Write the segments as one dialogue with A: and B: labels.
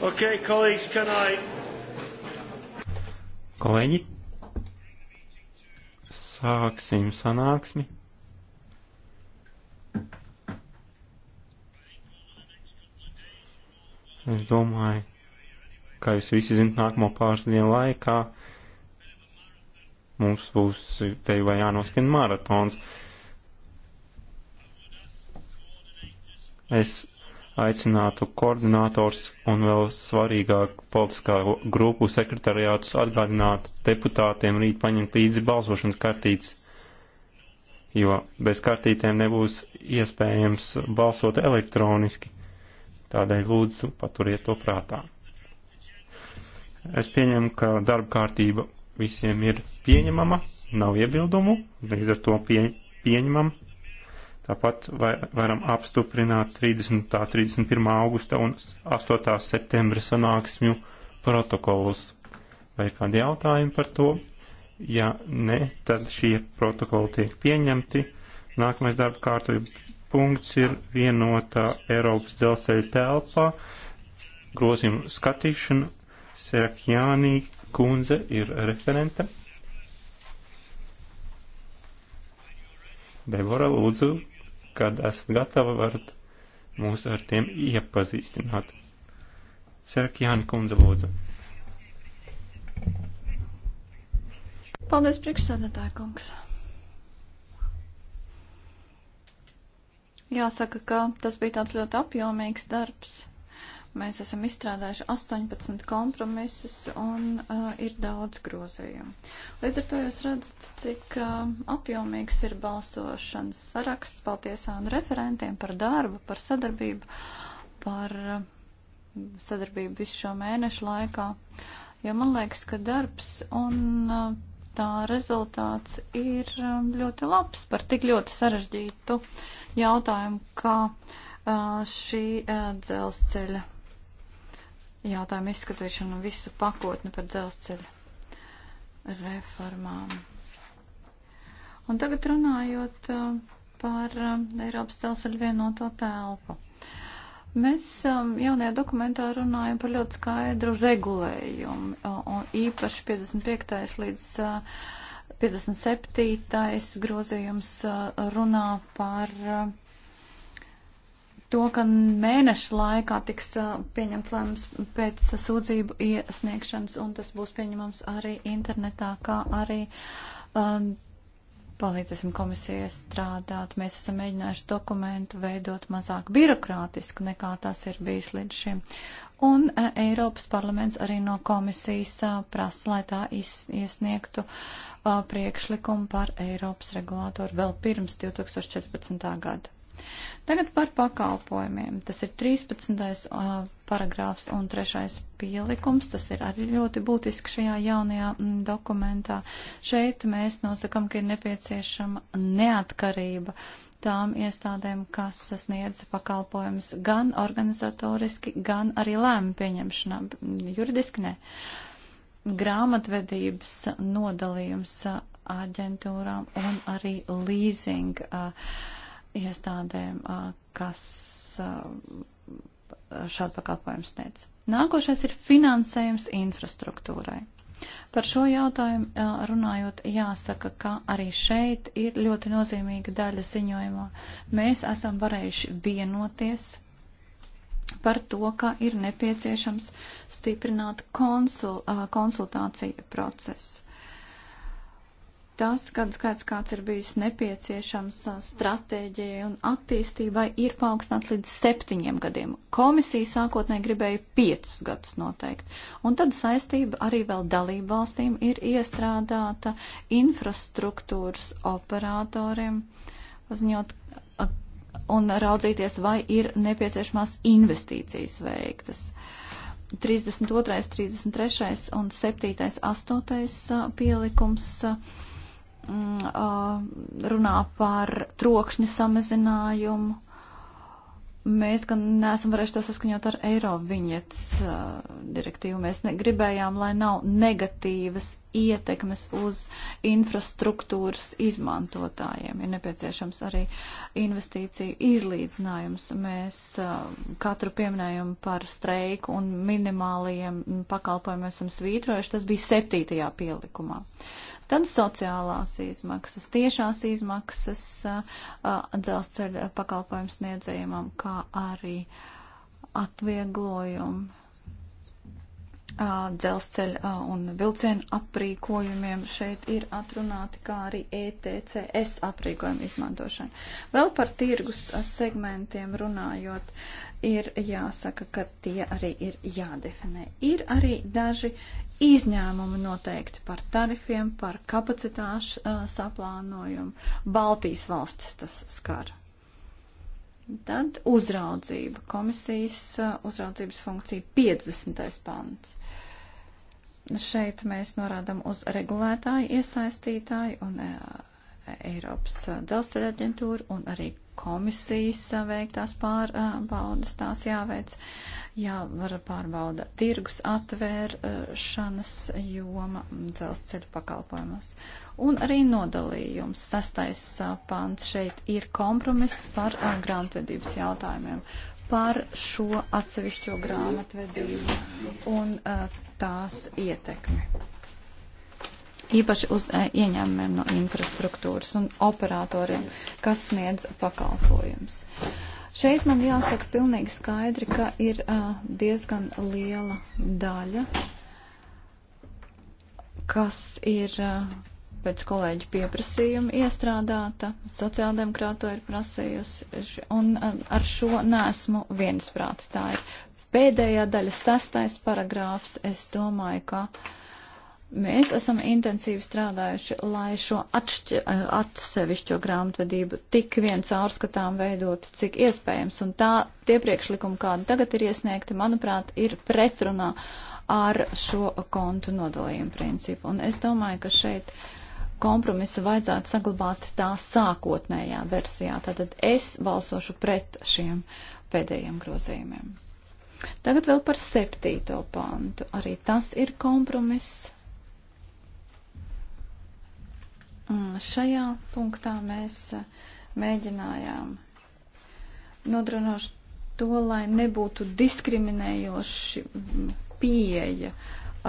A: Okay, colleagues, can I...
B: Kolēģi, sāksim sanāksmi. Es domāju, kā jūs visi zinat, nākamo pāris dienu laikā mums būs te vai jānoskan maratons. Es aicinātu koordinators un vēl svarīgāk politiskā grupu sekretariātus atgādināt deputātiem rīt paņemt līdzi balsošanas kartītes, jo bez kartītēm nebūs iespējams balsot elektroniski. Tādēļ lūdzu paturiet to prātā. Es pieņemu, ka darba kārtība visiem ir pieņemama, nav iebildumu, līdz ar to pie, pieņemama. Tāpat varam apstiprināt 30. 31. augusta un 8. septembra sanāksmju protokolus. Vai ir kādi jautājumi par to? Ja ne, tad šie protokoli tiek pieņemti. Nākamais darba kārtība punkts ir vienotā Eiropas dzelzceļa telpā. Grozījumu skatīšana. Serakjānī kundze ir referente. Debora, lūdzu, kad esat gatavi, varat mūs ar tiem iepazīstināt. Serkjāni kundze lūdzu.
C: Paldies, priekšsēdētāja kungs. Jāsaka, ka tas bija tāds ļoti apjomīgs darbs. Mēs esam izstrādājuši 18 kompromisus un uh, ir daudz grozījumu. Līdz ar to jūs redzat, cik uh, apjomīgs ir balsošanas saraksts. Paldies ANU referentiem par darbu, par sadarbību, par uh, sadarbību visu šo mēnešu laikā. Jo man liekas, ka darbs un uh, tā rezultāts ir uh, ļoti labs par tik ļoti sarežģītu jautājumu, kā uh, šī uh, dzelzceļa jautājumu izskatīšanu un visu pakotni par dzelzceļa reformām. Un tagad runājot uh, par uh, Eiropas dzelzceļa vienoto telpu. Mēs um, jaunajā dokumentā runājam par ļoti skaidru regulējumu, un īpaši 55. līdz 57. Uh, grozījums runā par to, ka mēneša laikā tiks pieņemts lēmums pēc sūdzību iesniegšanas, un tas būs pieņemams arī internetā, kā arī um, palīdzēsim komisijai strādāt. Mēs esam mēģinājuši dokumentu veidot mazāk birokrātisku nekā tas ir bijis līdz šim. Un uh, Eiropas parlaments arī no komisijas uh, prasa, lai tā iz, iesniegtu uh, priekšlikumu par Eiropas regulātoru vēl pirms 2014. gada. Tagad par pakalpojumiem. Tas ir 13. paragrāfs un 3. pielikums. Tas ir arī ļoti būtiski šajā jaunajā mm, dokumentā. Šeit mēs nosakam, ka ir nepieciešama neatkarība tām iestādēm, kas sasniedz pakalpojumus gan organizatoriski, gan arī lēmu pieņemšanā. Juridiski ne. Grāmatvedības nodalījums aģentūrām un arī leasing. Uh, iestādēm, kas šādu pakalpojumu sniedz. Nākošais ir finansējums infrastruktūrai. Par šo jautājumu runājot, jāsaka, ka arī šeit ir ļoti nozīmīga daļa ziņojumā. Mēs esam varējuši vienoties par to, ka ir nepieciešams stiprināt konsul, konsultāciju procesu tas, kad skaits kāds ir bijis nepieciešams stratēģijai un attīstībai, ir paaugstināts līdz septiņiem gadiem. Komisija sākotnēji gribēja piecus gadus noteikt. Un tad saistība arī vēl dalību valstīm ir iestrādāta infrastruktūras operatoriem, paziņot un raudzīties, vai ir nepieciešamās investīcijas veiktas. 32., 33. un 7. 8. pielikums Mm, runā par trokšņa samazinājumu. Mēs gan neesam varējuši to saskaņot ar eiro viņets direktīvu. Mēs gribējām, lai nav negatīvas ietekmes uz infrastruktūras izmantotājiem. Ir nepieciešams arī investīciju izlīdzinājums. Mēs katru pieminējumu par streiku un minimālajiem pakalpojumiem esam svītrojuši. Tas bija septītajā pielikumā. Uh, Tad sociālās izmaksas, tiešās izmaksas dzelzceļa pakalpojums sniedzējumam, kā arī atvieglojumi dzelzceļa un vilcienu aprīkojumiem šeit ir atrunāti, kā arī ETCS aprīkojumu izmantošana. Vēl par tirgus segmentiem runājot, ir jāsaka, ka tie arī ir jādefinē. Ir arī daži izņēmumi noteikti par tarifiem, par kapacitāšu uh, saplānojumu. Baltijas valstis tas skar. Tad uzraudzība, komisijas uh, uzraudzības funkcija 50. pants. Šeit mēs norādam uz regulētāju iesaistītāju un uh, Eiropas uh, dzelzceļa aģentūra un arī komisijas veiktās pārbaudas, uh, tās jāveic, jāvar pārbauda tirgus atvēršanas joma dzelzceļa pakalpojumos. Un arī nodalījums, sastais uh, pants šeit ir kompromiss par grāmatvedības jautājumiem, par šo atsevišķo grāmatvedību un tās ietekmi īpaši uz e, ieņēmumiem no infrastruktūras un operatoriem, kas sniedz pakalpojumus. Šeit man jāsaka pilnīgi skaidri, ka ir e, diezgan liela daļa, kas ir e, pēc kolēģa pieprasījuma iestrādāta, sociāldemokrāto ir prasījusi, un ar šo nesmu viensprāti. Tā ir pēdējā daļa, sastais paragrāfs. Es domāju, ka Mēs esam intensīvi strādājuši, lai šo atšķi, eh, atsevišķo grāmatvedību tik viens ārskatām veidot, cik iespējams. Un tā tie priekšlikumi, kādi tagad ir iesniegti, manuprāt, ir pretrunā ar šo kontu nodalījumu principu. Un es domāju, ka šeit kompromisu vajadzētu saglabāt tā sākotnējā versijā. Tātad es balsošu pret šiem pēdējiem grozījumiem. Tagad vēl par septīto pantu. Arī tas ir kompromiss Šajā punktā mēs eh, mēģinājām nodrošināt to, lai nebūtu diskriminējoši pieeja eh,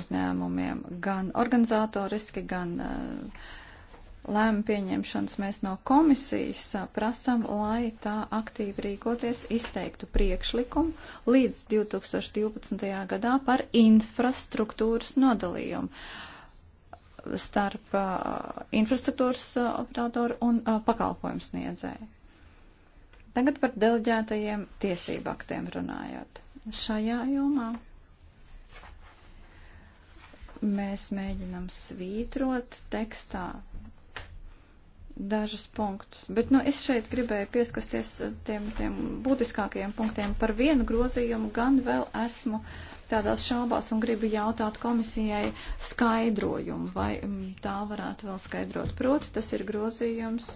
C: uzņēmumiem gan organizatoriski, gan eh, lēma pieņemšanas mēs no komisijas prasam, lai tā aktīvi rīkoties, izteiktu priekšlikumu līdz 2012. gadā par infrastruktūras nodalījumu. Uh, starp infrastruktūras operatoru un pakalpojumu sniedzēju. Tagad par deleģētajiem tiesību aktiem runājot. Šajā jomā mēs mēģinam svītrot tekstā dažus punktus. Bet nu, es šeit gribēju pieskasties tiem, tiem būtiskākajiem punktiem. Par vienu grozījumu gan vēl esmu tādās šaubās un gribu jautāt komisijai skaidrojumu, vai mm, tā varētu vēl skaidrot. Proti, tas ir grozījums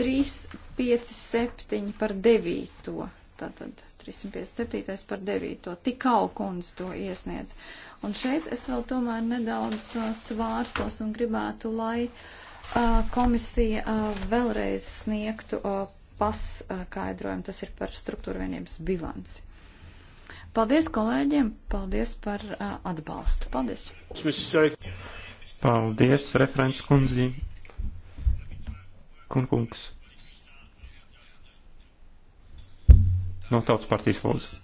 C: 3, 5, 7 par 9. Tātad 357. par 9. Tikau kundze to iesniedz. Un šeit es vēl tomēr nedaudz uh, svārstos un gribētu, lai uh, komisija vēlreiz sniegtu paskaidrojumu. Tas ir par struktūra vienības bilanci. Paldies kolēģiem, paldies par atbalstu. Paldies.
B: Paldies, referents kundzi. Kunkungs. No tautas partijas lūdzu.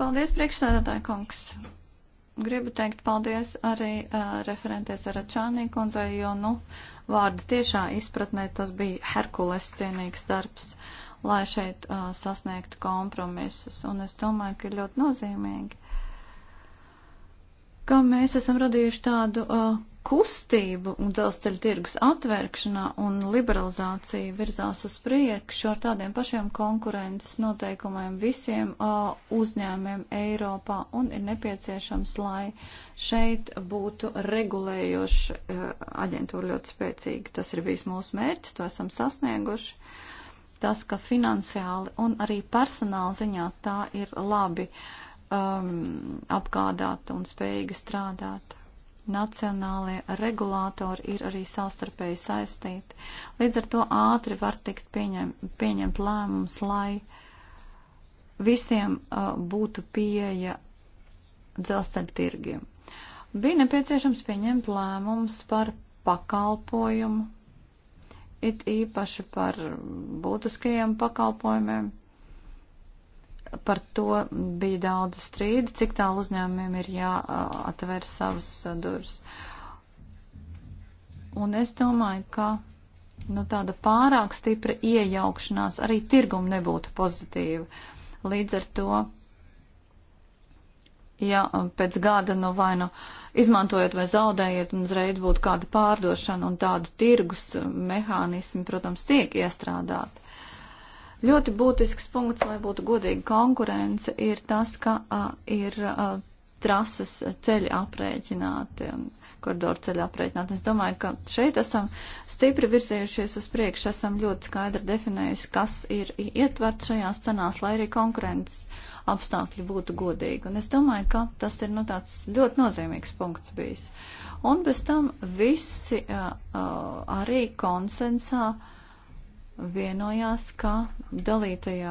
C: Paldies, priekšsēdētāji kungs. Gribu teikt paldies arī uh, referenties ar Ačānī kundzei, jo, nu, vārda tiešā izpratnē tas bija Herkules cienīgs darbs, lai šeit uh, sasniegtu kompromisus. Un es domāju, ka ir ļoti nozīmīgi, ka mēs esam radījuši tādu uh, kustību un dzelzceļa tirgus atvērkšanā un liberalizācija virzās uz priekšu ar tādiem pašiem konkurences noteikumiem visiem uh, uzņēmiem Eiropā un ir nepieciešams, lai šeit būtu regulējoša uh, aģentūra ļoti spēcīga. Tas ir bijis mūsu mērķis, to esam sasnieguši. Tas, ka finansiāli un arī personāla ziņā tā ir labi um, apgādāta un spējīga strādāt nacionālie regulātori ir arī savstarpēji saistīti. Līdz ar to ātri var tikt pieņem, pieņemt lēmums, lai visiem uh, būtu pieeja dzelzceļa tirgiem. Bija nepieciešams pieņemt lēmums par pakalpojumu, it īpaši par būtiskajiem pakalpojumiem, par to bija daudz strīdi, cik tālu uzņēmumiem ir jāatver savas durvis. Un es domāju, ka nu, tāda pārāk stipra iejaukšanās arī tirgumu nebūtu pozitīva. Līdz ar to, ja pēc gada nu vai nu izmantojot vai zaudējot un uzreiz būtu kāda pārdošana un tādu tirgus mehānismi, protams, tiek iestrādāti Ļoti būtisks punkts, lai būtu godīga konkurence, ir tas, ka uh, ir uh, trases ceļi aprēķināti un koridoru ceļi aprēķināti. Es domāju, ka šeit esam stipri virzējušies uz priekšu, esam ļoti skaidri definējuši, kas ir ietverts šajās cenās, lai arī konkurences apstākļi būtu godīgi. Un es domāju, ka tas ir nu, tāds ļoti nozīmīgs punkts bijis. Un bez tam visi uh, arī konsensā uh, vienojās, ka dalītajā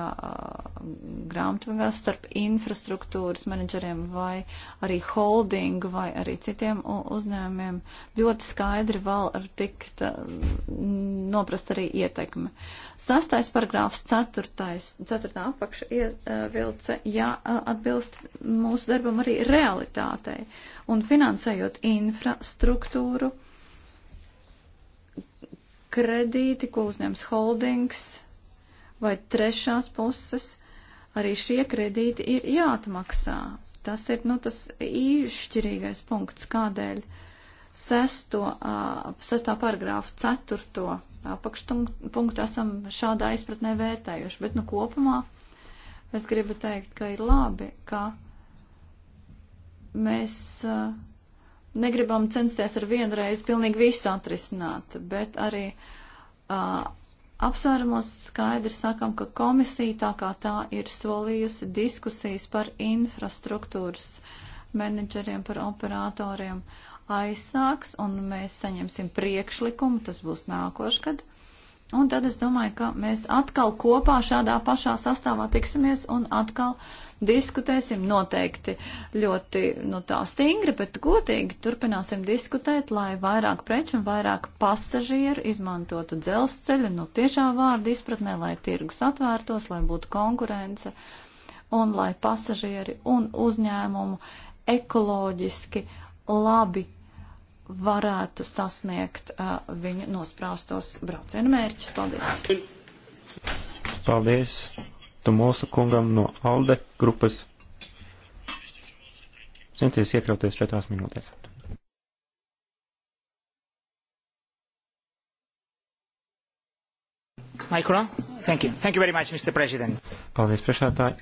C: grāmatvedībā starp infrastruktūras menedžeriem vai arī holdingu vai arī citiem uzņēmumiem ļoti skaidri vēl var tikt noprast arī ietekme. Sastais paragrāfs, ceturtais, ceturtā apakša ievilce, jā, atbilst mūsu darbam arī realitātei un finansējot infrastruktūru kredīti, ko uzņems holdings vai trešās puses, arī šie kredīti ir jāatmaksā. Tas ir nu, tas īšķirīgais punkts, kādēļ sesto, uh, sestā paragrāfa ceturto apakšpunktu esam šādā izpratnē vērtējuši. Bet nu, kopumā es gribu teikt, ka ir labi, ka mēs. Uh, negribam censties ar vienreiz pilnīgi visu atrisināt, bet arī uh, apsvērumos skaidri sakam, ka komisija tā kā tā ir solījusi diskusijas par infrastruktūras menedžeriem, par operatoriem aizsāks, un mēs saņemsim priekšlikumu, tas būs nākošgad. Un tad es domāju, ka mēs atkal kopā šādā pašā sastāvā tiksimies un atkal diskutēsim noteikti ļoti, nu tā stingri, bet godīgi turpināsim diskutēt, lai vairāk preču un vairāk pasažieru izmantotu dzelzceļu, nu tiešā vārda izpratnē, lai tirgus atvērtos, lai būtu konkurence un lai pasažieri un uzņēmumu ekoloģiski labi varētu sasniegt uh, viņu nosprāstos braucienu mērķus. Paldies!
B: Paldies! Tu mūsu kungam no Alde grupas. Centies iekļauties četrās minūtēs. Mikro? Thank you. Thank you very much, Mr. President. Paldies, priekšētāji.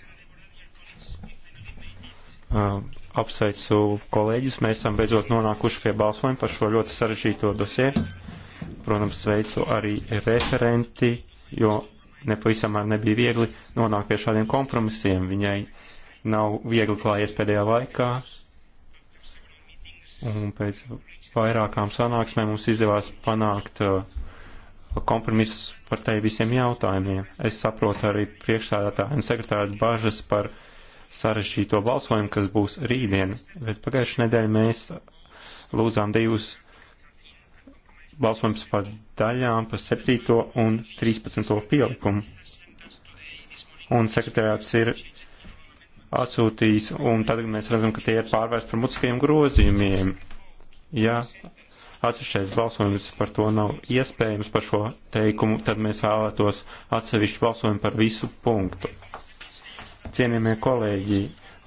B: Uh, apsveicu kolēģus. Mēs esam beidzot nonākuši pie balsojuma par šo ļoti sarežģīto dosie. Protams, sveicu arī referenti, jo nepavisam arī nebija viegli nonākt pie šādiem kompromisiem. Viņai nav viegli klājies pēdējā laikā. Un pēc vairākām sanāksmēm mums izdevās panākt uh, kompromisu par te visiem jautājumiem. Es saprotu arī priekšsēdētāju un sekretāru bažas par uh, sarežģīto balsojumu, kas būs rītdien, bet pagājušajā nedēļā mēs lūzām divus balsojums par daļām par 7. un 13. pielikumu. Un sekretariāts ir atsūtījis, un tad mēs redzam, ka tie ir pārvērst par mutiskiem grozījumiem. Ja atsevišķais balsojums par to nav iespējams par šo teikumu, tad mēs vēlētos atsevišķu balsojumu par visu punktu cienījamie kolēģi,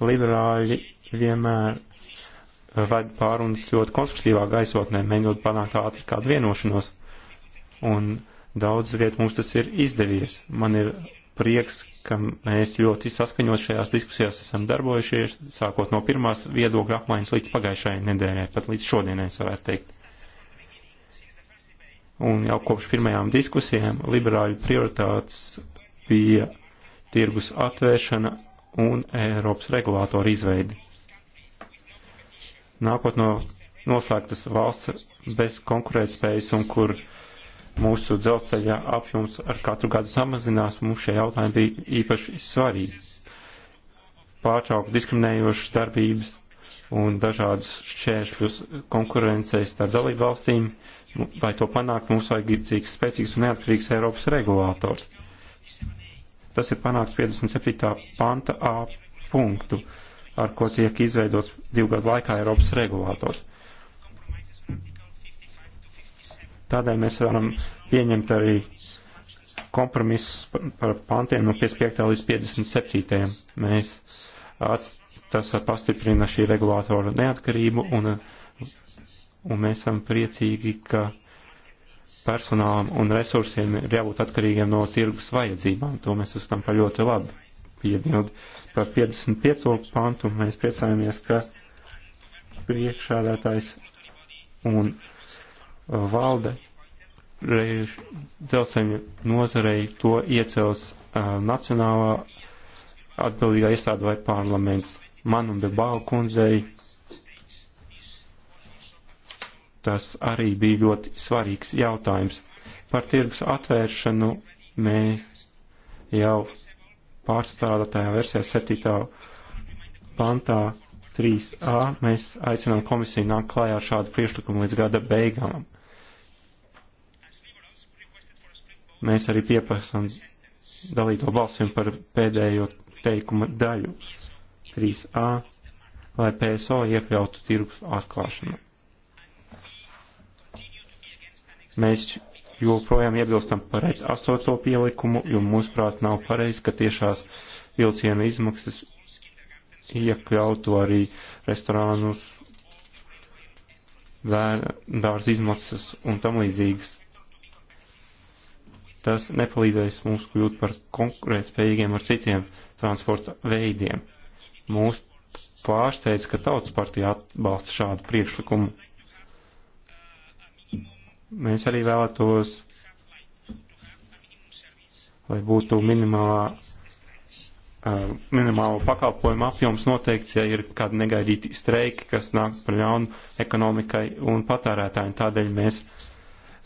B: liberāļi vienmēr vada pārunas ļoti konstruktīvā gaisotnē, mēģinot panākt ātri kādu vienošanos. Un daudz vietu mums tas ir izdevies. Man ir prieks, ka mēs ļoti saskaņot šajās diskusijās esam darbojušies, sākot no pirmās viedokļa apmaiņas līdz pagājušajai nedēļai, pat līdz šodienai, es varētu teikt. Un jau kopš pirmajām diskusijām liberāļu prioritātes bija tirgus atvēršana un Eiropas regulātoru izveidi. Nākot no noslēgtas valsts bez konkurētspējas un kur mūsu dzelzceļa apjoms ar katru gadu samazinās, mums šie jautājumi bija īpaši svarīgi. Pārtraukt diskriminējošas darbības un dažādus šķēršļus konkurencei starp dalību valstīm, nu, lai to panākt, mums vajag cik spēcīgs un neatkarīgs Eiropas regulātors. Tas ir panāks 57. panta A punktu, ar ko tiek izveidots divu gadu laikā Eiropas regulātors. Tādēļ mēs varam pieņemt arī kompromisus par pantiem no 55. līdz 57. Mēs tas pastiprina šī regulātora neatkarību un, un mēs esam priecīgi, ka personālam un resursiem ir jābūt atkarīgiem no tirgus vajadzībām. To mēs uzstam par ļoti labu piebildi. Par 55. pantu mēs priecājamies, ka priekšādātājs un uh, valde dzelzceļu nozarei to iecels uh, nacionālā atbildīgā iestāde vai parlaments. Man un Bilbao kundzei tas arī bija ļoti svarīgs jautājums. Par tirgus atvēršanu mēs jau pārstrādātajā versijā 7. pantā 3a mēs aicinām komisiju nākt klājā ar šādu priešlikumu līdz gada beigām. Mēs arī pieprasām dalīto balsojumu par pēdējo teikuma daļu 3a, lai PSO iekļautu tirgus atklāšanu. Mēs joprojām iebilstam par astoto pielikumu, jo mūsuprāt nav pareizi, ka tiešās vilciena izmaksas iekļautu arī restorānus, dārza izmaksas un tam līdzīgas. Tas nepalīdzēs mums kļūt par konkurētspējīgiem ar citiem transporta veidiem. Mūs pārsteidz, ka tautas partija atbalsta šādu priekšlikumu Mēs arī vēlētos, lai būtu minimālā, uh, minimāla pakalpojuma apjoms noteikts, ja ir kādi negaidīti streiki, kas nāk par ļaunu ekonomikai un patērētājiem. Tādēļ mēs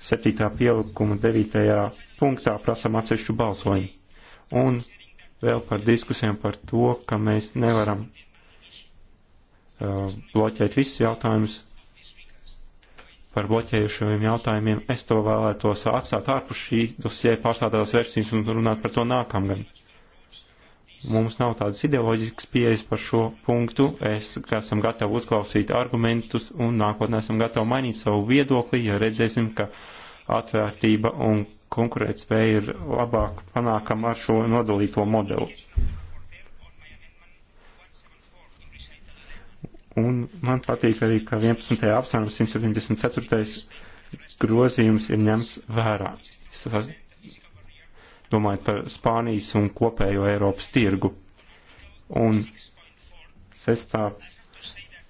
B: 7. pielikuma 9. punktā prasam atsevišķu balsojumu. Un vēl par diskusijām par to, ka mēs nevaram uh, bloķēt visus jautājumus, par bloķējušajiem jautājumiem. Es to vēlētos atstāt ārpus šī dosjē pārstādātās versijas un runāt par to nākamgad. Mums nav tādas ideoloģiskas pieejas par šo punktu. Es esam gatavi uzklausīt argumentus un nākotnē esam gatavi mainīt savu viedokli, ja redzēsim, ka atvērtība un konkurētspēja ir labāk panākama ar šo nodalīto modeli. Un man patīk arī, ka 11. apsvērums 174. grozījums ir ņemts vērā. Domājot par Spānijas un kopējo Eiropas tirgu. Un 6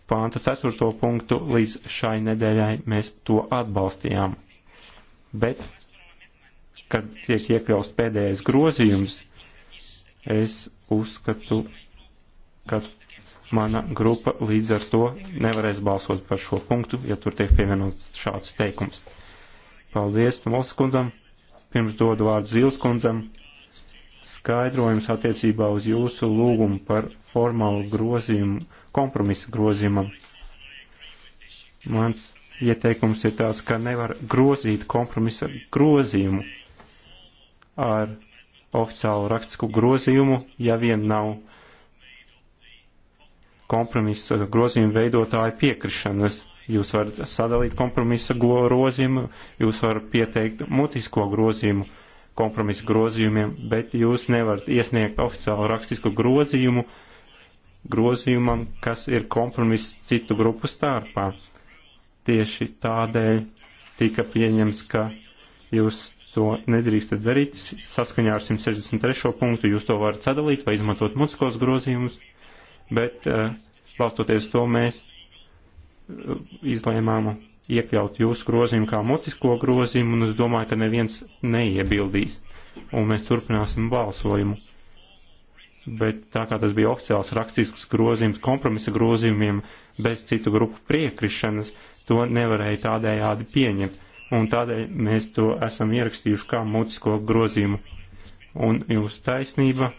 B: pānta 4. punktu līdz šai nedēļai mēs to atbalstījām. Bet, kad tiek iekļauts pēdējais grozījums, es uzskatu, ka Mana grupa līdz ar to nevarēs balsot par šo punktu, ja tur tiek pievienots šāds teikums. Paldies Tomols kundzam. Pirms dodu vārdu Zīles kundzam. Skaidrojums attiecībā uz jūsu lūgumu par formālu grozījumu, kompromisa grozījumam. Mans ieteikums ir tāds, ka nevar grozīt kompromisa grozījumu ar oficiālu rakstisku grozījumu, ja vien nav kompromisa grozījuma veidotāja piekrišanas. Jūs varat sadalīt kompromisa grozījumu, jūs varat pieteikt mutisko grozījumu kompromisa grozījumiem, bet jūs nevarat iesniegt oficiālu rakstisku grozījumu grozījumam, kas ir kompromiss citu grupu starpā. Tieši tādēļ tika pieņems, ka jūs to nedrīkstat darīt. Saskaņā ar 163. punktu jūs to varat sadalīt vai izmantot mutiskos grozījumus bet eh, balstoties to mēs eh, izlēmām iekļaut jūsu grozījumu kā mutisko grozījumu, un es domāju, ka neviens neiebildīs, un mēs turpināsim balsojumu. Bet tā kā tas bija oficiāls rakstisks grozījums kompromisa grozījumiem bez citu grupu priekrišanas, to nevarēja tādējādi pieņemt, un tādēļ mēs to esam ierakstījuši kā mutisko grozījumu. Un jūs taisnība,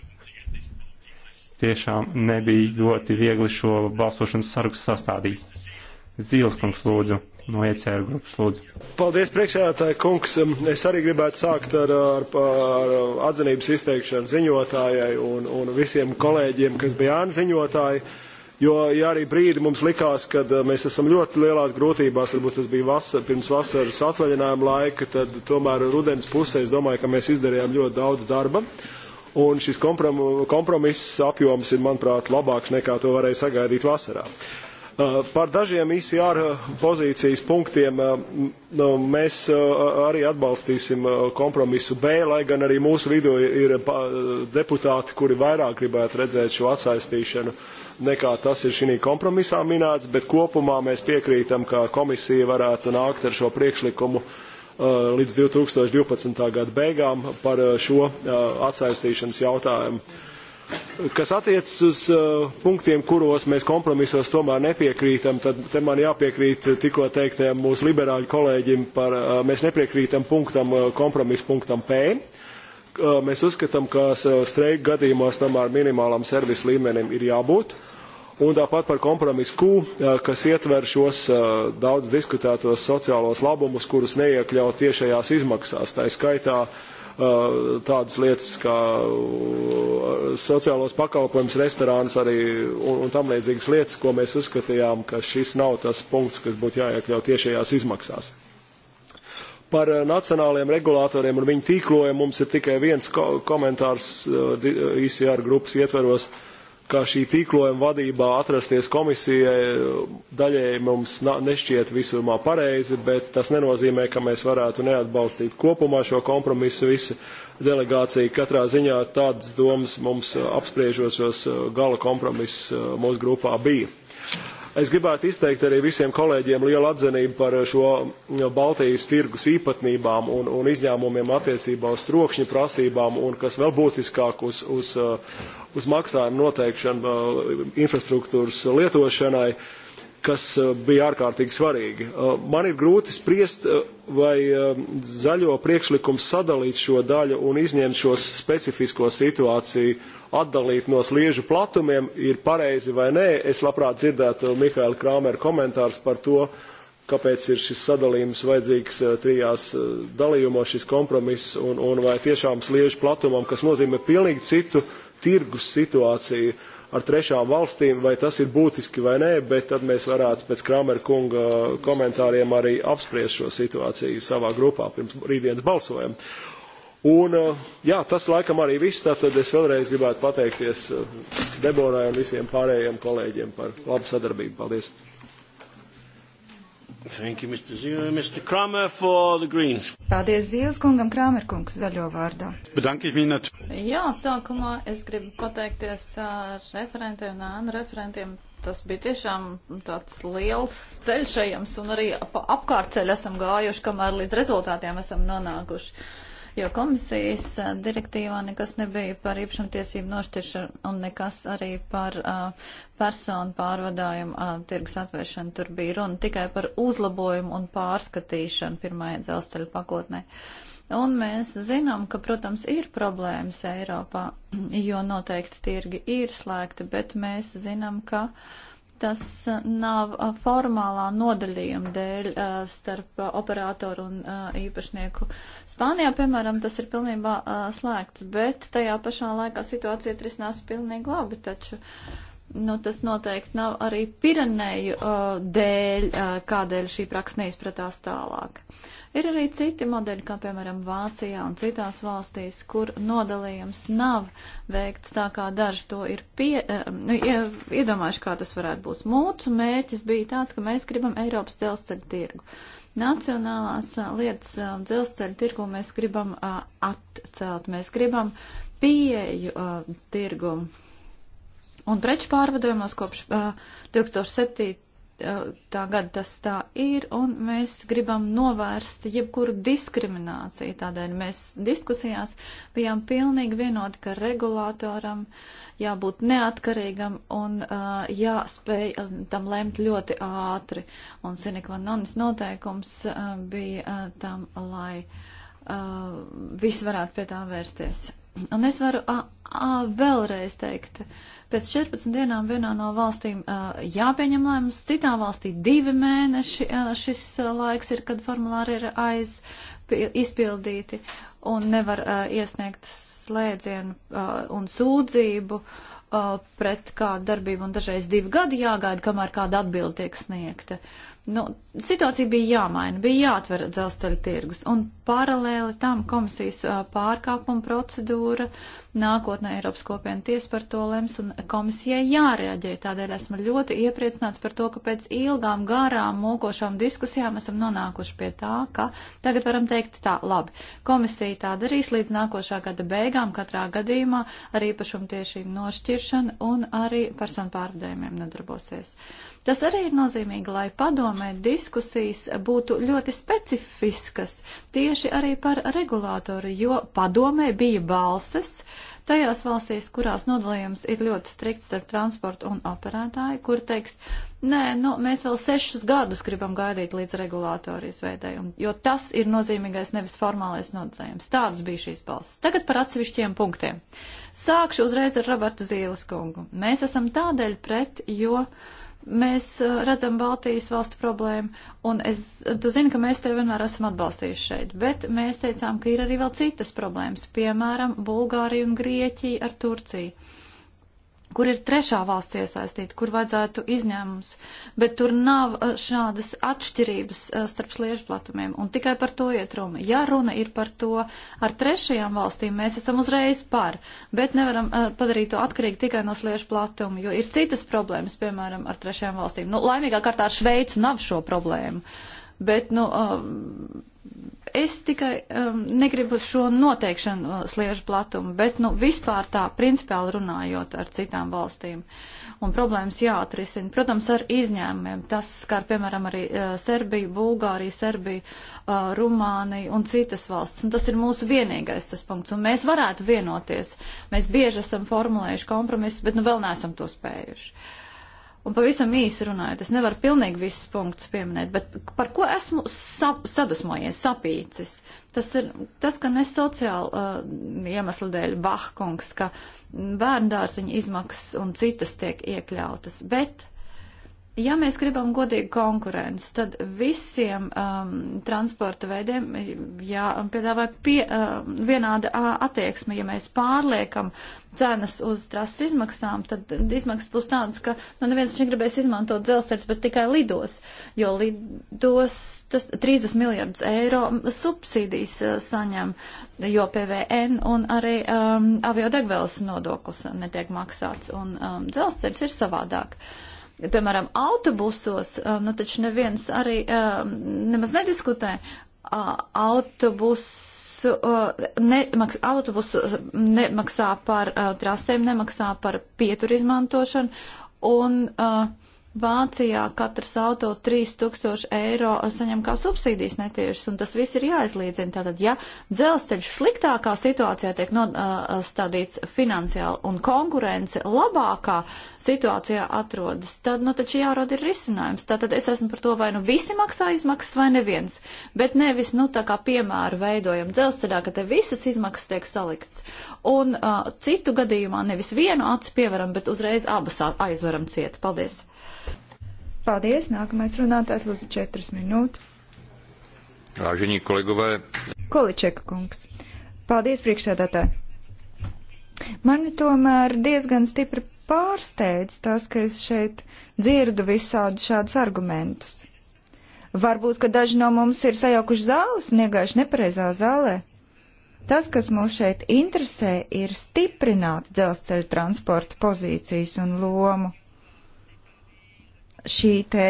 B: tiešām nebija ļoti viegli šo balsošanas sarakstu sastādīt. Zīles kungs lūdzu no ECR grupas lūdzu.
D: Paldies, priekšsēdētāji kungs. Es arī gribētu sākt ar, ar, ar atzinības izteikšanu ziņotājai un, un visiem kolēģiem, kas bija ānziņotāji. Jo ja arī brīdi mums likās, ka mēs esam ļoti lielās grūtībās, varbūt tas bija vasar, pirms vasaras atvaļinājuma laika, tad tomēr rudens pusē es domāju, ka mēs izdarījām ļoti daudz darba. Uh, un šis komprom kompromiss apjoms ir, manuprāt, labāks nekā to varēja sagaidīt vasarā. Uh, par dažiem ICR pozīcijas punktiem uh, nu, mēs uh, arī atbalstīsim kompromisu B, lai gan arī mūsu vidū ir deputāti, kuri vairāk gribētu redzēt šo atsaistīšanu nekā tas ir šī kompromisā minēts, bet kopumā mēs piekrītam, ka komisija varētu nākt ar šo priekšlikumu uh, Uh, līdz 2012. gada beigām par uh, šo uh, atsaistīšanas jautājumu. Kas attiecas uz uh, punktiem, kuros mēs kompromisos tomēr nepiekrītam, tad te man jāpiekrīt tikko teiktajam mūsu liberāļu kolēģim par uh, mēs nepiekrītam punktam, uh, kompromisu punktam P. Uh, mēs uzskatām, ka uh, streiku gadījumos tomēr minimālam servisu līmenim ir jābūt. Uh, un tāpat par kompromisu Q, eh, kas ietver šos eh, daudz diskutētos sociālos labumus, kurus neiekļaut tiešajās izmaksās. Tā skaitā eh, tādas lietas kā sociālos pakalpojums, restorāns arī un, un tam līdzīgas lietas, ko mēs uzskatījām, ka šis nav tas punkts, kas būtu jāiekļaut tiešajās izmaksās. Par nacionāliem regulātoriem un viņu tīklojumu mums ir tikai viens ko komentārs ICR grupas ietveros. Uh, kā šī tīklojuma vadībā atrasties komisijai daļēji mums nešķiet visumā pareizi, bet tas nenozīmē, ka mēs varētu neatbalstīt kopumā šo kompromisu visu delegāciju. Katrā ziņā tādas domas mums apspriežošos gala kompromiss eh, mūsu grupā bija. Es gribētu izteikt arī visiem kolēģiem lielu atzinību par šo mm, Baltijas tirgus īpatnībām un, un izņēmumiem attiecībā uz trokšņa prasībām un, kas vēl būtiskāk, uz, uz, uh, uz maksājumu noteikšanu uh, infrastruktūras lietošanai. Uh, kas eh, bija ārkārtīgi svarīgi. Eh, man ir grūti spriest, eh, vai zaļo priekšlikums sadalīt šo daļu un izņemt šo specifisko situāciju, atdalīt no sliežu platumiem, ir pareizi vai nē. Es labprāt dzirdētu Mihaila Krāmera komentārus par to, kāpēc ir šis sadalījums vajadzīgs trijās dalījumos, šis kompromiss, un, un vai tiešām sliežu platumam, kas nozīmē pilnīgi citu tirgus situāciju, uh, ar trešām valstīm, vai tas ir būtiski vai nē, bet tad mēs varētu pēc Kramera kunga komentāriem arī apspriest šo situāciju savā grupā pirms rītdienas balsojuma. Un, eh, jā, tas laikam arī viss. Tad es vēlreiz gribētu pateikties eh, Deborai un visiem pārējiem kolēģiem par labu sadarbību. Paldies!
A: Thank you, Mr. Zil, Mr. Kramer for the Greens.
E: Paldies Zīles kungam, Kramer kungs, zaļo vārdā.
C: Jā, sākumā es gribu pateikties referentiem un ēnu referentiem. Tas bija tiešām tāds liels ceļš ejams un arī ap apkārtceļ esam gājuši, kamēr līdz rezultātiem esam nonākuši. Uh, jo komisijas direktīvā nekas nebija par īpašumtiesību nošķiršanu un nekas arī par uh, personu pārvadājumu uh, tirgus atvēršanu. Tur bija runa tikai par uzlabojumu un pārskatīšanu pirmajai dzelzceļa pakotnē. Un mēs zinām, ka, protams, ir problēmas Eiropā, jo noteikti tirgi ir slēgti, bet mēs zinām, ka uh, tas uh, nav uh, formālā nodalījuma dēļ uh, starp operatoru un īpašnieku. Spānijā, piemēram, tas ir pilnībā slēgts, bet tajā pašā laikā situācija trisinās pilnīgi labi, taču nu, tas noteikti nav arī Pirenēju dēļ, kādēļ šī praksa neizpratās tālāk. Uh, Ir arī citi modeļi, kā piemēram Vācijā un citās valstīs, kur nodalījums nav veikts tā, kā daži to ir pie, eh, nu, iedomājuši, kā tas varētu būt. Mūsu mērķis bija tāds, ka mēs gribam Eiropas dzelzceļa tirgu. Nacionālās eh, lietas eh, dzelzceļa tirgu mēs gribam atcelt, mēs gribam pieeju tirgumu. Un preču pārvadojumos kopš 2007 tā gada tas tā ir, un mēs gribam novērst jebkuru diskrimināciju. Tādēļ mēs diskusijās bijām pilnīgi vienoti, ka regulātoram jābūt neatkarīgam un uh, jāspēj tam lemt ļoti ātri. Un Sinikvanonis noteikums uh, bija uh, tam, lai uh, viss varētu pie tā vērsties. Un es varu a, a, vēlreiz teikt, pēc 14 dienām vienā no valstīm a, jāpieņem lēmums, citā valstī divi mēneši a, šis a, laiks ir, kad formulāri ir aiz izpildīti un nevar a, iesniegt slēdzienu a, un sūdzību. A, pret kādu darbību, un dažreiz divi gadi jāgaida, kamēr kāda atbilde tiek sniegta. Uh, Nu, situācija bija jāmaina, bija jāatver dzelzceļa tirgus, un paralēli tam komisijas pārkāpuma procedūra nākotnē Eiropas kopiena tiesa par to lems, un komisijai jārēģē. Tādēļ esmu ļoti iepriecināts par to, ka pēc ilgām, garām, mokošām diskusijām esam nonākuši pie tā, ka tagad varam teikt tā, labi, komisija tā darīs līdz nākošā gada beigām katrā gadījumā ar īpašumtiešību nošķiršanu un arī personu pārvadējumiem nedarbosies. Tas arī ir nozīmīgi, lai padomē diskusijas būtu ļoti specifiskas tieši arī par regulātoru, jo padomē bija balses tajās valstīs, kurās nodalījums ir ļoti strikts starp transportu un operētāju, kur teiks, nē, nu, mēs vēl sešus gadus gribam gaidīt līdz regulātoru izveidējumu, jo tas ir nozīmīgais nevis formālais nodalījums. Tādas bija šīs balsts. Tagad par atsevišķiem punktiem. Sākšu uzreiz ar Roberta Zīles kungu. Mēs esam tādēļ pret, jo. Uh, Mēs uh, redzam Baltijas valstu problēmu, un es, tu zini, ka mēs te vienmēr esam atbalstījuši šeit, bet mēs teicām, ka ir arī vēl citas problēmas, piemēram, Bulgārija un Grieķija ar Turciju kur ir trešā valsts iesaistīta, kur vajadzētu izņēmums, bet tur nav eh, šādas atšķirības eh, starp sliežu platumiem, un tikai par to iet runa. Ja runa ir par to ar trešajām valstīm, mēs esam uzreiz par, bet nevaram eh, padarīt to atkarīgi tikai no sliežu platuma, jo ir citas problēmas, piemēram, ar trešajām valstīm. Nu, laimīgā kārtā ar Šveicu nav šo problēmu, bet, nu, Es tikai um, negribu šo noteikšanu uh, sliežu platumu, bet nu, vispār tā principiāli runājot ar citām valstīm. Un problēmas jāatrisina. Protams, ar izņēmumiem. Tas skar, piemēram, arī uh, Serbiju, Bulgāriju, Serbiju, uh, Rumāniju un citas valsts. Un tas ir mūsu vienīgais tas punkts. Un mēs varētu vienoties. Mēs bieži esam formulējuši kompromisus, bet nu vēl neesam to spējuši. Uh, Un pavisam īsi runājot, es nevaru pilnīgi visus punktus pieminēt, bet par ko esmu sap, sadusmojies, sapīcis, tas ir tas, ka ne sociāli uh, iemeslu dēļ Bahkungs, ka bērndārziņa izmaksas un citas tiek iekļautas, bet Ja mēs gribam godīgu konkurenci, tad visiem um, transporta veidiem jāpiedāvā pie, uh, vienāda uh, attieksme. Ja mēs pārliekam cenas uz trases izmaksām, tad izmaksas būs tādas, ka nu, neviens negribēs izmantot dzelzceļus, bet tikai lidos, jo lidos tas 30 miljardus eiro subsīdijas uh, saņem, jo PVN un arī um, aviodegvielas nodoklis netiek maksāts, un um, dzelzceļs ir savādāk. Uh, piemēram, autobusos, eh, nu taču neviens arī eh, nemaz nediskutē autobusu. Eh, Nemaks, autobusu nemaksā par uh, trasēm, nemaksā par pieturu izmantošanu, un uh, Vācijā katrs auto 3000 eiro saņem kā subsīdijas netiešas, un tas viss ir jāizlīdzina. Tātad, ja dzelzceļš sliktākā situācijā tiek nostādīts finansiāli un konkurence labākā situācijā atrodas, tad, nu, taču jārod ir risinājums. Tātad es esmu par to, vai nu visi maksā izmaksas vai neviens, bet nevis, nu, tā kā piemēru veidojam dzelzceļā, ka te visas izmaksas tiek saliktas. Un uh, citu gadījumā nevis vienu aci pieveram, bet uzreiz abas aizveram ciet. Paldies! Paldies,
E: nākamais runātājs lūdzu četras minūtes.
B: Vážení kolegové.
E: Količeka kungs. Paldies, priekšsēdētāji. Mani tomēr diezgan stipri pārsteidz tas, ka es šeit dzirdu visādi šādus argumentus. Varbūt, ka daži no mums ir sajaukuši zāles un iegājuši nepareizā zālē. Tas, kas mūs šeit interesē, ir stiprināt dzelzceļa transporta pozīcijas un lomu šī te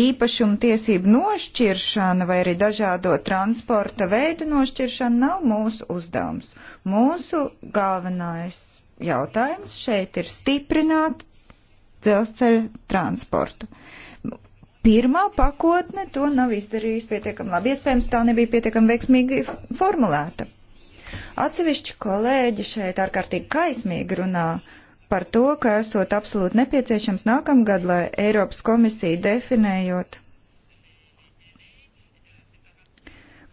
E: īpašuma tiesību nošķiršana vai arī dažādo transporta veidu nošķiršana nav mūsu uzdevums. Mūsu galvenais jautājums šeit ir stiprināt dzelzceļa transportu. Pirmā pakotne to nav izdarījusi pietiekami labi. Iespējams, tā nebija pietiekami veiksmīgi formulēta. Atsevišķi kolēģi šeit ārkārtīgi kaismīgi runā par to, ka esot absolūti nepieciešams nākamgad, lai Eiropas komisija definējot,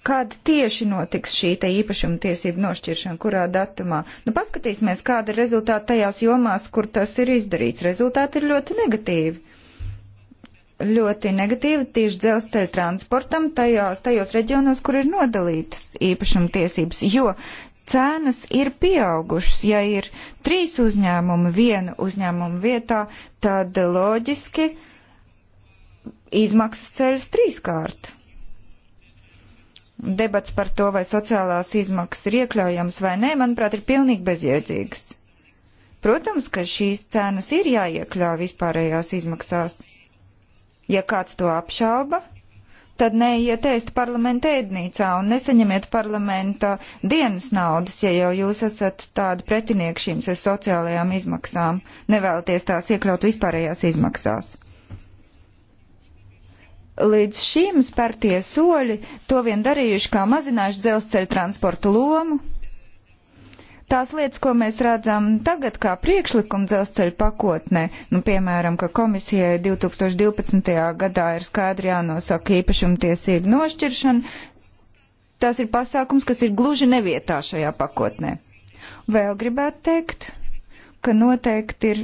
E: kāda tieši notiks šī te īpašuma tiesību nošķiršana, kurā datumā. Nu, paskatīsimies, kāda ir rezultāta tajās jomās, kur tas ir izdarīts. Rezultāti ir ļoti negatīvi ļoti negatīvi tieši dzelzceļa transportam tajos, tajos reģionos, kur ir nodalītas īpašuma tiesības, jo cenas ir pieaugušas. Ja ir trīs uzņēmumi viena uzņēmuma vietā, tad loģiski izmaksas ceļas trīskārt. Debats par to, vai sociālās izmaksas ir iekļaujams vai nē, manuprāt, ir pilnīgi bezjēdzīgs. Protams, ka šīs cenas ir jāiekļauj vispārējās izmaksās. Ja kāds to apšauba, tad neiet ēst parlamenta ēdnīcā un nesaņemiet parlamenta dienas naudas, ja jau jūs esat tādi pretinieki šīm sociālajām izmaksām, nevēlaties tās iekļaut vispārējās izmaksās. Līdz šim spērtie soļi to vien darījuši, kā mazinājuši dzelzceļa transporta lomu, Tās lietas, ko mēs redzam tagad kā priekšlikumu dzelzceļa pakotnē, nu, piemēram, ka komisijai 2012. gadā ir skaidri jānosaka īpašumtiesību nošķiršana, tas ir pasākums, kas ir gluži nevietā šajā pakotnē. Vēl gribētu teikt, ka noteikti ir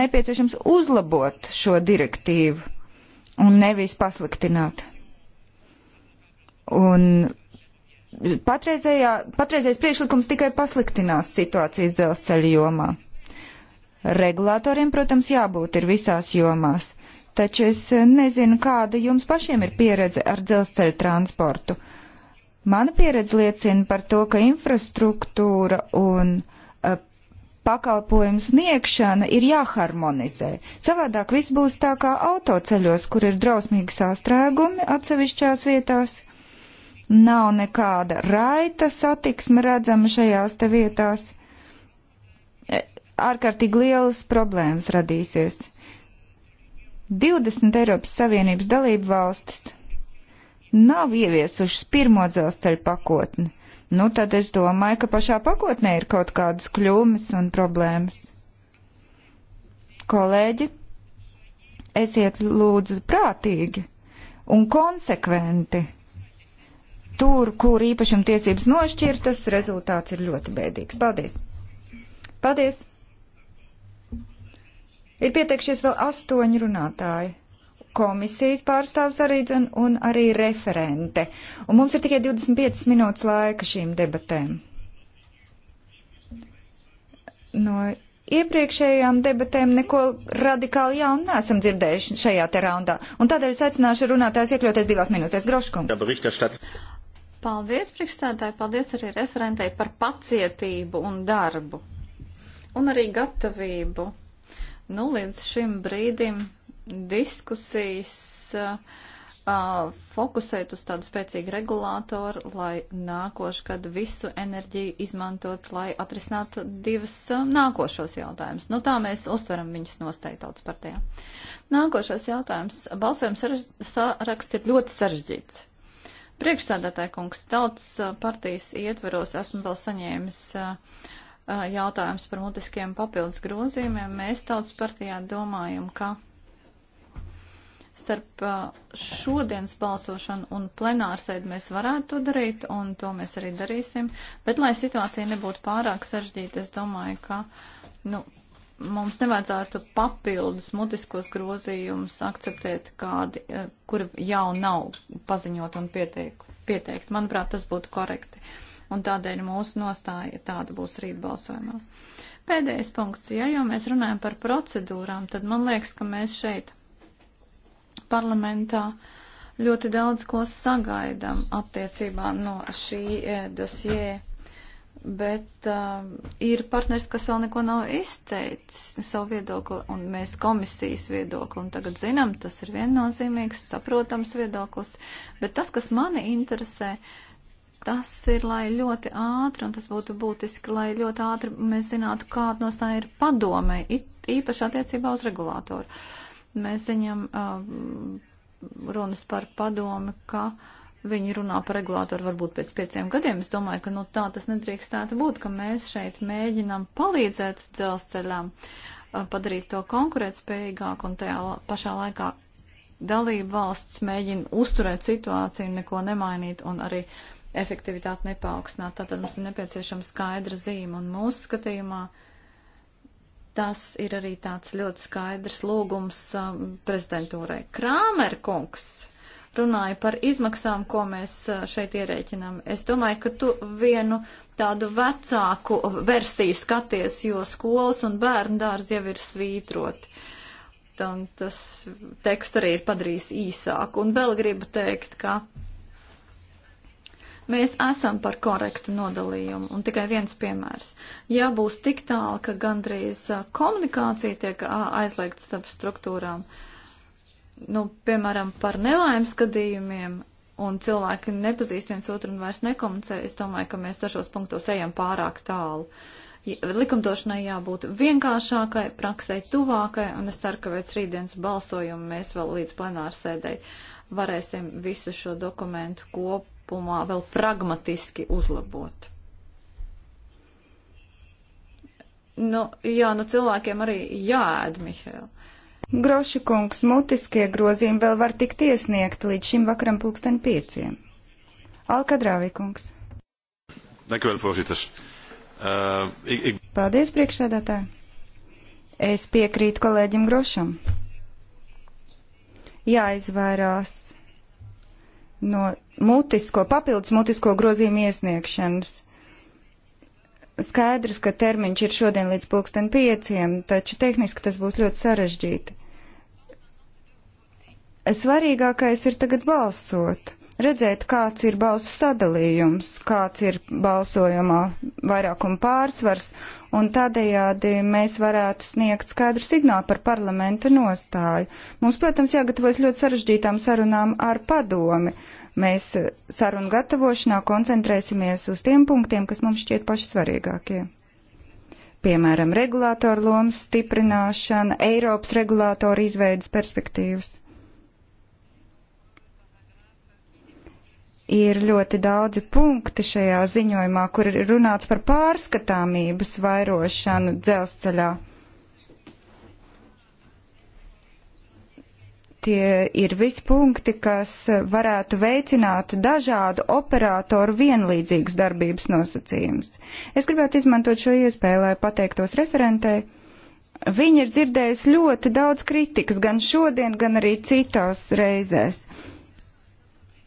E: nepieciešams uzlabot šo direktīvu un nevis pasliktināt. Un Patreizējā, patreizējais priekšlikums tikai pasliktinās situācijas dzelzceļa jomā. Regulātoriem, protams, jābūt ir visās jomās, taču es nezinu, kāda jums pašiem ir pieredze ar dzelzceļa transportu. Mana pieredze liecina par to, ka infrastruktūra un uh, pakalpojumu sniegšana ir jāharmonizē. Savādāk viss būs tā kā autoceļos, kur ir drausmīgi sāstrēgumi atsevišķās vietās nav nekāda raita satiksme redzama šajās te vietās. E, ārkārtīgi lielas problēmas radīsies. 20 Eiropas Savienības dalību valstis nav ieviesušas pirmo dzelzceļa pakotni. Nu, tad es domāju, ka pašā pakotnē ir kaut kādas kļūmes un problēmas. Kolēģi, esiet lūdzu prātīgi un konsekventi tur, kur īpašuma tiesības nošķirtas, rezultāts ir ļoti bēdīgs. Paldies! Paldies! Ir pieteikšies vēl astoņi runātāji. Komisijas pārstāvs arī dzen un arī referente. Un mums ir tikai 25 minūtes laika šīm debatēm. No iepriekšējām debatēm neko radikāli jaunu neesam dzirdējuši šajā te raundā. Un tādēļ es aicināšu runātājs iekļauties divās minūtēs. Groškungs.
C: Paldies, priekšstādāji, paldies arī referentei par pacietību un darbu. Un arī gatavību. Nu, līdz šim brīdim diskusijas uh, uh, fokusēt uz tādu spēcīgu regulātoru, lai nākošu gadu visu enerģiju izmantot, lai atrisinātu divas uh, nākošos jautājumus. Nu, tā mēs uztveram viņus nosteikti tautas partijā. Nākošais jautājums. Balsojums saraksts ir ļoti sarežģīts. Priekšstādātāja kungs, tautas partijas ietveros esmu vēl saņēmis jautājums par mutiskiem papildus grozījumiem. Mēs tautas partijā domājam, ka starp šodienas balsošanu un plenārsēdi mēs varētu to darīt, un to mēs arī darīsim. Bet, lai situācija nebūtu pārāk sarežģīta, es domāju, ka nu, mums nevajadzētu papildus mutiskos grozījumus akceptēt kādi, eh, kuri jau nav paziņot un pieteikti. Pieteikt. Manuprāt, tas būtu korekti. Un tādēļ mūsu nostāja tāda būs rīt balsojumā. Pēdējais punkts. Ja jau mēs runājam par procedūrām, tad man liekas, ka mēs šeit parlamentā ļoti daudz ko sagaidam attiecībā no šī eh, dosie. Yeah bet uh, ir partners, kas vēl neko nav izteicis savu viedokli, un mēs komisijas viedokli, un tagad zinām, tas ir viennozīmīgs, saprotams viedoklis, bet tas, kas mani interesē, tas ir, lai ļoti ātri, un tas būtu būtiski, lai ļoti ātri mēs zinātu, kāda nostāja ir padomē, īpaši attiecībā uz regulātoru. Mēs ziņam uh, runas par padomi, ka uh, Viņi runā par regulātoru varbūt pēc pieciem gadiem. Es domāju, ka nu, tā tas nedrīkstētu būt, ka mēs šeit mēģinām palīdzēt dzelzceļām, uh, padarīt to konkurētspējīgāku un tajā pašā laikā dalību valsts mēģina uzturēt situāciju, neko nemainīt un arī efektivitāti nepaukstināt. Tātad mums ir nepieciešama skaidra zīme un mūsu skatījumā. Tas ir arī tāds ļoti skaidrs lūgums um, prezidentūrai. Krāmer kungs! runāja par izmaksām, ko mēs šeit ierēķinām. Es domāju, ka tu vienu tādu vecāku versiju skaties, jo skolas un bērnu dārzi jau ir svītroti. Un tas teksts arī ir padarījis īsāku. Un vēl gribu teikt, ka mēs esam par korektu nodalījumu. Un tikai viens piemērs. Ja būs tik tālu, ka gandrīz komunikācija tiek aizliegta starp struktūrām, uh, nu, piemēram, par nelaimes gadījumiem un cilvēki nepazīst viens otru un vairs nekomunicē, es domāju, ka mēs dažos punktos ejam pārāk tālu. Likumdošanai jābūt vienkāršākai, praksē tuvākai, un es ceru, ka pēc rītdienas balsojuma mēs vēl līdz plenārsēdei varēsim visu šo dokumentu kopumā vēl pragmatiski
E: uzlabot. Nu,
C: jā, nu cilvēkiem arī jāēd, Mihēl.
E: Groša kungs, mutiskie grozījumi vēl var tikt iesniegt līdz šim vakaram pulksten pieciem. Alkadrāvi kungs.
A: Dank u wel, voorzitter. Uh, ik, ik...
E: Paldies, priekšsēdētāji. Es piekrītu kolēģim Grošam. Jāizvairās no mutisko, papildus mutisko grozījumu iesniegšanas skaidrs, ka termiņš ir šodien līdz pulksten pieciem, taču tehniski tas būs ļoti sarežģīti svarīgākais ir tagad balsot. Redzēt, kāds ir balsu sadalījums, kāds ir balsojumā vairākuma pārsvars, un tādējādi mēs varētu sniegt skaidru signālu par parlamenta nostāju. Mums, protams, jāgatavojas ļoti sarežģītām sarunām ar padomi. Mēs sarunu gatavošanā koncentrēsimies uz tiem punktiem, kas mums šķiet paši svarīgākie. Piemēram, regulātoru lomas stiprināšana, Eiropas regulātoru izveidas perspektīvas. Ir ļoti daudzi punkti šajā ziņojumā, kur ir runāts par pārskatāmības vairošanu dzelzceļā. tie ir visi punkti, kas varētu veicināt dažādu operātoru vienlīdzīgas darbības nosacījumus. Es gribētu izmantot šo iespēju, lai pateiktos referentei. Viņa ir dzirdējusi ļoti daudz kritikas gan šodien, gan arī citās reizēs.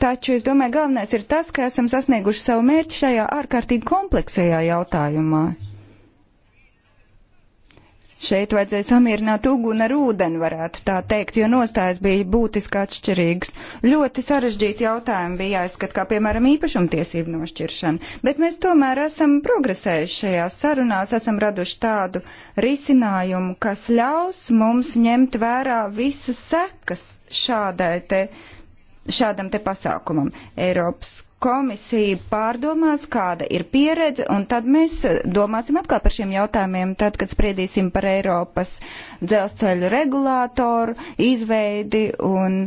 E: Taču es domāju, galvenais ir tas, ka esam sasnieguši savu mērķi šajā ārkārtīgi kompleksajā jautājumā. Šeit vajadzēja samierināt uguni ar ūdeni, varētu tā teikt, jo nostājas bija būtiski atšķirīgas. Ļoti sarežģīti jautājumi bija jāizskat, kā piemēram īpašumtiesību nošķiršana, bet mēs tomēr esam progresējuši šajās sarunās, esam raduši tādu risinājumu, kas ļaus mums ņemt vērā visas sekas šādai te šādam te pasākumam. Eiropas komisija pārdomās, kāda ir pieredze, un tad mēs domāsim atkal par šiem jautājumiem, tad, kad spriedīsim par Eiropas dzelzceļu regulātoru, izveidi un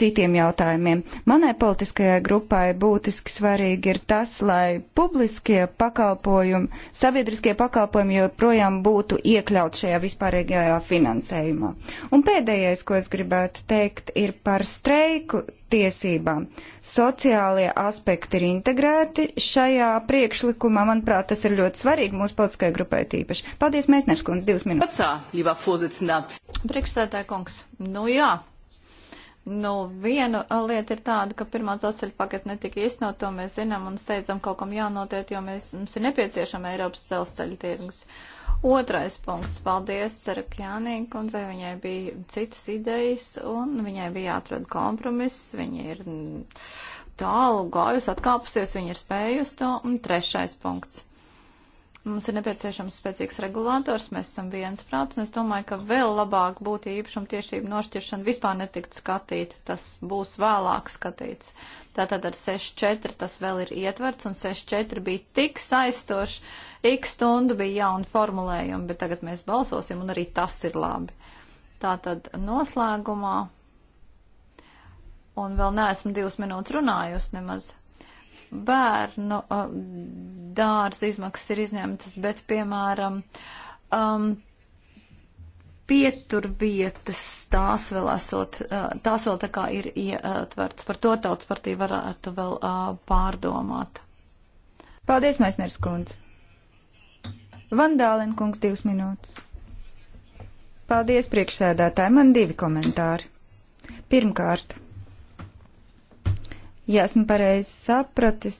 E: citiem jautājumiem. Manai politiskajai grupai būtiski svarīgi ir tas, lai publiskie pakalpojumi, sabiedriskie pakalpojumi joprojām būtu iekļaut šajā vispārīgajā finansējumā. Un pēdējais, ko es gribētu teikt, ir par streiku tiesībām. Sociālie aspekti ir integrēti šajā priekšlikumā. Manuprāt, tas ir ļoti svarīgi mūsu politiskajai grupai tīpaši. Paldies, Mēsners kundze, divas minūtes.
C: Priekšsētāja kungs, nu jā. Nu, viena lieta ir tāda, ka pirmā dzelzceļa paketa netika īstenot, to mēs zinām un steidzam kaut kam jānotiek, jo mēs, mums ir nepieciešama Eiropas dzelzceļa tirgus. Uh, Otrais punkts. Paldies Sarakjānī kundzei. Viņai bija citas idejas un viņai bija jāatrod kompromiss. Viņa ir tālu gājusi, atkāpusies, viņa ir spējusi to. Un trešais punkts. Mums ir nepieciešams spēcīgs regulators, mēs esam viensprāts, un es domāju, ka vēl labāk būtu īpašuma tiešību nošķiršana vispār netikt skatīta, tas būs vēlāk skatīts. Tātad ar 6.4 tas vēl ir ietverts, un 6.4 bija tik saistošs, X stundu bija jauni formulējumi, bet tagad mēs balsosim, un arī tas ir labi. Tātad noslēgumā, un vēl neesmu divas minūtes runājusi nemaz, bērnu dārza izmaksas ir izņemtas, bet, piemēram, um, pieturvietas tās vēl esot, tās vēl tā kā ir ietverts. Par to tautas partija varētu vēl pārdomāt.
E: Paldies, Maisners kundze. Vandālenkungs divas minūtes. Paldies, priekšsēdētāji. Man divi komentāri. Pirmkārt, ja esmu pareizi sapratis,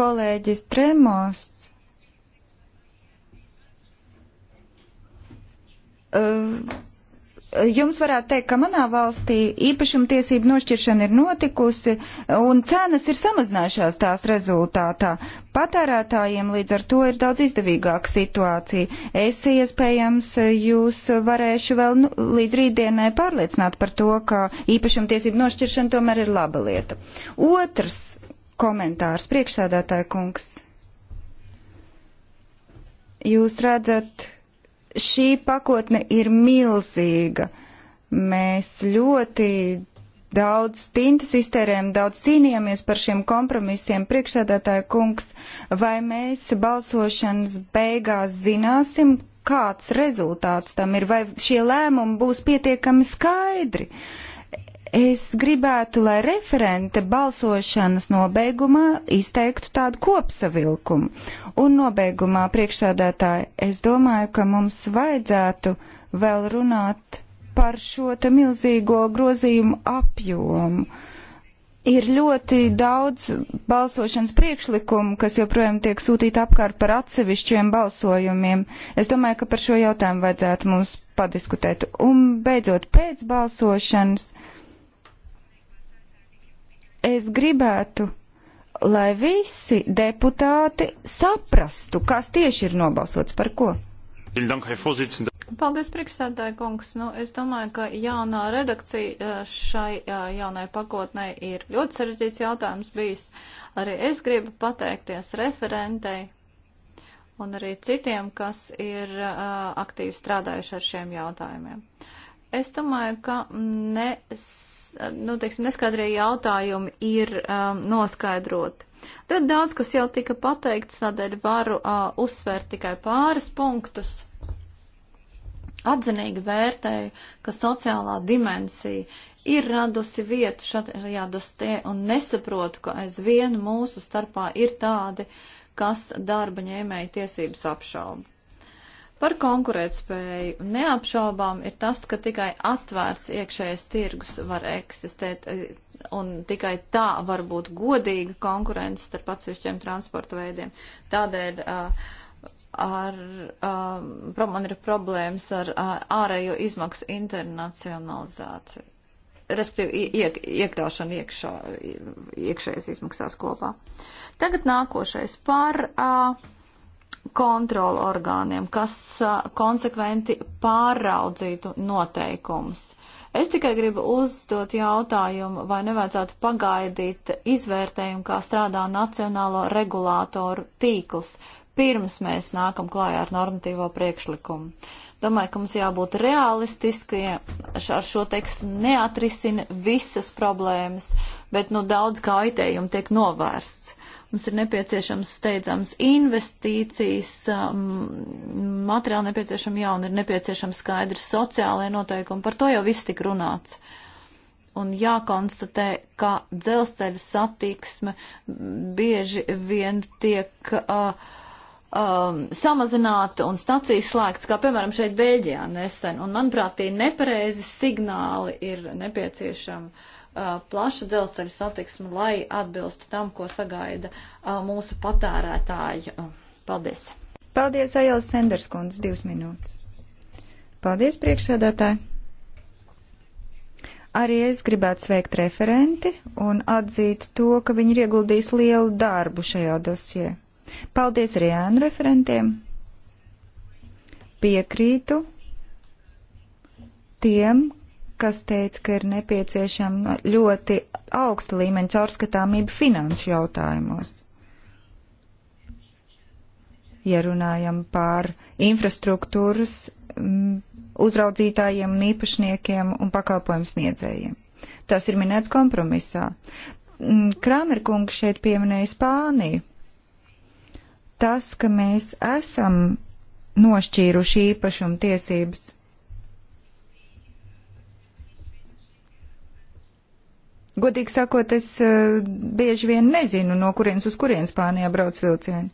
E: kolēģis Tremos uh, jums varētu teikt, ka manā valstī īpašumtiesību nošķiršana ir notikusi un cenas ir samazinājušās tās rezultātā. Patērētājiem līdz ar to ir daudz izdevīgāka situācija. Es iespējams jūs varēšu vēl nu, līdz rītdienai pārliecināt par to, ka īpašumtiesību nošķiršana tomēr ir laba lieta. Otrs komentārs, priekšsēdētāja kungs. Jūs redzat, Šī pakotne ir milzīga. Mēs ļoti daudz stintas iztērējam, daudz cīnījāmies par šiem kompromisiem. Priekšsēdētāja kungs, vai mēs balsošanas beigās zināsim, kāds rezultāts tam ir, vai šie lēmumi būs pietiekami skaidri? Uh, Es gribētu, lai referente balsošanas nobeigumā izteiktu tādu kopsavilkumu. Un nobeigumā priekšsādātāji, es domāju, ka mums vajadzētu vēl runāt par šo te milzīgo grozījumu apjomu. Ir ļoti daudz balsošanas priekšlikumu, kas joprojām tiek sūtīti apkārt par atsevišķiem balsojumiem. Es domāju, ka par šo jautājumu vajadzētu mums padiskutēt. Un beidzot, pēc balsošanas Es gribētu, lai visi deputāti saprastu, kas tieši ir nobalsots par ko. Paldies,
C: priekšsēdētāji kungs. Nu, es domāju, ka jaunā redakcija eh, šai eh, jaunai pakotnē ir ļoti sarežģīts jautājums bijis. Arī es gribu pateikties referentei un arī citiem, kas ir eh, aktīvi strādājuši ar šiem jautājumiem. Es domāju, ka nes Eh, nu, teiksim, neskaidrie jautājumi ir um, eh, noskaidroti. Ļoti daudz, kas jau tika pateikts, tādēļ varu uh, uzsvērt tikai pāris punktus. Atzinīgi vērtēju, ka sociālā dimensija ir radusi vietu šajā dostē un nesaprotu, ka aizvien mūsu starpā ir tādi, kas darba ņēmēja tiesības apšauba. Par konkurētspēju neapšaubām ir tas, ka tikai atvērts iekšējais tirgus var eksistēt eh, un tikai tā var būt godīga konkurence starp atsevišķiem transporta veidiem. Tādēļ uh, ar, uh, man ir problēmas ar uh, ārējo izmaksu internacionalizāciju, respektīvi iek, iekļaušanu iekšā, iekšējas izmaksās kopā. Tagad nākošais par. Uh, kontrolu orgāniem, kas konsekventi pāraudzītu noteikumus. Es tikai gribu uzdot jautājumu, vai nevajadzētu pagaidīt izvērtējumu, kā strādā Nacionālo regulātoru tīkls, pirms mēs nākam klājā ar normatīvo priekšlikumu. Domāju, ka mums jābūt realistiskiem, ar šo tekstu neatrisina visas problēmas, bet nu daudz kaitējumu tiek novērsts. Mums ir nepieciešams steidzams investīcijas, um, materiāli nepieciešami jauni, ir nepieciešams skaidrs sociālajie noteikumi. Par to jau viss tik runāts. Un jākonstatē, ka dzelzceļa satiksme bieži vien tiek uh, um, samazināta un stacijas slēgts, kā piemēram šeit Bēļģijā nesen. Un manuprāt, tie nepareizi signāli ir nepieciešami. Uh, Uh, plaša dzelzceļa satiksme, lai atbilstu tam, ko sagaida uh, mūsu patērētāji. Paldies!
E: Paldies, Ailes Senders kundze, divas minūtes. Paldies, priekšsēdētāji! Arī es gribētu sveikt referenti un atzīt to, ka viņi ir ieguldījis lielu darbu šajā dosijā. Paldies arī ēnu referentiem. Piekrītu tiem, kas teica, ka ir nepieciešama ļoti augsta līmeņa caurskatāmība finanšu jautājumos. Ja runājam par infrastruktūras mm, uzraudzītājiem un īpašniekiem un pakalpojumu sniedzējiem. Tas ir minēts kompromisā. Mm, Kramerkungs šeit pieminēja Spāniju. Tas, ka mēs esam nošķīruši īpašumu tiesības Godīgi sakot, es uh, bieži vien nezinu, no kurienes uz kurienes Spānijā brauc vilcieni.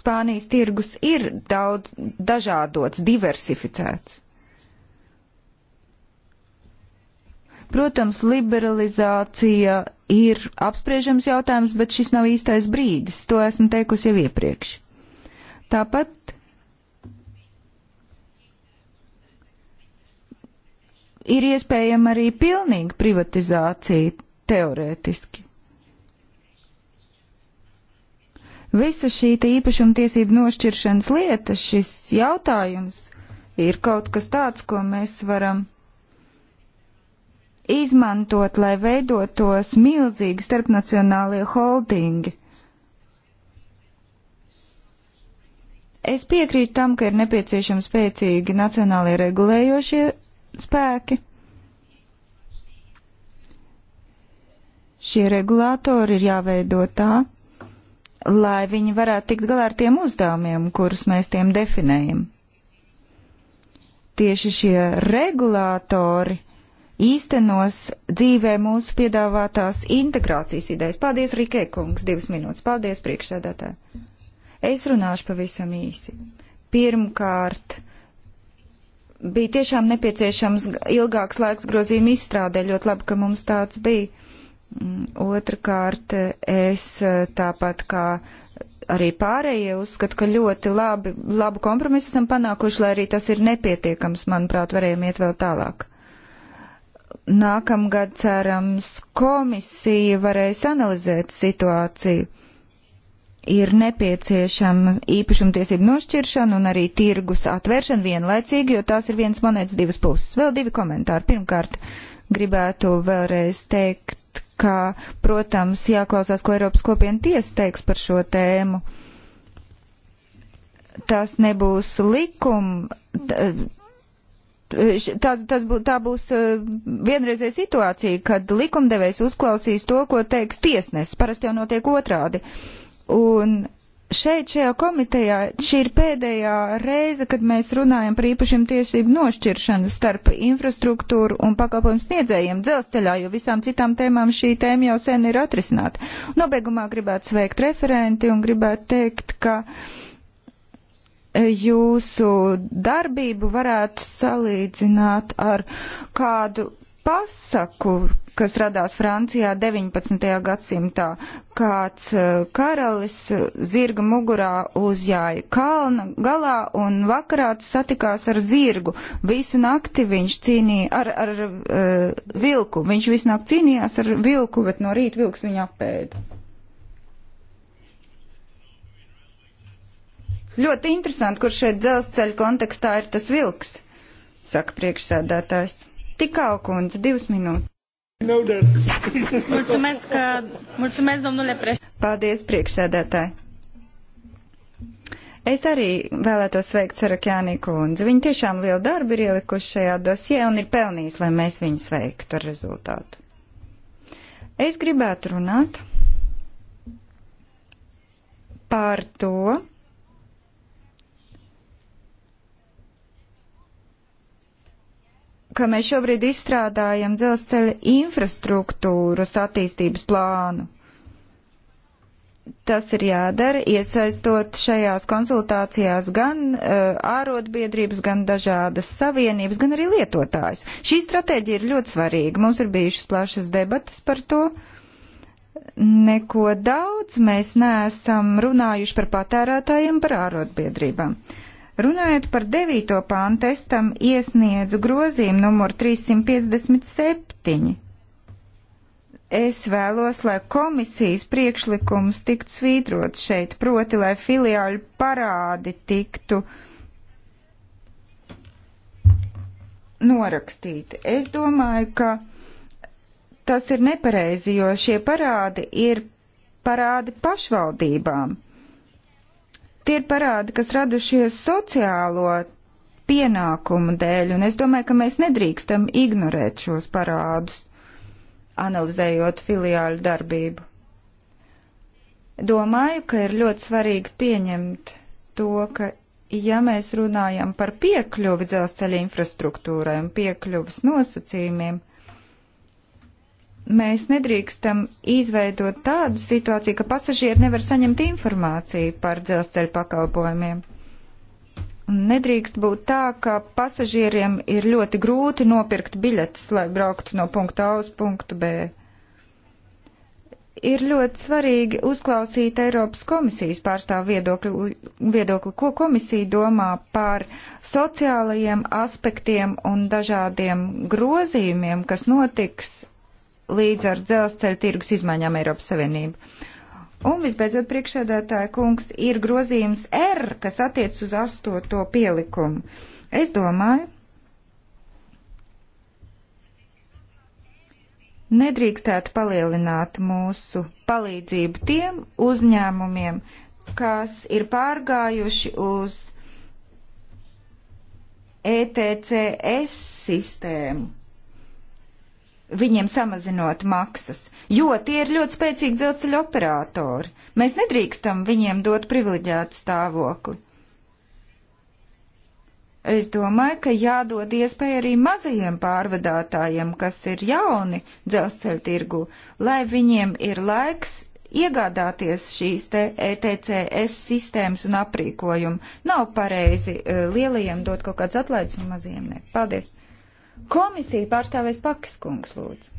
E: Spānijas tirgus ir daudz dažādots, diversificēts. Protams, liberalizācija ir apspriežams jautājums, bet šis nav īstais brīdis. To esmu teikusi jau iepriekš. Tāpat ir iespējama arī pilnīga privatizācija teorētiski. Visa šī īpašumtiesību nošķiršanas lieta, šis jautājums ir kaut kas tāds, ko mēs varam izmantot, lai veidotos milzīgi starpnacionālie holdingi. Es piekrītu tam, ka ir nepieciešami spēcīgi nacionālie regulējošie spēki. Šie regulātori ir jāveido tā, lai viņi varētu tikt galā ar tiem uzdevumiem, kurus mēs tiem definējam. Tieši šie regulātori īstenos dzīvē mūsu piedāvātās integrācijas idejas. Paldies, Rikē kungs, divas minūtes. Paldies, priekšsēdētā. Es runāšu pavisam īsi. Pirmkārt, bija tiešām nepieciešams ilgāks laiks grozījuma izstrādē. Ļoti labi, ka mums tāds bija. Mm, Otrakārt, es eh, tāpat kā arī pārējie uzskatu, ka ļoti labi, labu kompromisu esam panākuši, lai arī tas ir nepietiekams, manuprāt, varējām iet vēl tālāk. Nākamgad, cerams, komisija varēs analizēt situāciju ir nepieciešama īpašumtiesību nošķiršana un arī tirgus atvēršana vienlaicīgi, jo tās ir viens monētas divas puses. Vēl divi komentāri. Pirmkārt, gribētu vēlreiz teikt, ka, protams, jāklausās, ko Eiropas kopiena tiesa teiks par šo tēmu. Tas nebūs likuma. Tā, tas bū, tā būs e, vienreizēja situācija, kad likumdevējs uzklausīs to, ko teiks tiesnesis. Parasti jau notiek otrādi. Uh, Un šeit, šajā komitejā, šī ir pēdējā reize, kad mēs runājam par īpašiem tiesību nošķiršanu starp infrastruktūru un pakalpojumu sniedzējiem dzelzceļā, jo visām citām tēmām šī tēma jau sen ir atrisināta. Nobeigumā gribētu sveikt referenti un gribētu teikt, ka jūsu darbību varētu salīdzināt ar kādu pasaku, kas radās Francijā 19. gadsimtā. Kāds eh, karalis zirga mugurā uzjāja kalna galā un vakarā satikās ar zirgu. Visu nakti viņš cīnīja ar, ar uh, vilku. Viņš visu nakti cīnījās ar vilku, bet no rīta vilks viņu apēda. Ļoti interesanti, kur šeit dzelzceļa kontekstā ir tas vilks, saka priekšsēdētājs. Tikau kundze, divas minūtes. Mulțumesc, mulțumesc, domnule președinte. Paldies, priekšsēdētāji. Es arī vēlētos sveikt Sarakjāni kundzi. Viņa tiešām lielu darbu ir ielikuši šajā dosie un ir pelnījusi, lai mēs viņu sveiktu ar rezultātu. Es gribētu runāt par to, ka mēs šobrīd izstrādājam dzelzceļa infrastruktūras attīstības plānu. Tas ir jādara, iesaistot šajās konsultācijās gan uh, ārotbiedrības, gan dažādas savienības, gan arī lietotājus. Šī stratēģija ir ļoti svarīga. Mums ir bijušas plašas debatas par to. Neko daudz mēs neesam runājuši par patērētājiem, par ārotbiedrībām. Uh, Runājot par 9. pāntu, es tam iesniedzu grozījumu numuru 357. Es vēlos, lai komisijas priekšlikums tiktu svītrots šeit, proti, lai filiāļu parādi tiktu norakstīti. Es domāju, ka tas ir nepareizi, jo šie parādi ir parādi pašvaldībām. Tie ir parādi, kas radušies sociālo pienākumu dēļ, un es domāju, ka mēs nedrīkstam ignorēt šos parādus, analizējot filiāļu darbību. Domāju, ka ir ļoti svarīgi pieņemt to, ka, ja mēs runājam par piekļuvi dzelzceļa infrastruktūrai un piekļuvis nosacījumiem, Mēs nedrīkstam izveidot tādu situāciju, ka pasažieri nevar saņemt informāciju par dzelzceļa pakalpojumiem. Un nedrīkst būt tā, ka pasažieriem ir ļoti grūti nopirkt biļetes, lai brauktu no punkta A uz punktu B. Ir ļoti svarīgi uzklausīt Eiropas komisijas pārstāvu viedokli, viedokli, ko komisija domā par sociālajiem aspektiem un dažādiem grozījumiem, kas notiks līdz ar dzelzceļa tirgus izmaiņām Eiropas Savienību. Un visbeidzot, priekšsēdētāja kungs, ir grozījums R, kas attiec uz astoto pielikumu. Es domāju, nedrīkstētu palielināt mūsu palīdzību tiem uzņēmumiem, kas ir pārgājuši uz ETCS sistēmu viņiem samazinot maksas, jo tie ir ļoti spēcīgi dzelzceļa operatori. Mēs nedrīkstam viņiem dot privileģētu stāvokli. Es domāju, ka jādod iespēja arī mazajiem pārvadātājiem, kas ir jauni dzelzceļa tirgu, lai viņiem ir laiks iegādāties šīs ETCS e sistēmas un aprīkojumu. Nav pareizi eh, lielajiem dot kaut kādas atlaides un mazajiem ne. Paldies! Komisija pārstāvēs Pakas kungs, lūdzu.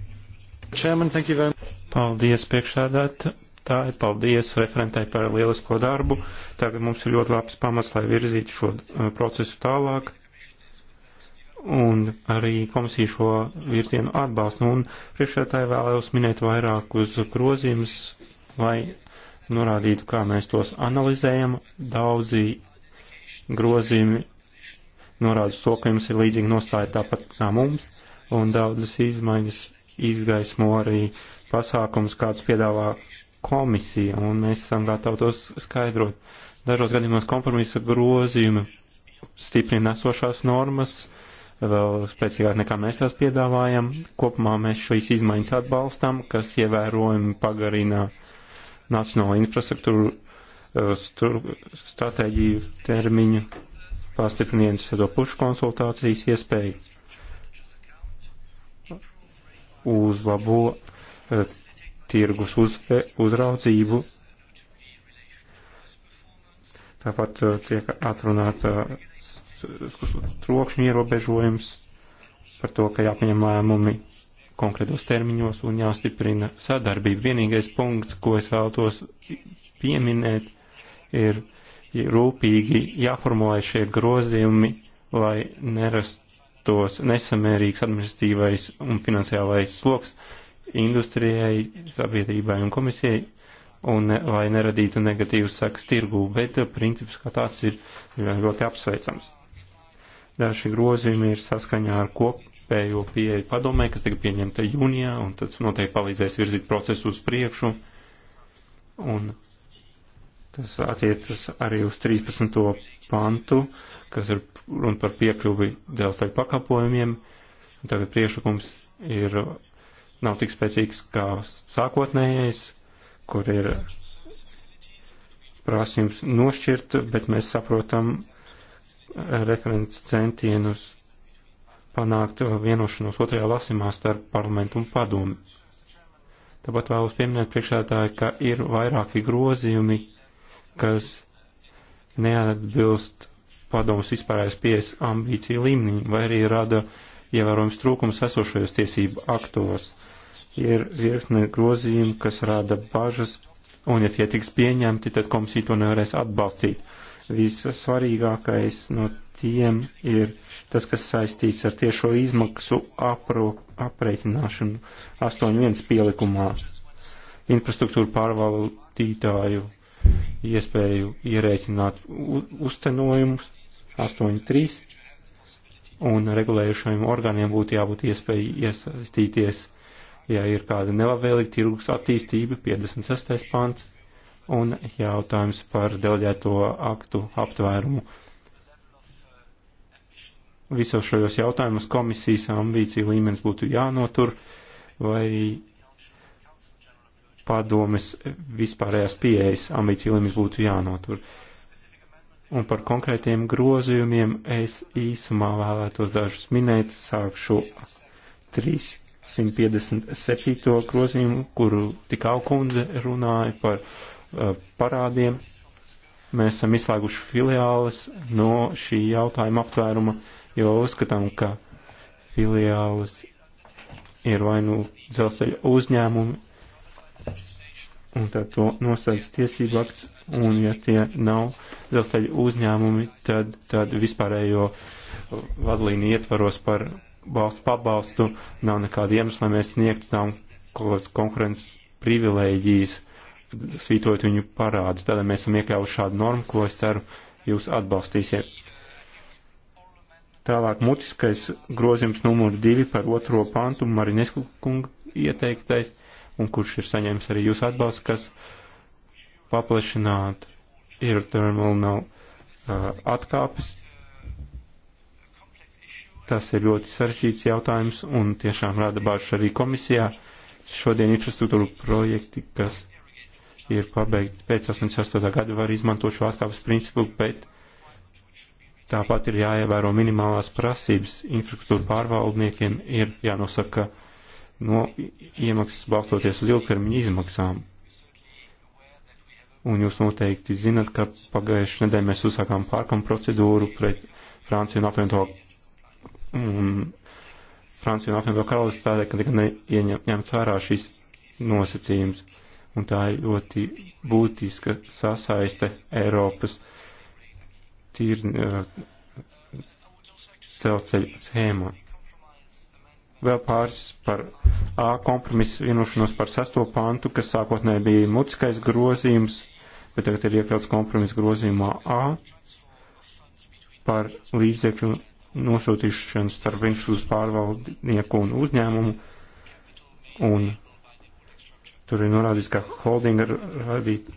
B: Chairman, thank you very much. Paldies, priekšsādāt. Tā ir paldies referentai par lielisko darbu. Tagad mums ir ļoti labs pamats, lai virzītu šo uh, procesu tālāk. Un arī komisija šo virzienu atbalsta. Un priekšsētāji vēlējos minēt vairākus grozījumus, lai norādītu, kā mēs tos analizējam. Daudzi grozījumi norāda uz to, ka jums ir līdzīga nostāja tāpat kā mums, un daudzas izmaiņas izgaismo arī pasākums, kādus piedāvā komisija, un mēs esam gatavi tos skaidrot. Dažos gadījumos kompromisa grozījumi stiprina esošās normas, vēl spēcīgāk nekā mēs tās piedāvājam. Kopumā mēs šīs izmaiņas atbalstam, kas ievērojami pagarina nacionālo infrastruktūru eh, stratēģiju termiņu pastipriniens to pušu konsultācijas iespēju, uzlabo eh, tirgus uzfe, uzraudzību. Tāpat eh, tiek atrunāta eh, trokšņa ierobežojums par to, ka jāpieņem lēmumi konkrētos termiņos un jāstiprina sadarbība. Vienīgais punkts, ko es vēlos pieminēt, ir uh, rūpīgi jāformulē šie grozījumi, lai nerastos nesamērīgs administratīvais un finansiālais sloks industrijai, sabiedrībai un komisijai, un ne, lai neradītu negatīvas sekas tirgū, bet eh, princips kā tāds ir ļoti apsveicams. Daži grozījumi ir saskaņā ar kopējo pieeju padomē, kas tika pieņemta jūnijā, un tas noteikti palīdzēs virzīt procesu uz priekšu. Un Tas attiecas arī uz 13. pantu, kas ir runa par piekļuvi dzelzceļa pakalpojumiem. Tagad priešlikums ir nav tik spēcīgs kā sākotnējais, kur ir prasījums nošķirt, bet mēs saprotam eh, referents centienus panākt vienošanos otrajā lasimā starp parlamentu un padomu. Tāpat vēlos pieminēt priekšētāju, ka ir vairāki grozījumi, kas neatbilst padomus vispārējais pieejas ambīciju līmenī, vai arī rada ievērojams trūkums esošajos tiesību aktos. Ir virkne grozījumi, kas rada bažas, un ja tie tiks pieņemti, tad komisija to nevarēs atbalstīt. Vissvarīgākais no tiem ir tas, kas saistīts ar tiešo izmaksu apro, apreikināšanu 8.1 pielikumā. Infrastruktūra pārvaldītāju iespēju ierēķināt uzcenojumus 8.3 un regulējušajiem orgāniem būtu jābūt iespēja iesaistīties, ja ir kāda nelabvēlīga tirgus attīstība 56. pants un jautājums par delģēto aktu aptvērumu. Visos šajos jautājumos komisijas ambīciju līmenis būtu jānotur, vai padomes vispārējās pieejas ambīcijojumus būtu jānotur. Un par konkrētiem grozījumiem es īsumā vēlētos dažus minēt. Sākšu 357. grozījumu, kuru tikā kundze runāja par uh, parādiem. Mēs esam izslēguši filiāles no šī jautājuma aptvēruma, jo uzskatām, ka filiāles ir vai nu dzelzceļa uzņēmumi un tad to nosauc tiesību akts, un ja tie nav dzelzceļa uzņēmumi, tad, tad vispārējo vadlīnu ietvaros par valsts pabalstu nav nekāda iemesla, lai mēs sniegtu tam kaut kādas konkurences privilēģijas, svītot viņu parādus. Tādēļ mēs esam iekļaujuši šādu normu, ko es ceru jūs atbalstīsiet. Tālāk mutiskais grozījums numur divi par otro pantu Marinesku kungu ieteiktais un kurš ir saņēmis arī jūsu atbalstu, kas paplašināt ir terminal uh, atkāpes. Tas ir ļoti sarežģīts jautājums un tiešām rada bāžas arī komisijā. Šodien infrastruktūru projekti, kas ir pabeigti pēc 88. gada, var izmantot šo atkāpes principu, bet tāpat ir jāievēro minimālās prasības. Infrastruktūra pārvaldniekiem ir jānosaka uh, no iemaksas balstoties uz ilgtermiņa izmaksām. Un jūs noteikti zinat, ka pagājušajā nedēļā mēs uzsākām pārkam procedūru pret Franciju un apvienoto um, Franciju un apvienoto karalistu tādēļ, ka tika neieņemts vērā šīs nosacījums. Un tā ir ļoti būtiska sasaiste Eiropas tirni, uh, celceļu schēmā. Vēl pāris par A kompromisu vienošanos par sesto pantu, kas sākotnēji bija mutiskais grozījums, bet tagad ir iekļauts kompromisu grozījumā A par līdzekļu nosūtīšanu starp institūciju pārvaldnieku un uzņēmumu. Un tur ir norādīts, ka holdinga radīt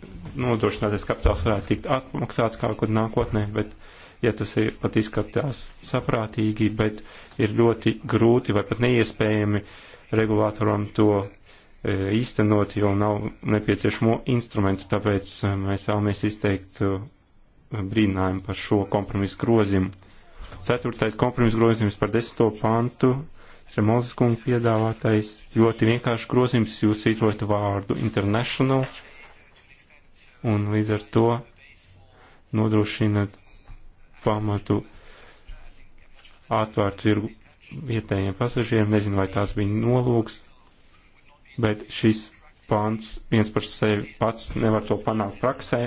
B: nodrošinātais kapitāls varētu tikt atmaksāts kaut kur nākotnē, bet ja tas ir pat izskatās saprātīgi, bet ir ļoti grūti vai pat neiespējami uh, regulātoram to e, īstenot, jo nav nepieciešamo instrumentu, tāpēc e, mēs vēlamies izteikt e, brīdinājumu par šo kompromisu grozījumu. Ceturtais kompromisu grozījums par desmito pantu, Remozes kunga piedāvātais, ļoti vienkārši grozījums, jūs citojat vārdu international, un līdz ar to nodrošinat pamatu atvērtu tirgu vietējiem pasažieriem. Nezinu, vai tās bija nolūks, bet šis pāns viens par sevi pats nevar to panākt praksē.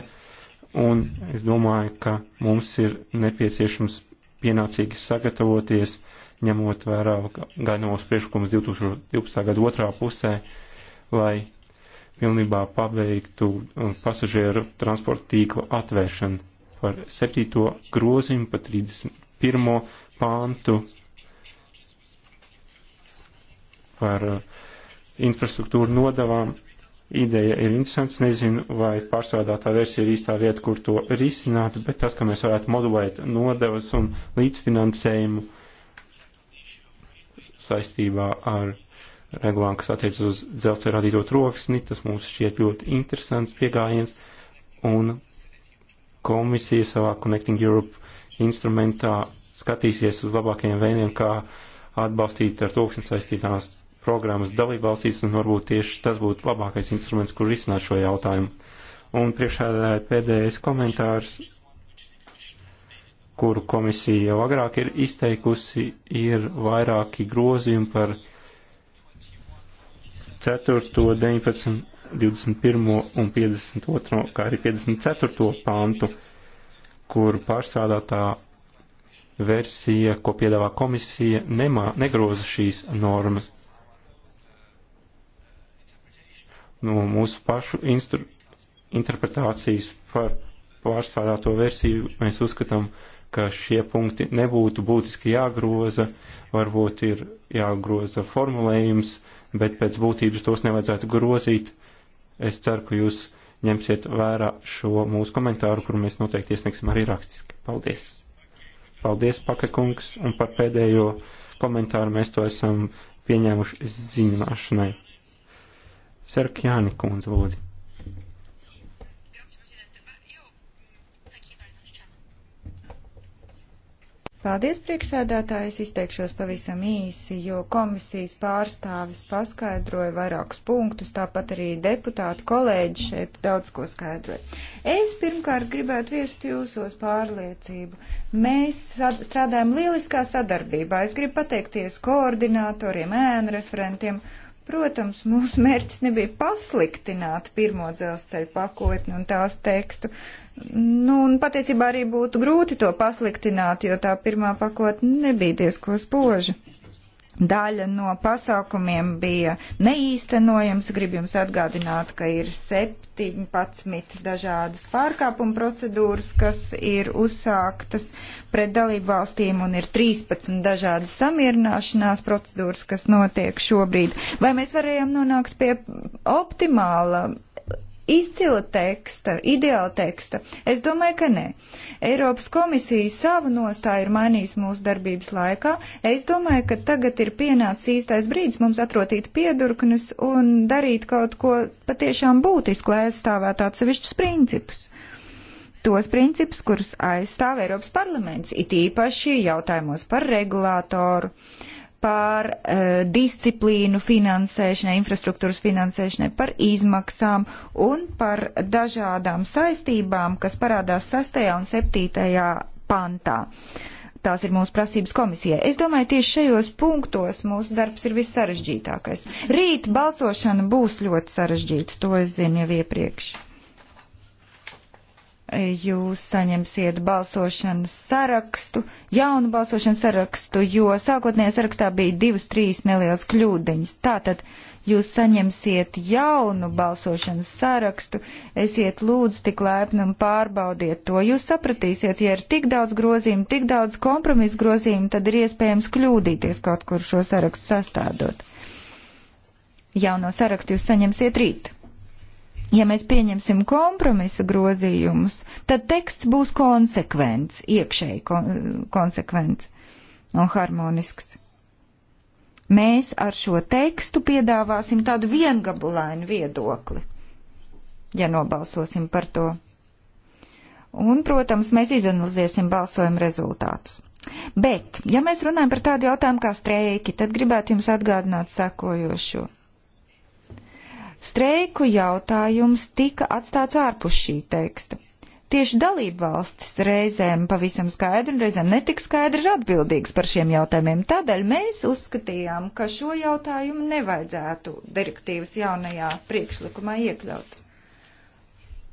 B: Un es domāju, ka mums ir nepieciešams pienācīgi sagatavoties, ņemot vērā gaidāmos priekšlikumus 2012. gada otrā pusē, lai pilnībā pabeigtu um, pasažieru transporta tīkla atvēršanu par 7. grozījumu, pa 31. pāntu par uh, infrastruktūru nodavām. Ideja ir interesants, nezinu, vai pārstrādātā versija ir īstā vieta, kur to risināt, bet tas, ka mēs varētu modulēt nodevas un līdzfinansējumu saistībā ar regulām, kas attiecas uz dzelzceļa radīto troksni, tas mums šķiet ļoti interesants pieejams, un komisija savā Connecting Europe instrumentā skatīsies uz labākajiem veidiem, kā atbalstīt ar troksni saistītās programmas dalībvalstīs, un varbūt tieši tas būtu labākais instruments, kur risināt šo jautājumu. Un priekšādāja pēdējais komentārs, kuru komisija jau agrāk ir izteikusi, ir vairāki grozījumi par 4., 19, 21 un 52, kā arī 54. pantu, kur pārstrādātā versija, ko piedāvā komisija, nemā, negroza šīs normas. no mūsu pašu instru, interpretācijas par pārstāvāto versiju mēs uzskatām, ka šie punkti nebūtu būtiski jāgroza, varbūt ir jāgroza formulējums, bet pēc būtības tos nevajadzētu grozīt. Es ceru, ka jūs ņemsiet vērā šo mūsu komentāru, kuru mēs noteikti iesniegsim arī rakstiski. Paldies! Paldies, Pakakungs, un par pēdējo komentāru mēs to esam pieņēmuši ziņošanai. Serkjāni kundze lūdzu.
E: Paldies, priekšsēdētāji. Es izteikšos pavisam īsi, jo komisijas pārstāvis paskaidroja vairākus punktus, tāpat arī deputāti kolēģi šeit daudz ko skaidroja. Es pirmkārt gribētu viest jūsos pārliecību. Mēs strādājam lieliskā sadarbībā. Es gribu pateikties koordinatoriem, ēnu referentiem Protams, mūsu mērķis nebija pasliktināt pirmo dzelzceļa pakotni un tās tekstu. Nu, un patiesībā arī būtu grūti to pasliktināt, jo tā pirmā pakotne nebija diezko spoža. Daļa no pasākumiem bija neīstenojams. Gribu jums atgādināt, ka ir 17 dažādas pārkāpuma procedūras, kas ir uzsāktas pret dalību valstīm, un ir 13 dažādas samierināšanās procedūras, kas notiek šobrīd. Vai mēs varējām nonākt pie optimāla izcila teksta, ideāla teksta? Es domāju, ka nē. Eiropas komisija savu nostāju ir mainījusi mūsu darbības laikā. Es domāju, ka tagad ir pienācis īstais brīdis mums atrotīt piedurknes un darīt kaut ko patiešām būtisku, lai aizstāvētu atsevišķus principus tos principus, kurus aizstāv Eiropas parlaments, it īpaši jautājumos par regulātoru, par uh, disciplīnu finansēšanai, infrastruktūras finansēšanai, par izmaksām un par dažādām saistībām, kas parādās 6. un 7. pantā. Tās ir mūsu prasības komisijai. Es domāju, tieši šajos punktos mūsu darbs ir vissarežģītākais. Rīt balsošana būs ļoti sarežģīta, to es zinu jau iepriekš jūs saņemsiet balsošanas sarakstu, jaunu balsošanas sarakstu, jo sākotnējā sarakstā bija divas, trīs nelielas kļūdiņas. Tātad jūs saņemsiet jaunu balsošanas sarakstu, esiet lūdzu tik laipni un pārbaudiet to. Jūs sapratīsiet, ja ir tik daudz grozījumu, tik daudz kompromisu grozījumu, tad ir iespējams kļūdīties kaut kur šo sarakstu sastādot. Jauno sarakstu jūs saņemsiet rīt ja mēs pieņemsim kompromisa grozījumus, tad teksts būs konsekvents, iekšēji kon konsekvents un harmonisks. Mēs ar šo tekstu piedāvāsim tādu viengabulainu viedokli, ja nobalsosim par to. Un, protams, mēs izanalizēsim balsojuma rezultātus. Bet, ja mēs runājam par tādu jautājumu kā streiki, tad gribētu jums atgādināt sakojošo. Streiku jautājums tika atstāts ārpus šī teksta. Tieši dalību valstis reizēm pavisam skaidri un reizēm netik skaidri ir atbildīgs par šiem jautājumiem. Tādēļ mēs uzskatījām, ka šo jautājumu nevajadzētu direktīvas jaunajā priekšlikumā iekļaut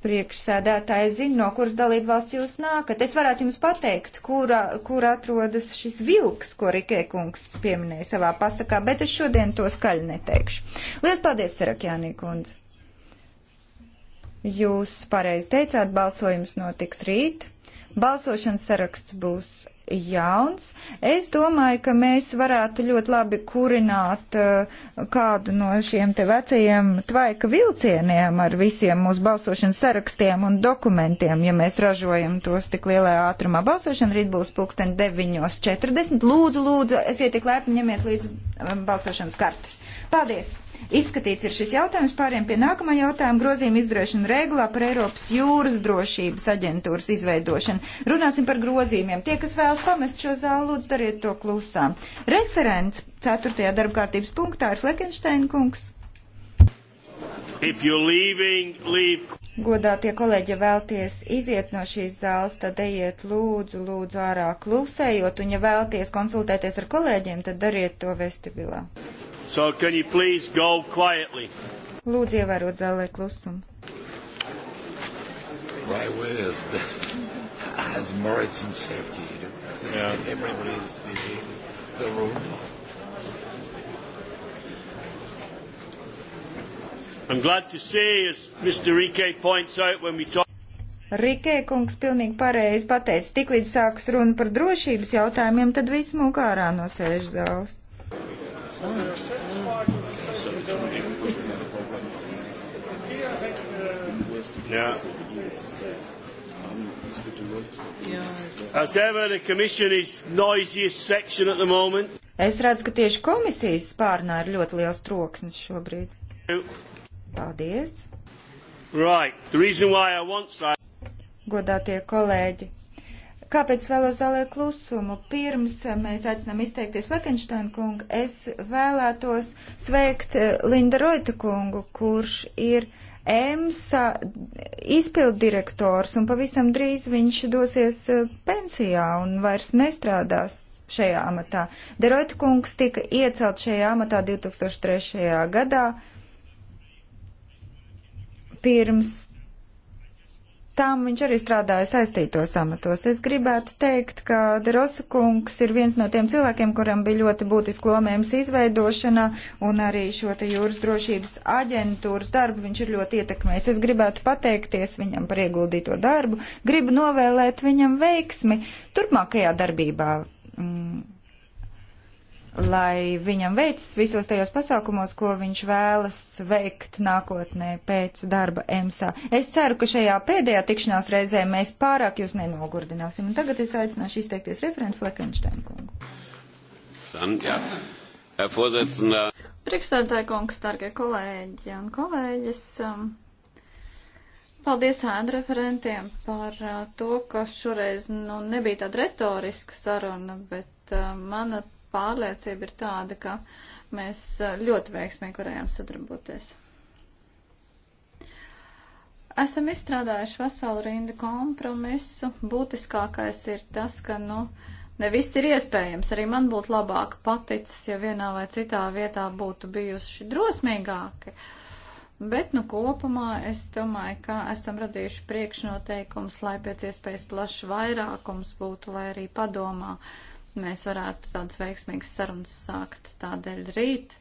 E: priekšsēdētāji zina, no kuras dalību valsts jūs nākat. Es varētu jums pateikt, kura, kur atrodas šis vilks, ko Rikē kungs pieminēja savā pasakā, bet es šodien to skaļi neteikšu. Lielas paldies, Sarakjānī kundze! Jūs pareizi teicāt, balsojums notiks rīt. Balsošanas saraksts būs jauns. Es domāju, ka mēs varētu ļoti labi kurināt uh, kādu no šiem te vecajiem tvaika vilcieniem ar visiem mūsu balsošanas sarakstiem un dokumentiem, ja mēs ražojam tos tik lielā ātrumā. Balsošana rīt būs pulksten 9.40. Lūdzu, lūdzu, esiet tik lēpni, ņemiet līdz um, balsošanas kartes. Paldies! Izskatīts ir šis jautājums, pāriem pie nākamā jautājuma grozījuma izdarīšana regulā par Eiropas jūras drošības aģentūras izveidošanu. Runāsim par grozījumiem. Tie, kas vēlas pamest šo zāli, lūdzu, dariet to klusām. Referents 4. darbkārtības punktā ir Fleckensteina kungs.
A: Leaving, leave...
E: Godātie kolēģi, ja vēlties iziet no šīs zāles, tad ejiet lūdzu, lūdzu ārā klusējot, un ja vēlties konsultēties ar kolēģiem, tad dariet to vestibilā.
A: So can you please go
C: quietly?
E: Lūdzu, ievērot zālē klusumu.
C: Right, where is this? As Moritz and safety, you know, this yeah. everybody's
E: leaving the room.
A: I'm glad to see, as Mr. Rike points out when we talk.
E: Rikē kungs pilnīgi pareizi pateica, tiklīdz sākas runa par drošības jautājumiem, tad viss mūk ārā no sēžu zāles. Ja. Es redzu, ka tieši komisijas spārnā ir ļoti liels troksnis šobrīd. Paldies.
A: Right.
E: Godātie kolēģi, Kāpēc vēlos zālēt klusumu? Pirms eh, mēs aicinām izteikties Lekenštānu kungu, es vēlētos sveikt eh, Linda Roita kungu, kurš ir EMSA izpildirektors un pavisam drīz viņš dosies eh, pensijā un vairs nestrādās šajā amatā. Deroita kungs tika iecelt šajā amatā 2003. gadā pirms tam viņš arī strādāja saistītos amatos. Es gribētu teikt, ka Derosa kungs ir viens no tiem cilvēkiem, kuram bija ļoti būtiski lomējums izveidošanā un arī šo te jūras drošības aģentūras darbu viņš ir ļoti ietekmējis. Es gribētu pateikties viņam par ieguldīto darbu, gribu novēlēt viņam veiksmi turpmākajā darbībā. Mm lai viņam veicas visos tajos pasākumos, ko viņš vēlas veikt nākotnē pēc darba EMSA. Es ceru, ka šajā pēdējā tikšanās reizē mēs pārāk jūs nenogurdināsim. Un tagad es aicināšu izteikties referentu Flekenšteinu kungu. Priekšstādātāji
C: kungs, dargie kolēģi un kolēģis. Um, Paldies ēnu referentiem par uh, to, ka šoreiz nu, nebija tāda retoriska saruna, bet uh, mana pārliecība ir tāda, ka mēs eh, ļoti veiksmīgi varējām sadarboties. Esam izstrādājuši veselu rindu kompromisu. Būtiskākais ir tas, ka, nu, ne viss ir iespējams. Arī man būtu labāk paticis, ja vienā vai citā vietā būtu bijuši drosmīgāki. Bet, nu, kopumā es domāju, ka esam radījuši priekšnoteikums, lai pēc iespējas plašs vairākums būtu, lai arī padomā uh, mēs varētu tādas veiksmīgas sarunas sākt tādēļ rīt.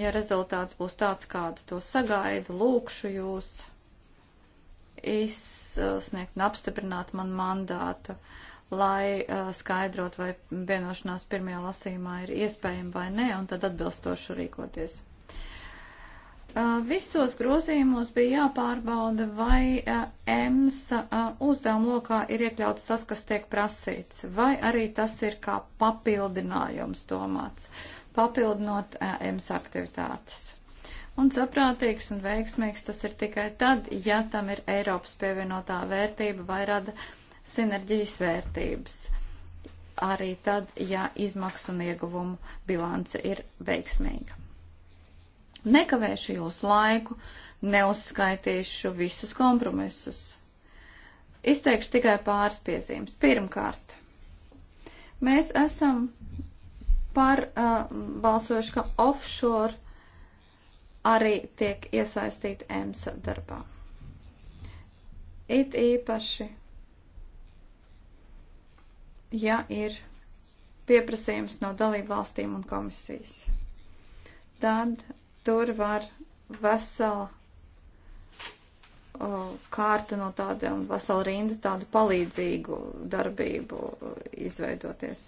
C: Ja rezultāts būs tāds, kādu to sagaidu, lūkšu jūs izsniegt un apstiprināt man mandātu, lai uh, skaidrot, vai vienošanās pirmajā lasījumā ir iespējama vai nē, un tad atbilstoši rīkoties. Visos grozījumos bija jāpārbauda, vai EMSA uzdevuma lokā ir iekļauts tas, kas tiek prasīts, vai arī tas ir kā papildinājums domāts, papildinot EMSA aktivitātes. Un saprātīgs un veiksmīgs tas ir tikai tad, ja tam ir Eiropas pievienotā vērtība vai rada sinerģijas vērtības. Arī tad, ja izmaksu un ieguvumu bilance ir veiksmīga. Nekavēšu jūsu laiku, neuzskaitīšu visus kompromisus. Izteikšu tikai pāris piezīmes. Pirmkārt, mēs esam par uh, balsojuši, ka offshore arī tiek iesaistīti EMSA darbā. It īpaši, ja ir pieprasījums no dalību valstīm un komisijas, tad tur var vesela uh, kārta no tādiem, vesela rinda tādu palīdzīgu darbību izveidoties.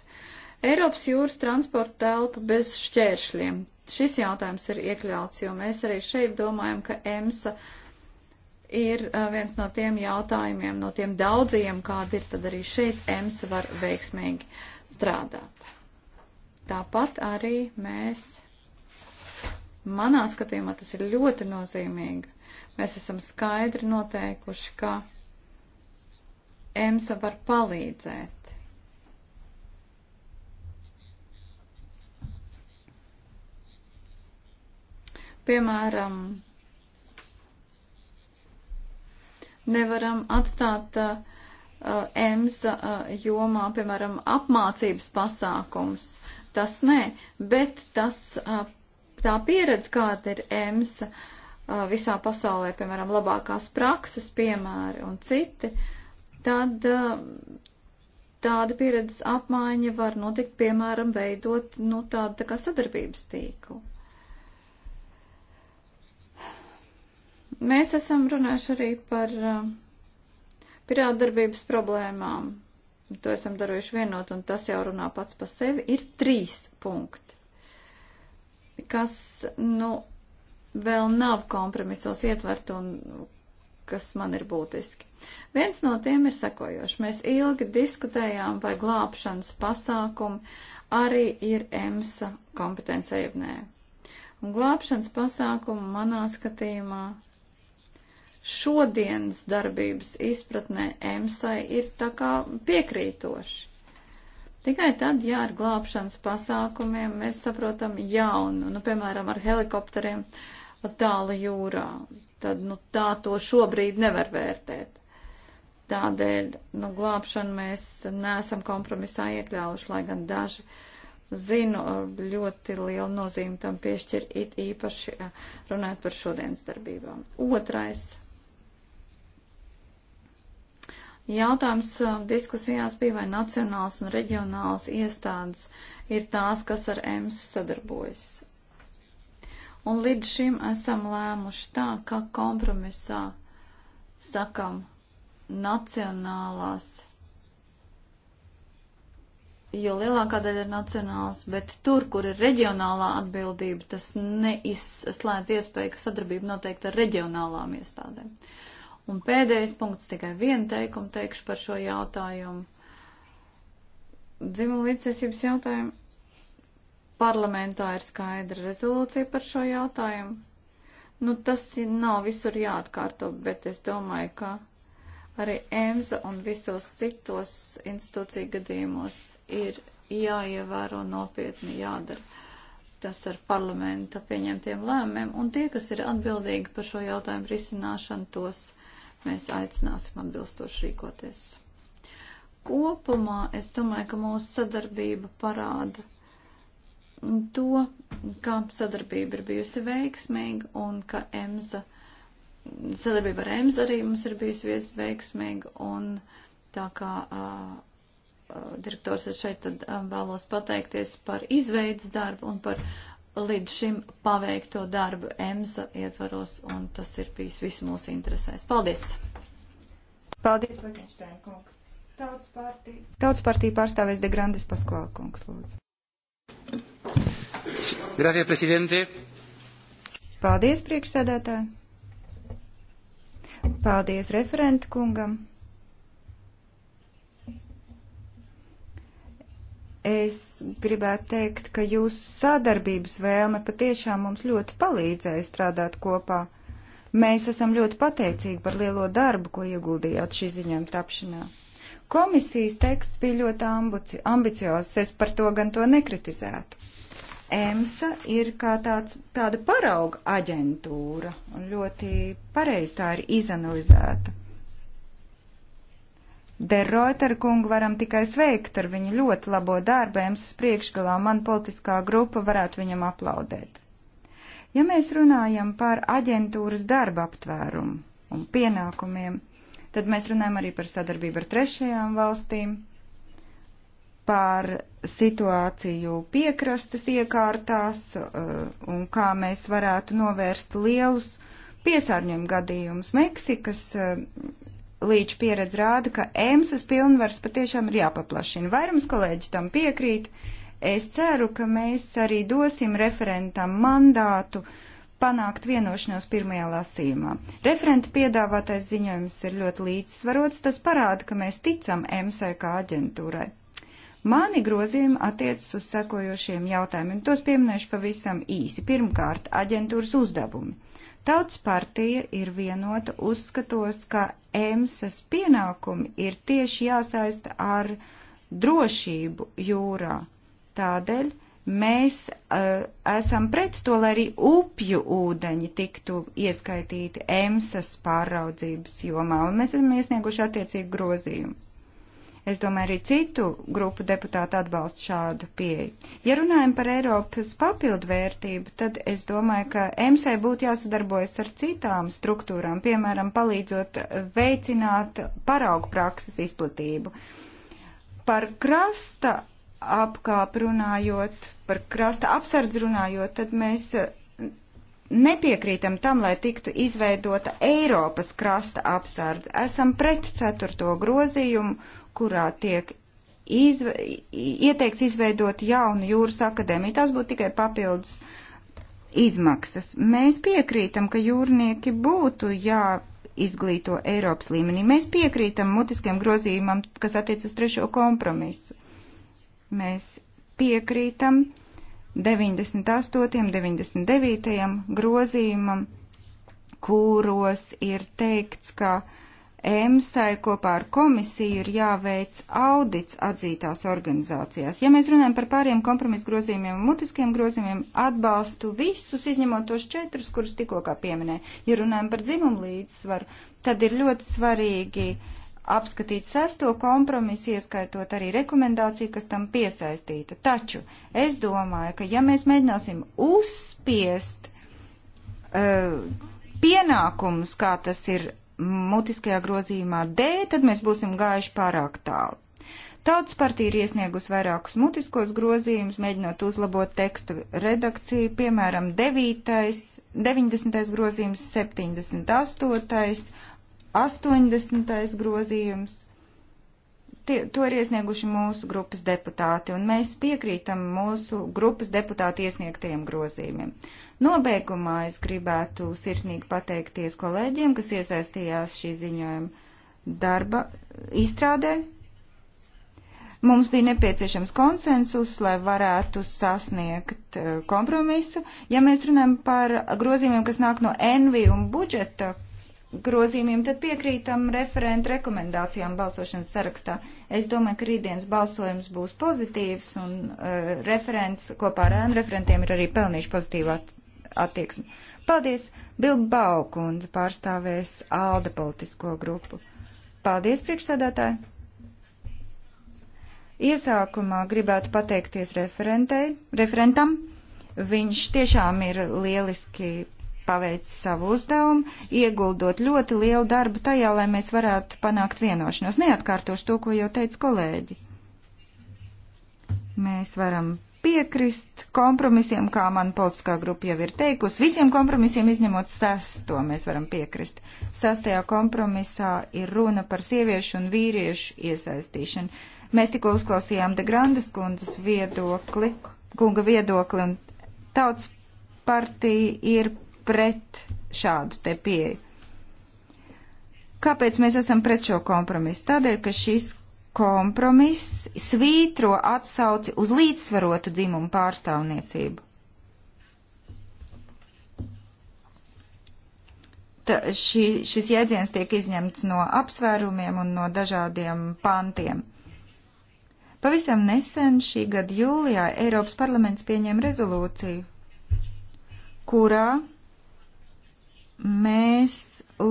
C: Eiropas jūras transporta telpa bez šķēršļiem. Šis jautājums ir iekļauts, jo mēs arī šeit domājam, ka EMSA ir uh, viens no tiem jautājumiem, no tiem daudzajiem, kādi ir, tad arī šeit EMSA var veiksmīgi strādāt. Tāpat arī mēs Manā skatījumā tas ir ļoti nozīmīgi. Mēs esam skaidri noteikuši, ka EMSA var palīdzēt. Piemēram, nevaram atstāt uh, EMSA uh, jomā, piemēram, apmācības pasākums. Tas nē, bet tas uh, tā pieredze, kāda ir EMSA visā pasaulē, piemēram, labākās prakses piemēri un citi, tad tāda pieredzes apmaiņa var notikt, piemēram, veidot nu, tādu tā kā sadarbības tīklu. Mēs esam runājuši arī par pirātdarbības problēmām. To esam darījuši vienot, un tas jau runā pats par sevi. Ir trīs punkti kas, nu, vēl nav kompromisos ietvert un kas man ir būtiski. Viens no tiem ir sekojošs. Mēs ilgi diskutējām, vai glābšanas pasākumi arī ir EMSA kompetence ievnē. Un glābšanas pasākumu manā skatījumā šodienas darbības izpratnē EMSA ir tā kā piekrītoši. Tikai tad, ja ar glābšanas pasākumiem mēs saprotam jaunu, nu, piemēram, ar helikopteriem tāla jūrā, tad, nu, tā to šobrīd nevar vērtēt. Tādēļ, nu, glābšanu mēs neesam kompromisā iekļāvuši, lai gan daži zinu, ļoti lielu nozīmi tam piešķir it īpaši runājot par šodienas darbībām. Otrais Jautājums um, diskusijās bija, vai nacionāls un reģionāls iestādes ir tās, kas ar EMSU sadarbojas. Un līdz šim esam lēmuši tā, ka kompromisā sakam nacionālās, jo lielākā daļa ir nacionāls, bet tur, kur ir reģionālā atbildība, tas neizslēdz iespēju, ka sadarbība noteikti ar reģionālām iestādēm. Uh, Un pēdējais punkts, tikai vienu teikumu teikšu par šo jautājumu. Dzimuma līdzsiesības jautājumu. Parlamentā ir skaidra rezolūcija par šo jautājumu. Nu, tas nav visur jāatkārto, bet es domāju, ka arī EMSA un visos citos institūciju gadījumos ir jāievēro nopietni jādara tas ar parlamenta pieņemtiem lēmumiem, un tie, kas ir atbildīgi par šo jautājumu risināšanu, tos mēs aicināsim atbilstoši rīkoties. Kopumā es domāju, ka mūsu sadarbība parāda to, kā sadarbība ir bijusi veiksmīga un ka EMSA, sadarbība ar EMSA arī mums ir bijusi veiksmīga un tā kā. Uh, direktors ir šeit, tad vēlos pateikties par izveidas darbu un par līdz šim paveikto darbu EMSA ietvaros, un tas ir bijis visu mūsu interesēs. Paldies!
E: Paldies, Lekinštēn kungs! Tautas partija, Tautas partija pārstāvēs De Grandes Paskvāla kungs, lūdzu. Gracias, presidente. Paldies, priekšsēdētāji. Paldies referentu kungam. Es gribētu teikt, ka jūsu sadarbības vēlme patiešām mums ļoti palīdzēja strādāt kopā. Mēs esam ļoti pateicīgi par lielo darbu, ko ieguldījāt šī ziņojuma tapšanā. Komisijas teksts bija ļoti ambici ambiciozs, es par to gan to nekritizētu. EMSA ir kā tāds, tāda parauga aģentūra, un ļoti pareizi tā ir izanalizēta. Derroteru kungu varam tikai sveikt ar viņa ļoti labo darbu, jums priekšgalā man politiskā grupa varētu viņam aplaudēt. Ja mēs runājam par aģentūras darba aptvērumu un pienākumiem, tad mēs runājam arī par sadarbību ar trešajām valstīm, par situāciju piekrastes iekārtās uh, un kā mēs varētu novērst lielus piesārņojumu gadījumus. Meksikas uh, līdz pieredze rāda, ka EMSAS pilnvars patiešām ir jāpaplašina. Vairums kolēģi tam piekrīt. Es ceru, ka mēs arī dosim referentam mandātu panākt vienošanos pirmajā lasījumā. Referenta piedāvātais ziņojums ir ļoti līdzsvarots, tas parāda, ka mēs ticam EMSA kā aģentūrai. Mani grozījumi attiecas uz sekojošiem jautājumiem, tos pieminēšu pavisam īsi. Pirmkārt, aģentūras uzdevumi. Tautas partija ir vienota uzskatos, ka EMSAS pienākumi ir tieši jāsaista ar drošību jūrā. Tādēļ mēs uh, esam pret to, lai arī upju ūdeņi tiktu ieskaitīti EMSAS pāraudzības jomā, un mēs esam iesnieguši attiecīgu grozījumu. Es domāju, arī citu grupu deputāti atbalsta šādu pieeju. Ja runājam par Eiropas papildvērtību, tad es domāju, ka EMSA būtu jāsadarbojas ar citām struktūrām, piemēram, palīdzot veicināt paraugu prakses izplatību. Par krasta apkāp runājot, par krasta apsardz runājot, tad mēs nepiekrītam tam, lai tiktu izveidota Eiropas krasta apsardz. Esam pret ceturto grozījumu kurā tiek izve, ieteikts izveidot jaunu jūras akadēmiju. Tas būtu tikai papildus izmaksas. Mēs piekrītam, ka jūrnieki būtu jāizglīto Eiropas līmenī. Mēs piekrītam mutiskiem grozījumam, kas attiec uz trešo kompromisu. Mēs piekrītam 98. 99. grozījumam, kuros ir teikts, ka uh, EMSAI kopā ar komisiju ir jāveic audits atzītās organizācijās. Ja mēs runājam par pāriem kompromisu grozījumiem un mutiskiem grozījumiem, atbalstu visus, izņemot tos četrus, kurus tikko kā pieminēja. Ja runājam par dzimumu līdzsvaru, tad ir ļoti svarīgi apskatīt sesto kompromisu, ieskaitot arī rekomendāciju, kas tam piesaistīta. Taču es domāju, ka ja mēs mēģināsim uzspiest uh, pienākumus, kā tas ir mutiskajā grozījumā D, tad mēs būsim gājuši pārāk tālu. Tautas partija ir iesniegusi vairākus mutiskos grozījumus, mēģinot uzlabot teksta redakciju, piemēram, 9. 90. grozījums, 78. 80. grozījums tie, to ir iesnieguši mūsu grupas deputāti, un mēs piekrītam mūsu grupas deputāti iesniegtajiem grozījumiem. Nobeigumā es gribētu sirsnīgi pateikties kolēģiem, kas iesaistījās šī ziņojuma darba izstrādē. Mums bija nepieciešams konsensus, lai varētu sasniegt eh, kompromisu. Ja mēs runājam par grozījumiem, kas nāk no NV un budžeta grozījumiem, tad piekrītam referentu rekomendācijām balsošanas sarakstā. Es domāju, ka rītdienas balsojums būs pozitīvs un uh, referents kopā ar ēnu referentiem ir arī pelnījuši pozitīvu at attieksmi. Paldies! Bilbao kundze pārstāvēs ALDE politisko grupu. Paldies, priekšsēdētāji! Iesākumā gribētu pateikties referentam. Viņš tiešām ir lieliski paveic savu uzdevumu, ieguldot ļoti lielu darbu tajā, lai mēs varētu panākt vienošanos. Neatkārtošu to, ko jau teica kolēģi. Mēs varam piekrist kompromisiem, kā man politiskā grupa jau ir teikusi. Visiem kompromisiem izņemot sesto mēs varam piekrist. Sestajā kompromisā ir runa par sieviešu un vīriešu iesaistīšanu. Mēs tikko uzklausījām De Grandes kundzes viedokli, kunga viedokli, un tautas partija ir pret šādu te pieeju. Kāpēc mēs esam pret šo kompromisu? Tādēļ, ka šis kompromiss svītro atsauci uz līdzsvarotu dzimumu pārstāvniecību. Ta, ši, šis jēdziens tiek izņemts no apsvērumiem un no dažādiem pantiem. Pavisam nesen šī gada jūlijā Eiropas parlaments pieņēma rezolūciju, kurā mēs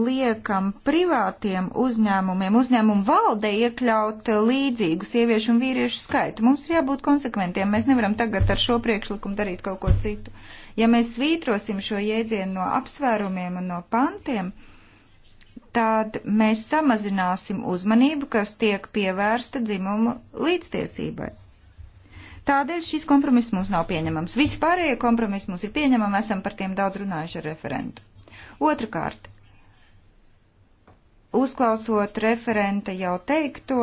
E: liekam privātiem uzņēmumiem, uzņēmumu valdē iekļaut līdzīgu sieviešu un vīriešu skaitu. Mums ir jābūt konsekventiem. Mēs nevaram tagad ar šo priekšlikumu darīt kaut ko citu. Ja mēs svītrosim šo jēdzienu no apsvērumiem un no pantiem, tad mēs samazināsim uzmanību, kas tiek pievērsta dzimumu līdztiesībai. Tādēļ šis kompromiss mums nav pieņemams. Vispārējie kompromisi mums ir pieņemami, esam par tiem daudz runājuši ar referentu. Otrakārt, uzklausot referenta jau teikto,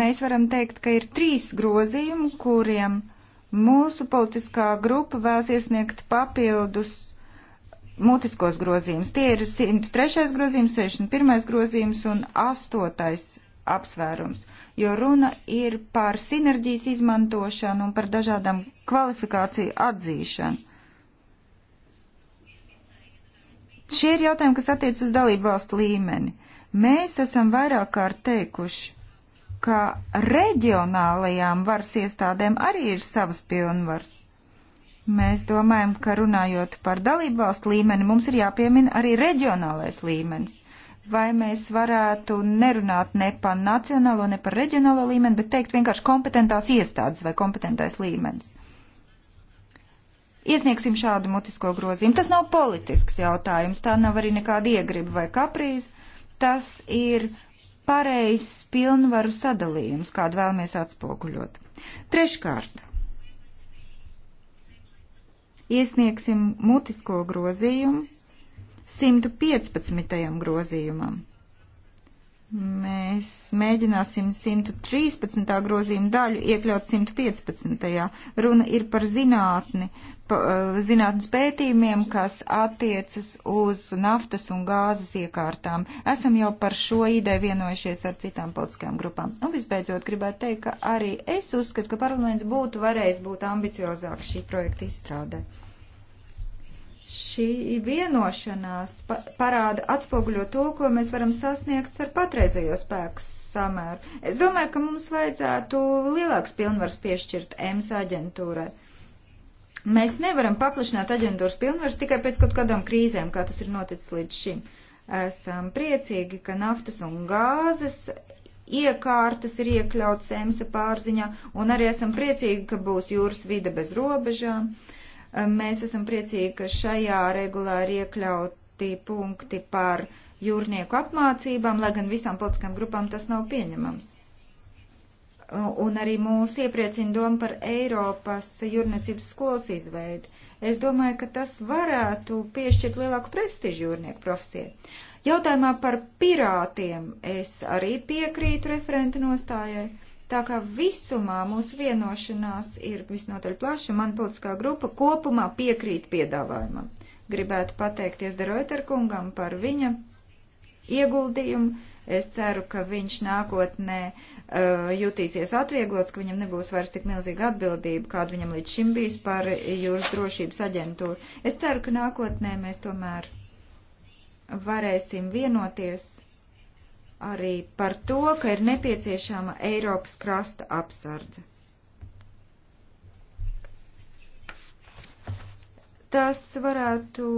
E: mēs varam teikt, ka ir trīs grozījumi, kuriem mūsu politiskā grupa vēlas iesniegt papildus mutiskos grozījumus. Tie ir 103. grozījums, 61. grozījums un 8. apsvērums, jo runa ir par sinerģijas izmantošanu un par dažādām kvalifikāciju atzīšanu. Šie ir jautājumi, kas attiec uz dalību valstu līmeni. Mēs esam vairāk kārt teikuši, ka reģionālajām varas iestādēm arī ir savas pilnvaras. Mēs domājam, ka runājot par dalību valstu līmeni, mums ir jāpiemina arī reģionālais līmenis vai mēs varētu nerunāt ne par nacionālo, ne par reģionālo līmeni, bet teikt vienkārši kompetentās iestādes vai kompetentais līmenis. Iesniegsim šādu mutisko grozījumu. Tas nav politisks jautājums, tā nav arī nekāda iegriba vai kaprīze. Tas ir pareizs pilnvaru sadalījums, kādu vēlamies atspoguļot. Treškārt, iesniegsim mutisko grozījumu 115. grozījumam. Mēs mēģināsim 113. grozījuma daļu iekļaut 115. Runa ir par zinātni, Eh, zinātnes pētījumiem, kas attiecas uz naftas un gāzes iekārtām. Esam jau par šo ideju vienojušies ar citām politiskajām grupām. Un visbeidzot, gribētu teikt, ka arī es uzskatu, ka parlaments būtu varējis būt ambiciozāks šī projekta izstrādē. Šī vienošanās parāda atspoguļo to, ko mēs varam sasniegt ar patreizējo spēku samēru. Es domāju, ka mums vajadzētu lielāks pilnvars piešķirt EMS aģentūrai Mēs nevaram paplašināt aģentūras pilnvaras tikai pēc kaut kādām krīzēm, kā tas ir noticis līdz šim. Esam priecīgi, ka naftas un gāzes iekārtas ir iekļauts EMSA pārziņā, un arī esam priecīgi, ka būs jūras vide bez robežām. Mēs esam priecīgi, ka šajā regulā ir iekļauti punkti par jūrnieku apmācībām, lai gan visām politiskām grupām tas nav pieņemams un arī mūs iepriecina doma par Eiropas jūrniecības skolas izveidu. Es domāju, ka tas varētu piešķirt lielāku prestižu jūrnieku profesijai. Jautājumā par pirātiem es arī piekrītu referenta nostājai. Tā kā visumā mūsu vienošanās ir visnotaļ plaša, man politiskā grupa kopumā piekrīt piedāvājumam. Gribētu pateikties Deroiterkungam par viņa ieguldījumu Es ceru, ka viņš nākotnē uh, jutīsies atvieglots, ka viņam nebūs vairs tik milzīga atbildība, kāda viņam līdz šim bijis par jūras drošības aģentūru. Es ceru, ka nākotnē mēs tomēr varēsim vienoties arī par to, ka ir nepieciešama Eiropas krasta apsardze. Tas varētu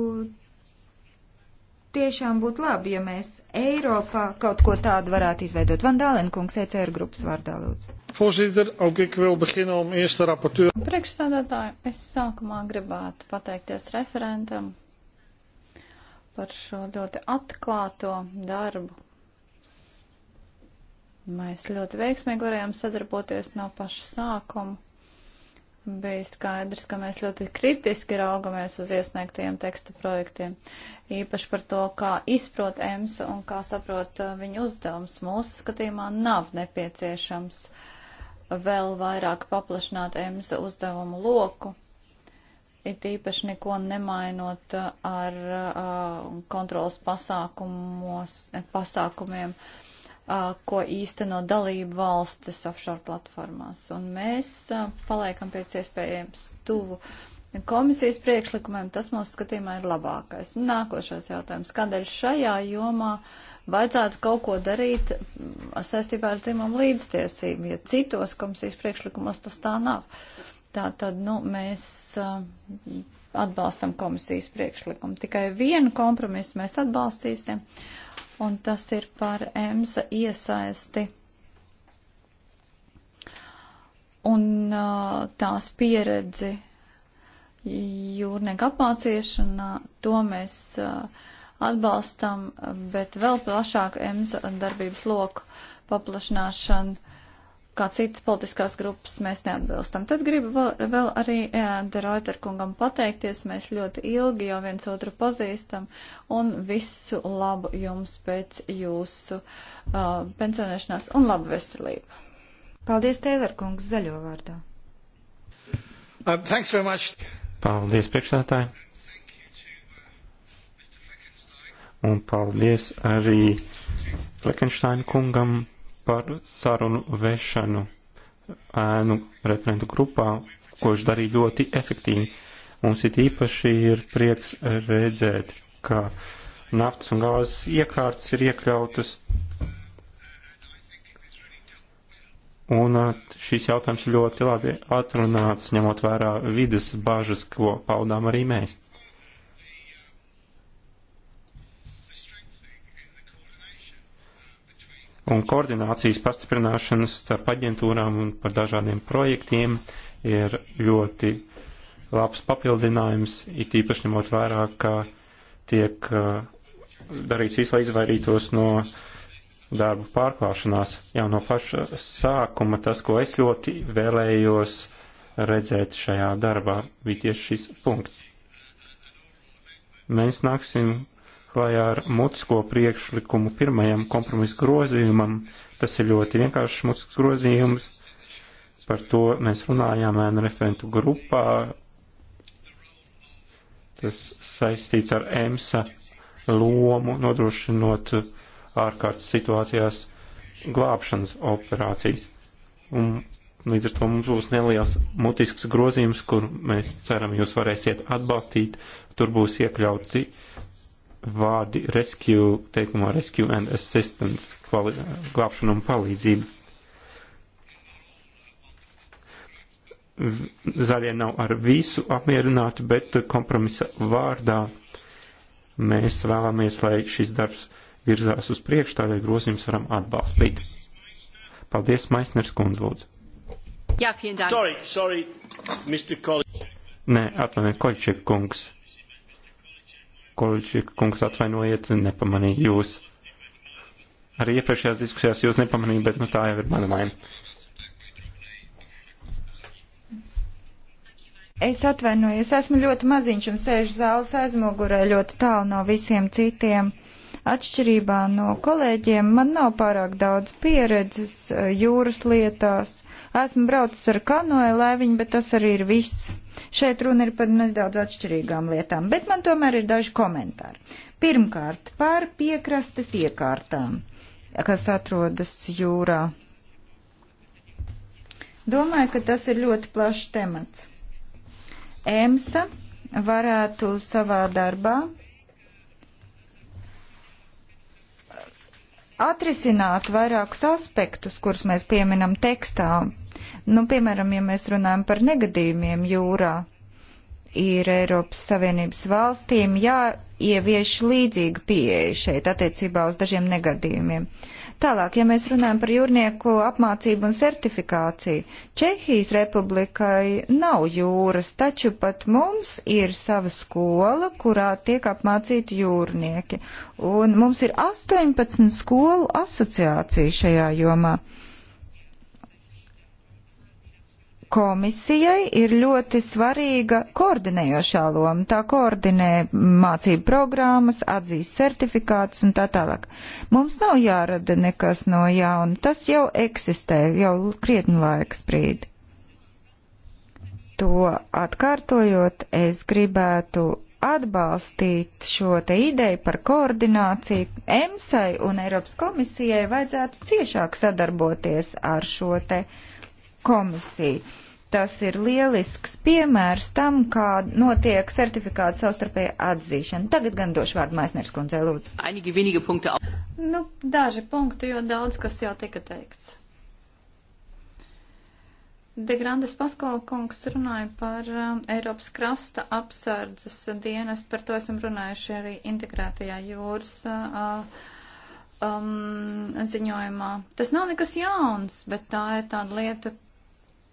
E: tiešām būt labi, ja mēs Eiropā kaut ko tādu varētu izveidot. Vandālēn kungs, ECR grupas vārdā lūdzu.
D: Voorzitter, ook ik wil beginnen om eerst de rapporteur.
C: Priekšstādātāji, es sākumā gribētu pateikties referentam par šo ļoti atklāto darbu. Mēs ļoti veiksmīgi varējām sadarboties no paša sākuma bija skaidrs, ka mēs ļoti kritiski raugamies uz iesniegtajiem teksta projektiem, īpaši par to, kā izprot EMSA un kā saprot uh, viņa uzdevums. Mūsu skatījumā nav nepieciešams vēl vairāk paplašināt EMSA uzdevumu loku, it īpaši neko nemainot uh, ar uh, kontrolas pasākumos, eh, pasākumiem. Uh, ko īsteno dalību valstis offshore platformās. Un mēs paliekam pēc iespējams tuvu komisijas priekšlikumiem. Tas mūsu skatījumā ir labākais. Nākošais jautājums. Kādēļ šajā jomā vajadzētu kaut ko darīt saistībā ar dzimumu līdztiesību, ja citos komisijas priekšlikumos tas tā nav? Tā tad, nu, mēs atbalstam komisijas priekšlikumu. Tikai vienu kompromisu mēs atbalstīsim. Uh, un tas ir par EMSA iesaisti un uh, tās pieredzi jūrnieku apmācīšanā. To mēs uh, atbalstam, bet vēl plašāku EMSA darbības loku paplašināšanu kā citas politiskās grupas mēs neatbilstam. Tad gribu vēl arī Deroiter kungam pateikties, mēs ļoti ilgi jau viens otru pazīstam un visu labu jums pēc jūsu uh, pensionēšanās
E: un labu veselību. Paldies, Tēler kungs, zaļo vārdā.
A: Uh, thanks very much.
B: Paldies, priekšsētāji. Un paldies arī Fleckensteina kungam par sarunu vešanu ēnu referentu grupā, ko viņš darīja ļoti efektīvi. Mums ir īpaši ir prieks redzēt, ka naftas un gāzes iekārtas ir iekļautas. Un šis jautājums ļoti labi atrunāts, ņemot vērā vidas bažas, ko paudām arī mēs. un koordinācijas pastiprināšanas starp aģentūrām un par dažādiem projektiem ir ļoti labs papildinājums, it īpaši ņemot vērā, ka tiek uh, darīts viss, lai izvairītos no darbu pārklāšanās. Jau no paša sākuma tas, ko es ļoti vēlējos redzēt šajā darbā, bija tieši šis punkts. Mēs nāksim klajā ar mutisko priekšlikumu pirmajam kompromisu grozījumam. Tas ir ļoti vienkāršs mutisks grozījums. Par to mēs runājām ēnu referentu grupā. Tas saistīts ar EMSA lomu nodrošinot ārkārtas situācijās glābšanas operācijas. Un līdz ar to mums būs neliels mutisks grozījums, kur mēs ceram jūs varēsiet atbalstīt. Tur būs iekļauti uh, vārdi rescue, teikumā rescue and assistance, kvali, glābšana un palīdzība. Zaļie nav ar visu apmierināti, bet kompromisa vārdā mēs vēlamies, lai šis darbs virzās uz priekšu, tādēļ grozījums varam atbalstīt. Paldies, Maisners kundz, lūdzu.
A: Jā, ja, sorry, sorry, Mr. Količek.
B: Nē, atvainojiet, Količek kungs. Koļčika kungs atvainojiet, nepamanīju jūs. Arī iepriekšējās diskusijās jūs nepamanīju, bet nu tā jau ir mana vaina.
E: Es atvainojos, esmu ļoti maziņš un sēžu zāles aizmugurē ļoti tālu no visiem citiem atšķirībā no kolēģiem, man nav pārāk daudz pieredzes eh, jūras lietās. Esmu braucis ar kanoju laiviņu, bet tas arī ir viss. Šeit runa ir par nedaudz atšķirīgām lietām, bet man tomēr ir daži komentāri. Pirmkārt, par piekrastes iekārtām, kas atrodas jūrā. Domāju, ka tas ir ļoti plašs temats. EMSA varētu savā darbā atrisināt vairākus aspektus, kurus mēs pieminam tekstā. Nu, piemēram, ja mēs runājam par negadījumiem jūrā, ir Eiropas Savienības valstīm jāievieš līdzīga pieeja šeit attiecībā uz dažiem negadījumiem. Uh, Tālāk, ja mēs runājam par jūrnieku apmācību un certifikāciju, Čehijas republikai nav jūras, taču pat mums ir sava skola, kurā tiek apmācīti jūrnieki. Un mums ir 18 skolu asociācija šajā jomā. Komisijai ir ļoti svarīga koordinējošā loma. Tā koordinē mācību programmas, atzīst certifikātus un tā tālāk. Mums nav jārada nekas no jauna. Tas jau eksistē jau krietni laiks brīdi. To atkārtojot, es gribētu atbalstīt šo te ideju par koordināciju. EMSAI un Eiropas komisijai vajadzētu ciešāk sadarboties ar šo te komisiju. Tas ir lielisks piemērs tam, kā notiek certifikāta savstarpēja atzīšana. Tagad gan došu vārdu Maisners kundzei, lūdzu.
C: Nu, daži punkti, jo daudz kas jau tika teikts. De Grandes Paskola kungs runāja par um, Eiropas krasta apsardzes dienestu, par to esam runājuši arī integrētajā jūras uh, uh um, ziņojumā. Tas nav nekas jauns, bet tā ir tāda lieta,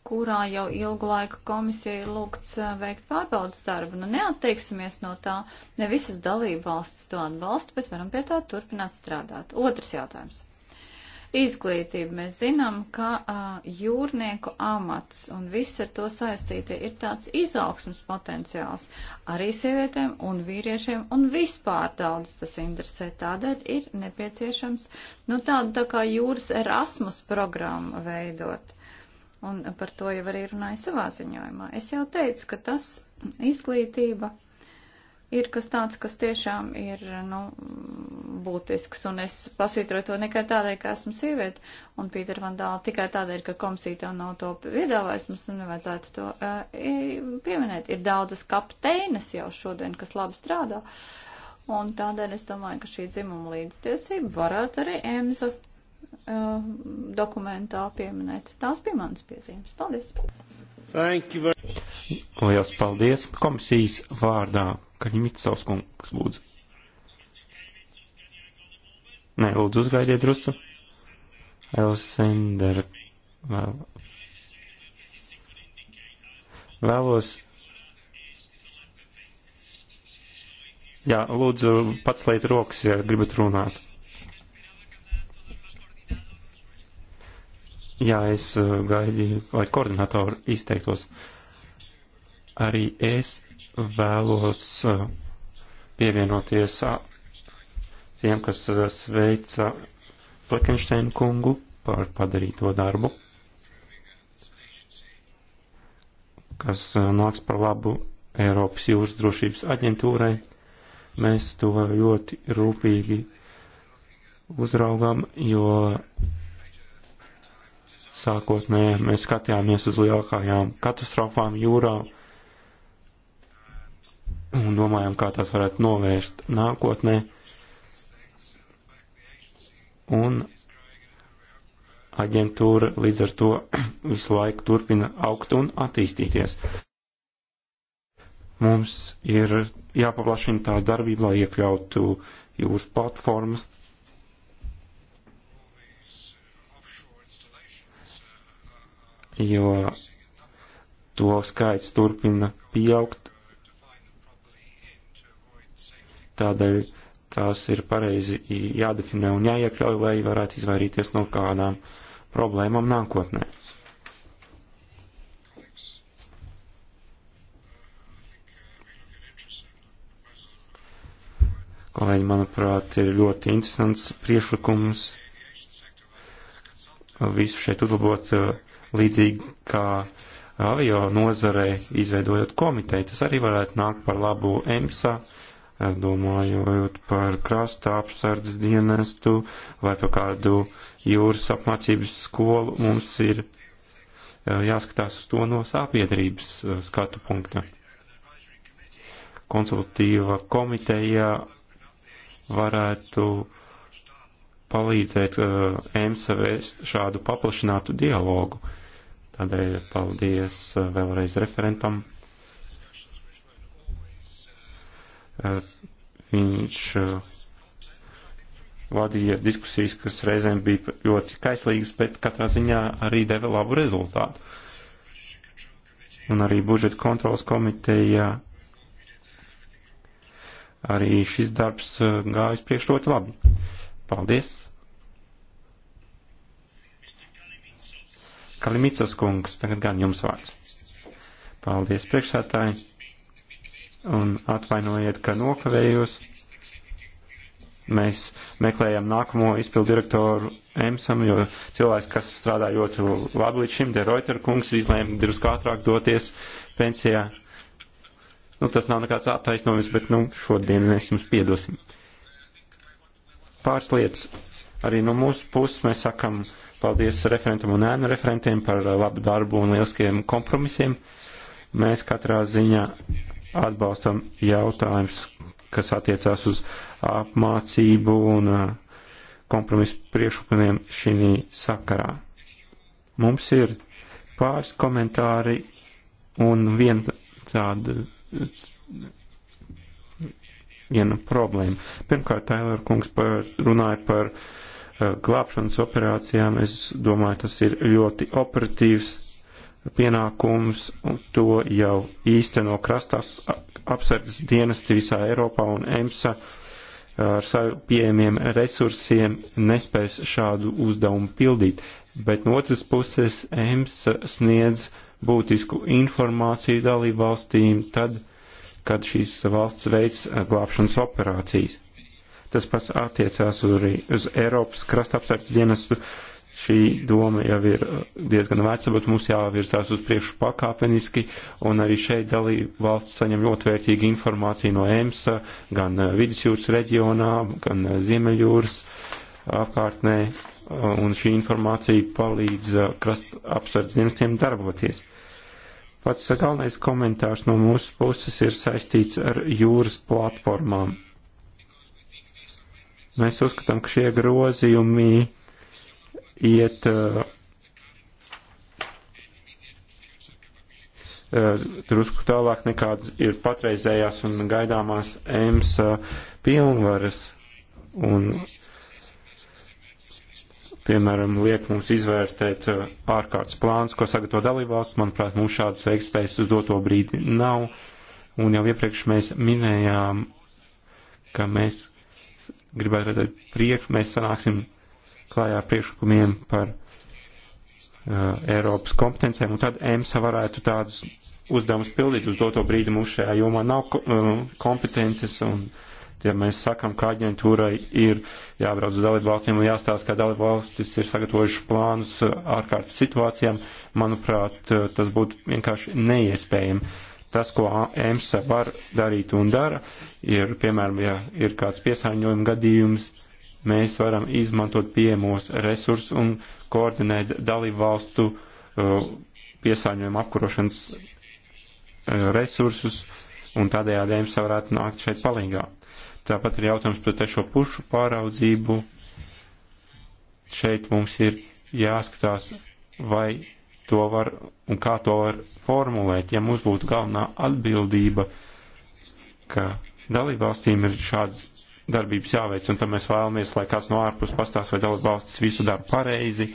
C: kurā jau ilgu laiku komisija ir lūgts veikt pārbaudas darbu. Nu, neatteiksimies no tā. Ne visas dalību valstis to atbalsta, bet varam pie tā turpināt strādāt. Otrs jautājums. Izglītība. Mēs zinām, ka uh, jūrnieku amats un viss ar to saistītie ir tāds izaugsmas potenciāls arī sievietēm un vīriešiem un vispār daudz tas interesē. Tādēļ ir nepieciešams, nu tādu tā kā jūras Erasmus programmu veidot un par to jau arī runāju savā ziņojumā. Es jau teicu, ka tas izglītība ir kas tāds, kas tiešām ir nu, būtisks. Un es pasvītroju to tikai tādēļ, ka esmu sieviete, un Pīter Vandāla tikai tādēļ, ka komisija to nav to piedāvājis, mums nevajadzētu to uh, pieminēt. Ir daudzas kapteinas jau šodien, kas labi strādā, un tādēļ es domāju, ka šī dzimuma līdztiesība varētu arī Emzu uh, dokumentā pieminēt. Tās bija manas piezīmes. Paldies!
B: Lielas paldies! Komisijas vārdā Kaņemicovs kungs lūdzu. Nē, lūdzu uzgaidiet drusu. Elsender vēl. vēlos. Jā, lūdzu, pats liet rokas, ja gribat runāt. Jā, es uh, gaidīju, lai koordinatori izteiktos. Arī es vēlos uh, pievienoties uh, tiem, kas sveica Fleckensteinu kungu par padarīto darbu, kas nāks par labu Eiropas jūras drošības aģentūrai. Mēs to ļoti rūpīgi uzraugam, jo Sākotnē mēs skatījāmies uz lielākajām katastrofām jūrā un domājām, kā tās varētu novērst nākotnē. Un aģentūra līdz ar to visu laiku turpina augt un attīstīties. Mums ir jāpaplašina tā darbība, lai iekļautu jūras platformas, jo to skaits turpina pieaugt. Tādēļ tās ir pareizi jādefinē un jāiekļauj, lai varētu izvairīties no kādām problēmām nākotnē. Kolēģi, manuprāt, ir ļoti interesants priešlikums visu šeit uzlabot uh, līdzīgi kā avio nozarei, izveidojot komiteju. Tas arī varētu nākt par labu EMSA, eh, domājot par krasta apsardzes dienestu vai par kādu jūras apmācības skolu. Mums ir eh, jāskatās uz to no sāpiedrības eh, skatu punkta. Konsultīva komiteja varētu palīdzēt uh, EMSA vēst šādu paplašinātu dialogu. Uh, Tādēļ paldies eh, vēlreiz referentam. Eh, viņš eh, vadīja diskusijas, kas reizēm bija ļoti kaislīgas, bet katrā ziņā arī deva labu rezultātu. Un arī budžeta kontrolas komiteja arī šis darbs gājis priekš ļoti labi. Paldies! Kalimicas kungs, tagad gan jums vārds. Paldies priekšsētāji un atvainojiet, ka nokavējos. Mēs meklējam nākamo izpildu direktoru EMSam, jo cilvēks, kas strādā ļoti labi līdz šim, De Reuter kungs, izlēma drusku ātrāk doties pensijā. Nu, tas nav nekāds attaisnojums, bet nu, šodien mēs jums piedosim. Pāris lietas. Arī no mūsu puses mēs sakam, uh, Paldies referentam un ēnu referentiem par uh, labu darbu un lieliskiem kompromisiem. Mēs katrā ziņā atbalstam jautājums, kas attiecās uz apmācību un uh, kompromisu priekšlikumiem šī sakarā. Mums ir pāris komentāri un viena tāda viena problēma. Pirmkārt, Tailor kungs par, runāja par uh, Eh, glābšanas operācijām, es domāju, tas ir ļoti operatīvs pienākums, un to jau īsteno krastās apsardzes dienesti visā Eiropā un EMSA ar savu pieejamiem resursiem nespēs šādu uzdevumu pildīt, bet no otras puses EMSA sniedz būtisku informāciju dalību valstīm tad, kad šīs valsts veids glābšanas operācijas. Tas pats attiecās uz arī uz Eiropas krastapsardz dienestu. Šī doma jau ir uh, diezgan veca, bet mums jāvirzās uz priekšu pakāpeniski, un arī šeit dalība valsts saņem ļoti vērtīgu informāciju no EMSA, gan uh, vidusjūras reģionā, gan uh, ziemeļjūras apkārtnē, un šī informācija palīdz krastapsardz dienestiem darboties. Pats galvenais komentārs no mūsu puses ir saistīts ar jūras platformām. Mēs uzskatām, ka šie grozījumi iet uh, drusku tālāk nekā ir patreizējās un gaidāmās EMSA eh, pilnvaras. Un, piemēram, liek mums izvērtēt eh, ārkārtas plāns, ko sagatavo dalībvalsts. Manuprāt, mums šādas veikspējas uz doto brīdi nav. Un jau iepriekš mēs minējām, ka mēs gribētu redzēt priekš, mēs sanāksim klājā priekšlikumiem par uh, Eiropas kompetencēm, un tad EMSA varētu tādus uzdevumus pildīt. Uz doto brīdi mums šajā jomā nav uh, kompetences, un ja mēs sakam, ka aģentūrai ir jābrauc uz dalību valstīm un jāstāsta, ka dalību valstis ir sagatavojuši plānus uh, ārkārtas situācijām, manuprāt, uh, tas būtu vienkārši neiespējami tas, ko EMSA var darīt un dara, ir, piemēram, ja ir kāds piesārņojuma gadījums, mēs varam izmantot pieejamos resursus un koordinēt dalību valstu uh, piesārņojuma apkurošanas uh, resursus, un tādējādi EMSA varētu nākt šeit palīgā. Tāpat ir jautājums par tešo pušu pāraudzību. Šeit mums ir jāskatās, vai to var un kā to var formulēt, ja mums būtu galvenā atbildība, ka dalībvalstīm ir šādas darbības jāveic, un tam mēs vēlamies, lai kāds no ārpus pastāst, vai dalībvalstis visu dara pareizi,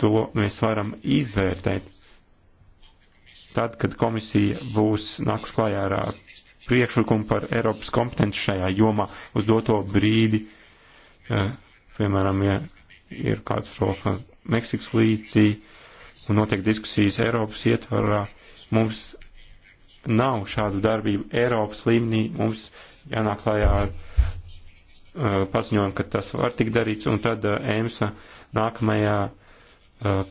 B: to mēs varam izvērtēt. Tad, kad komisija būs nākus klājā ar priekšlikumu par Eiropas kompetenci šajā jomā uz doto brīdi, eh, piemēram, ja ir kāds rofa Meksikas līcī un notiek diskusijas Eiropas ietvarā. Mums nav šādu darbību Eiropas līmenī, mums jānāk klājā ar uh, paziņojumu, ka tas var tik darīts, un tad uh, EMSA nākamajā uh,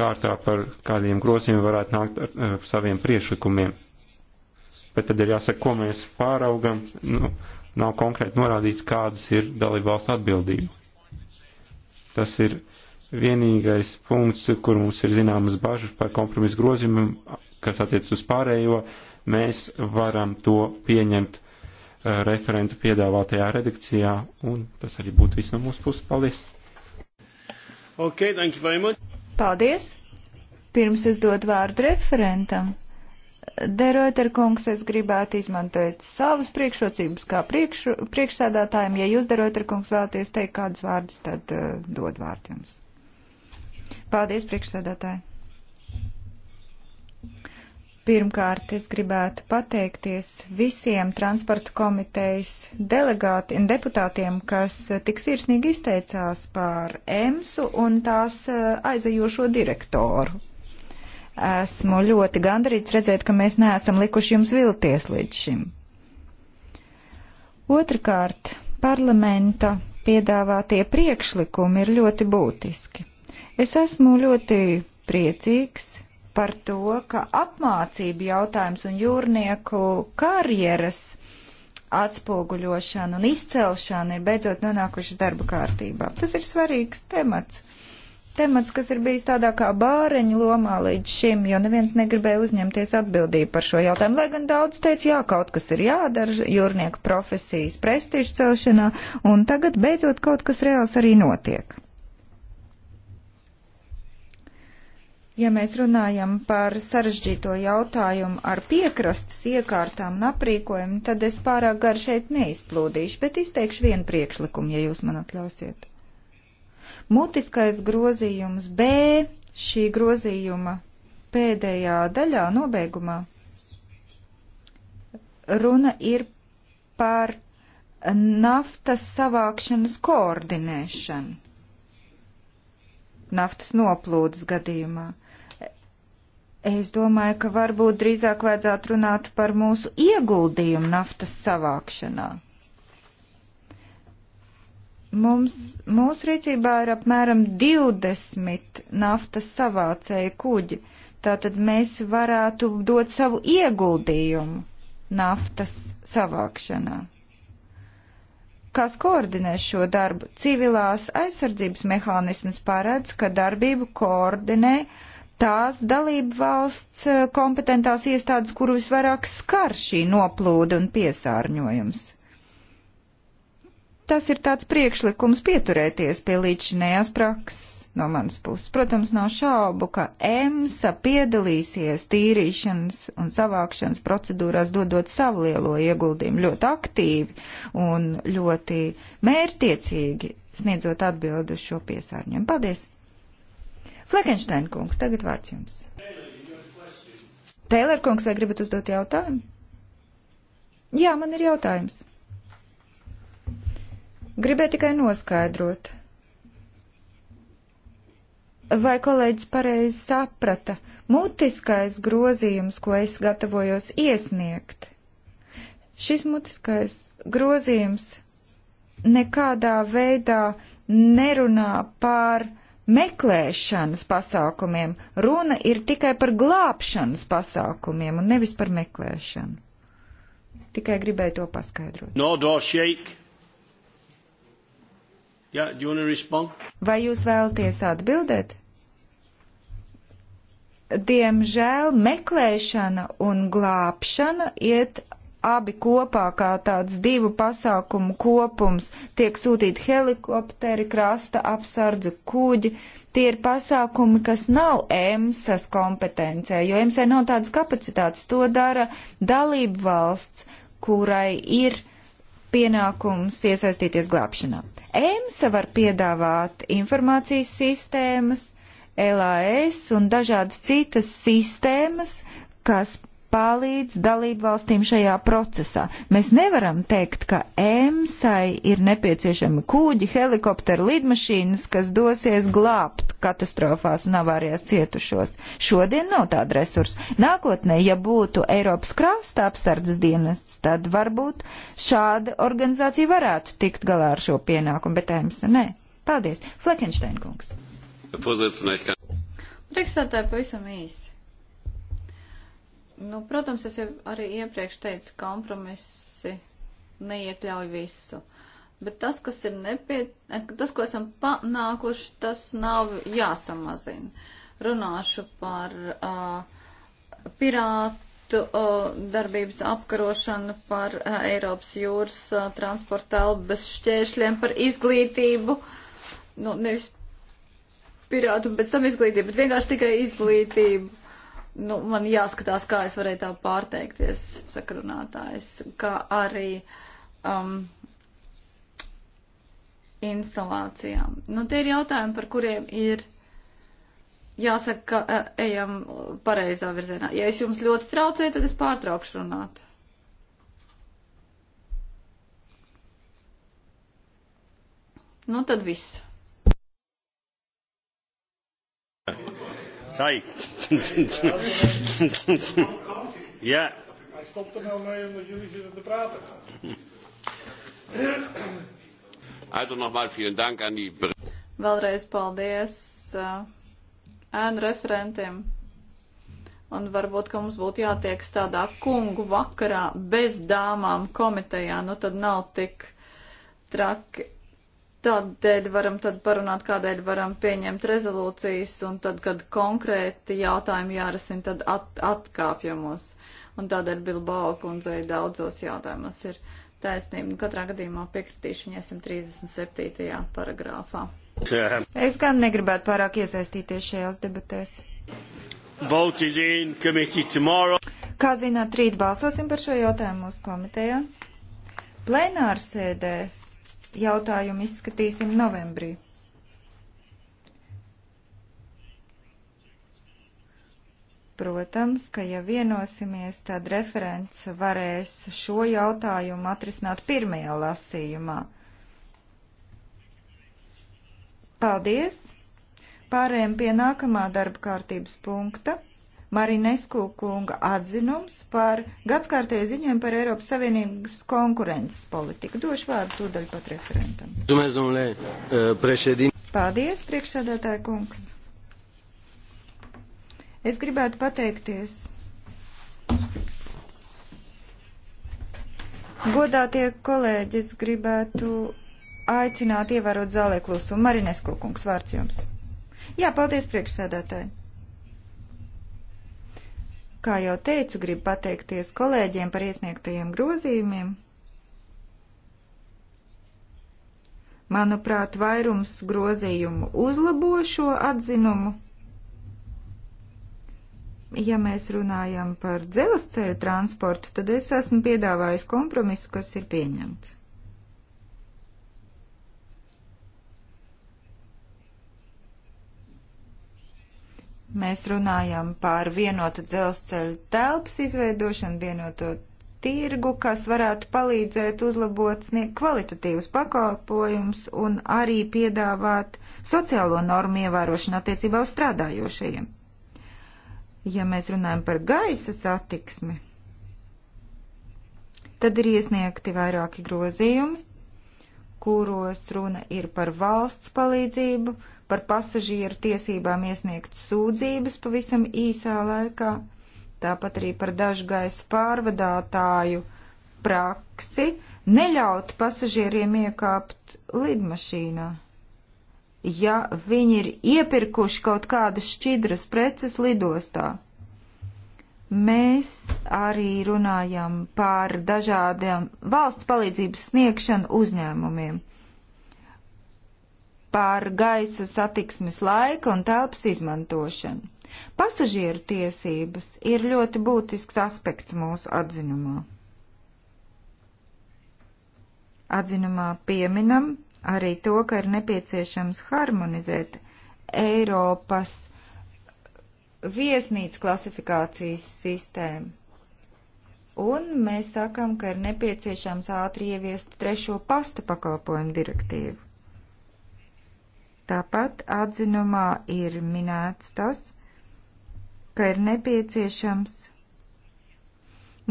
B: kārtā par kādiem grozījumiem varētu nākt ar uh, saviem priešlikumiem. Bet tad ir jāsaka, ko mēs pāraugam, nu, nav konkrēti norādīts, kādas ir dalību valstu atbildība. Tas ir uh, Vienīgais punkts, kur mums ir zināmas bažas par kompromisu grozījumiem, kas attiec uz pārējo, mēs varam to pieņemt eh, referentu piedāvātajā redakcijā, un tas arī būtu viss no mūsu puses. Paldies!
A: Okay, thank you very much.
E: Paldies! Pirms es dodu vārdu referentam. Deroter kungs, es gribētu izmantot savas priekšrocības kā priekš, priekšsēdātājiem. Ja jūs, Deroter kungs, vēlaties teikt kādus vārdus, tad uh, dod vārdu jums. Paldies, priekšsēdētāji! Pirmkārt, es gribētu pateikties visiem transporta komitejas delegātiem, deputātiem, kas tik sirsnīgi izteicās par EMSU un tās eh, aizajošo direktoru. Esmu ļoti gandarīts redzēt, ka mēs neesam likuši jums vilties līdz šim. Otrakārt, parlamenta piedāvātie priekšlikumi ir ļoti būtiski Es esmu ļoti priecīgs par to, ka apmācību jautājums un jūrnieku karjeras atspoguļošana un izcelšana ir beidzot nonākuši darba kārtībā. Tas ir svarīgs temats. Temats, kas ir bijis tādā kā bāreņa lomā līdz šim, jo neviens negribēja uzņemties atbildību par šo jautājumu. Lai gan daudz teica, jā, kaut kas ir jādara jūrnieku profesijas prestižu celšanā, un tagad beidzot kaut kas reāls arī notiek. Ja mēs runājam par sarežģīto jautājumu ar piekrastes iekārtām un aprīkojumu, tad es pārāk gar šeit neizplūdīšu, bet izteikšu vienu priekšlikumu, ja jūs man atļausiet. Mutiskais grozījums B šī grozījuma pēdējā daļā, nobeigumā, runa ir par naftas savākšanas koordinēšanu naftas noplūdes gadījumā. Es domāju, ka varbūt drīzāk vajadzētu runāt par mūsu ieguldījumu naftas savākšanā. Mums, mūsu rīcībā ir apmēram 20 naftas savācēju kuģi, tātad mēs varētu dot savu ieguldījumu naftas savākšanā. Kas koordinēs šo darbu? Civilās aizsardzības mehānisms paredz, ka darbību koordinē uh, tās dalību valsts eh, kompetentās iestādes, kuru visvairāk skar šī noplūda un piesārņojums. Tas ir tāds priekšlikums pieturēties pie līdzinējās prakses no manas puses. Protams, nav šaubu, ka EMSA piedalīsies tīrīšanas un savākšanas procedūrās, dodot savu lielo ieguldījumu ļoti aktīvi un ļoti mērtiecīgi sniedzot atbildi uz šo piesārņojumu. Paldies! Flekenšteina kungs, tagad vārds jums. Tēlēr kungs, vai gribat uzdot jautājumu? Jā, man ir jautājums. Gribēju tikai noskaidrot. Vai kolēģis pareizi saprata mutiskais grozījums, ko es gatavojos iesniegt? Šis mutiskais grozījums nekādā veidā nerunā pār uh, meklēšanas pasākumiem. Runa ir tikai par glābšanas pasākumiem un nevis par meklēšanu. Tikai gribēju to paskaidrot.
A: No, do, yeah,
E: Vai jūs vēlaties atbildēt? Diemžēl meklēšana un glābšana iet abi kopā kā tāds divu pasākumu kopums. Tiek sūtīti helikopteri, krasta apsardze, kuģi. Tie ir pasākumi, kas nav EMSAS kompetencē, jo EMSA nav tādas kapacitātes. To dara dalību valsts, kurai ir pienākums iesaistīties glābšanā. EMSA var piedāvāt informācijas sistēmas, e LAS un dažādas citas sistēmas, kas palīdz dalību valstīm šajā procesā. Mēs nevaram teikt, ka EMSai ir nepieciešami kūģi, helikopteri, lidmašīnas, kas dosies glābt katastrofās un avārijās cietušos. Šodien nav tāda resursa. Nākotnē, ja būtu Eiropas krāsta apsardzes dienas, tad varbūt šāda organizācija varētu tikt galā ar šo pienākumu, bet EMSa nē. Paldies. Flekenštein kungs.
A: Priekšsētāji
C: pavisam īsi. Nu, protams, es jau arī iepriekš teicu, kompromisi neiekļauj visu. Bet tas, kas ir nepie... Eh, tas, ko esam panākuši, tas nav jāsamazina. Runāšu par uh, pirātu uh, darbības apkarošanu, par uh, Eiropas jūras uh, transportu telpu bez šķēršļiem, par izglītību. Nu, nevis pirātu, bet tam izglītību, bet vienkārši tikai izglītību nu, man jāskatās, kā es varēju tā pārteikties, sakrunātājs, kā arī um, instalācijām. Nu, tie ir jautājumi, par kuriem ir jāsaka, ka e, ejam pareizā virzienā. Ja es jums ļoti traucēju, tad es pārtraukšu runāt. Nu, tad viss. Hi.
A: ja.
D: Hij stopt er nou mee omdat jullie zitten te praten.
A: Also nogmaals, vielen dank aan die.
C: Vēlreiz paldies uh, ēnu referentiem. Un varbūt, ka mums būtu jātiek tādā kungu vakarā bez dāmām komitejā, nu tad nav tik traki Tādēļ varam tad parunāt, kādēļ varam pieņemt rezolūcijas, un tad, kad konkrēti jautājumi jārasina, tad at, atkāpjamos. Un tādēļ Bilbao kundzei daudzos jautājumos ir taisnība. Nu, katrā gadījumā
E: piekritīšu viņai 137. paragrāfā. Es gan negribētu pārāk iesaistīties šajās debatēs. Kā zināt, rīt balsosim par šo jautājumu mūsu komitejā. Plenārsēdē jautājumu izskatīsim novembrī. Protams, ka ja vienosimies, tad referents varēs šo jautājumu atrisināt pirmajā lasījumā. Paldies! Pārējiem pie nākamā darba kārtības punkta. Marinesku kunga atzinums par gadskārtēju ziņojumu par Eiropas Savienības konkurences politiku. Došu vārdu tūdaļ pat referentam.
A: Eh,
E: paldies, priekšsēdētāja kungs. Es gribētu pateikties. Godātie kolēģi, es gribētu aicināt ievērot zālē klusumu. Marinesko kungs, vārds jums. Jā, paldies, priekšsēdētāji. Kā jau teicu, gribu pateikties kolēģiem par iesniegtajiem grozījumiem. Manuprāt, vairums grozījumu uzlabo šo atzinumu. Ja mēs runājam par dzelzceļa transportu, tad es esmu piedāvājis kompromisu, kas ir pieņemts. Mēs runājam par vienotu dzelzceļu telpas izveidošanu, vienoto tirgu, kas varētu palīdzēt uzlabot kvalitatīvus pakalpojumus un arī piedāvāt sociālo normu ievērošanu attiecībā uz strādājošajiem. Ja mēs runājam par gaisa satiksmi, tad ir iesniegti vairāki grozījumi, kuros runa ir par valsts palīdzību, par pasažieru tiesībām iesniegt sūdzības pavisam īsā laikā, tāpat arī par dažu gaisa pārvadātāju praksi neļaut pasažieriem iekāpt lidmašīnā. Ja viņi ir iepirkuši kaut kādas šķidras preces lidostā, mēs arī runājam par dažādiem valsts palīdzības sniegšanu uzņēmumiem par gaisa satiksmes laika un telpas izmantošanu. Pasažieru tiesības ir ļoti būtisks aspekts mūsu atzinumā. Atzinumā pieminam arī to, ka ir nepieciešams harmonizēt Eiropas viesnīcu klasifikācijas sistēmu. Un mēs sakam, ka ir nepieciešams ātri ieviest trešo pasta pakalpojumu direktīvu. Tāpat atzinumā ir minēts tas, ka ir nepieciešams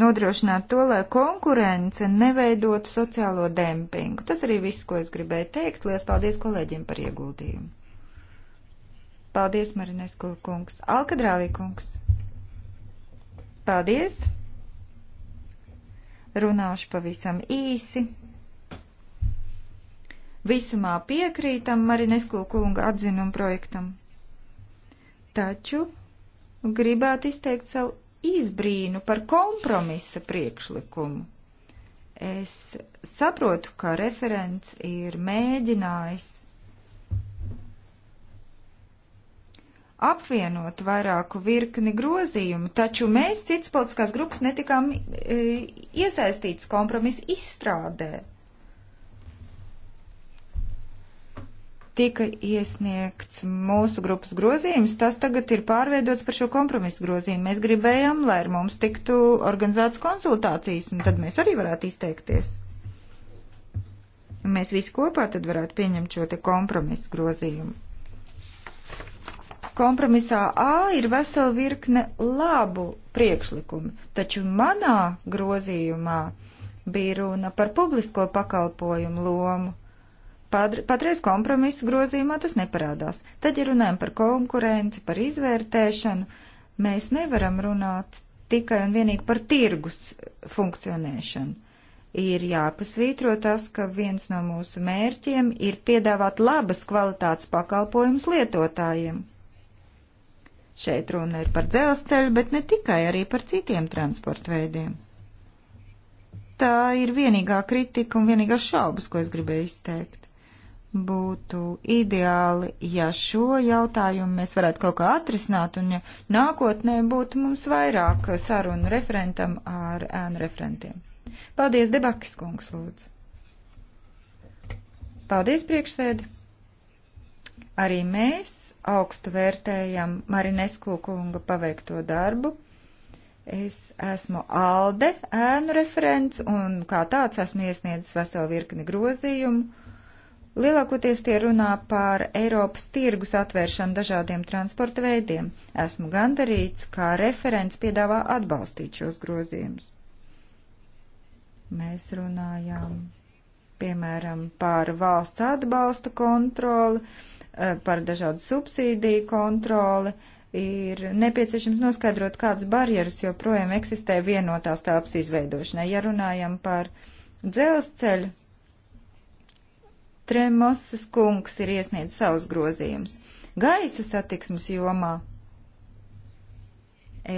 E: nodrošināt to, lai konkurence neveidotu sociālo dempingu. Tas arī viss, ko es gribēju teikt. Lielas paldies kolēģiem par ieguldījumu. Paldies, Marinesko kungs. Alkadrāvī kungs. Paldies! Runāšu pavisam īsi. Visumā piekrītam Marinesko kunga atzinumu projektam. Taču gribētu izteikt savu izbrīnu par kompromisa priekšlikumu. Es saprotu, ka referents ir mēģinājis apvienot vairāku virkni grozījumu, taču mēs cits politiskās grupas netikām e, iesaistīts kompromisa izstrādē. tika iesniegts mūsu grupas grozījums, tas tagad ir pārveidots par šo kompromisu grozījumu. Mēs gribējām, lai ar mums tiktu organizētas konsultācijas, un tad mēs arī varētu izteikties. Un mēs visi kopā tad varētu pieņemt šo te kompromisu grozījumu. Kompromisā A ir vesela virkne labu priekšlikumu, taču manā grozījumā bija runa par publisko pakalpojumu lomu Patreiz kompromisa grozījumā tas neparādās. Tad, ja runājam par konkurenci, par izvērtēšanu, mēs nevaram runāt tikai un vienīgi par tirgus funkcionēšanu. Ir jāpasvītro tas, ka viens no mūsu mērķiem ir piedāvāt labas kvalitātes pakalpojumus lietotājiem. Šeit runa ir par dzelzceļu, bet ne tikai arī par citiem transporta veidiem. Tā ir vienīgā kritika un vienīgā šaubas, ko es gribēju izteikt būtu ideāli, ja šo jautājumu mēs varētu kaut kā atrisināt un ja nākotnē būtu mums vairāk sarunu referentam ar ēnu referentiem. Paldies, Debakis kungs, lūdzu. Paldies, priekšsēdi. Arī mēs augstu vērtējam Marinesku kunga paveikto darbu. Es esmu Alde ēnu referents un kā tāds esmu iesniedzis veselu virkni grozījumu Lielākoties tie runā par Eiropas tirgus atvēršanu dažādiem transporta veidiem. Esmu gandarīts, kā referents piedāvā atbalstīt šos grozījumus. Mēs runājām, piemēram, par valsts atbalsta kontroli, eh, par dažādu subsīdiju kontroli, ir nepieciešams noskaidrot, kādas barjeras joprojām eksistē vienotās telpas izveidošanai. Ja runājam par dzelzceļu Tremosas kungs ir iesniedzis savus grozījumus. Gaisa satiksmes jomā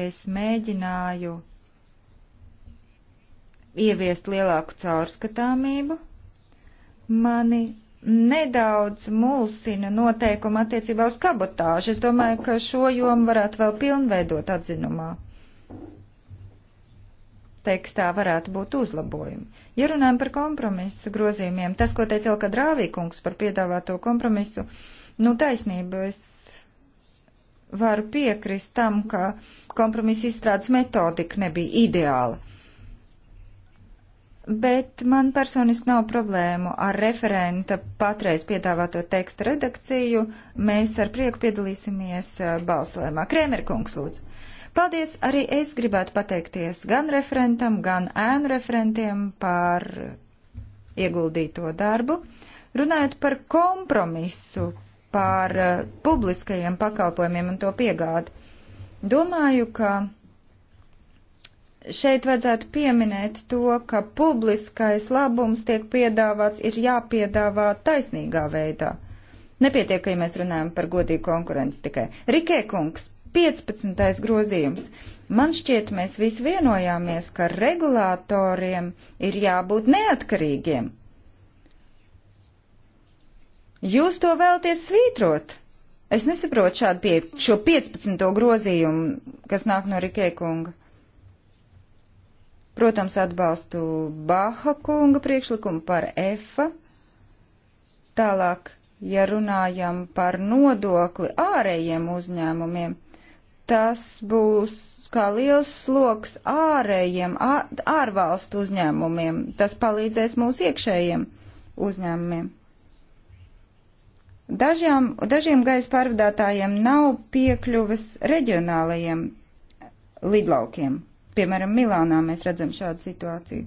E: es mēģināju ieviest lielāku caurskatāmību. Mani nedaudz mulsina noteikuma attiecībā uz kabotāžu. Es domāju, ka šo jomu varētu vēl pilnveidot atzinumā tekstā varētu būt uzlabojumi. Ja runājam par kompromisu grozījumiem, tas, ko teica Elka Drāvīkungs par piedāvāto kompromisu, nu taisnība, es varu piekrist tam, ka kompromisa izstrādes metodika nebija ideāla. Bet man personiski nav problēmu ar referenta patreiz piedāvāto tekstu redakciju. Mēs ar prieku piedalīsimies eh, balsojumā. Krēmerkungs, lūdzu. Paldies! Arī es gribētu pateikties gan referentam, gan ēnu referentiem par ieguldīto darbu. Runājot par kompromisu, par eh, publiskajiem pakalpojumiem un to piegādi, domāju, ka šeit vajadzētu pieminēt to, ka publiskais labums tiek piedāvāts, ir jāpiedāvā taisnīgā veidā. Nepietiek, ka ja mēs runājam par godīgu konkurenci tikai. Rikē kungs 15. grozījums. Man šķiet, mēs visi vienojāmies, ka regulātoriem ir jābūt neatkarīgiem. Jūs to vēlties svītrot? Es nesaprotu šādu pie šo 15. grozījumu, kas nāk no Rikē kunga. Protams, atbalstu Baha kunga priekšlikumu par EFA. Tālāk, ja runājam par nodokli ārējiem uzņēmumiem tas būs kā liels sloks ārējiem, ārvalstu uzņēmumiem. Tas palīdzēs mūsu iekšējiem uzņēmumiem. Dažām, dažiem gaisa pārvadātājiem nav piekļuves reģionālajiem lidlaukiem. Piemēram, Milānā mēs redzam šādu situāciju.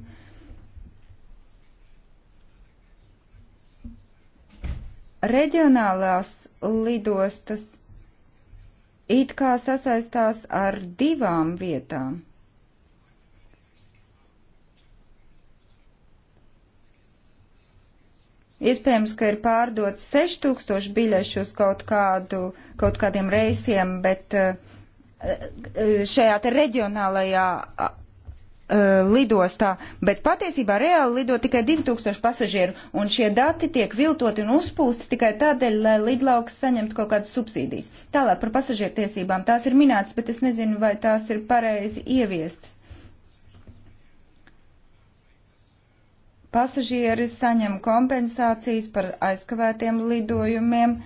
E: Reģionālās lidostas it kā sasaistās ar divām vietām. Iespējams, ka ir pārdots 6000 biļešu uz kaut, kādu, kaut kādiem reisiem, bet eh, eh, šajā te reģionālajā Uh, lidostā, bet patiesībā reāli lido tikai 2000 pasažieru, un šie dati tiek viltoti un uzpūsti tikai tādēļ, lai lidlauks saņemtu kaut kādas subsīdijas. Tālāk par pasažieru tiesībām tās ir minētas, bet es nezinu, vai tās ir pareizi ieviestas. Pasažieri saņem kompensācijas par aizkavētiem lidojumiem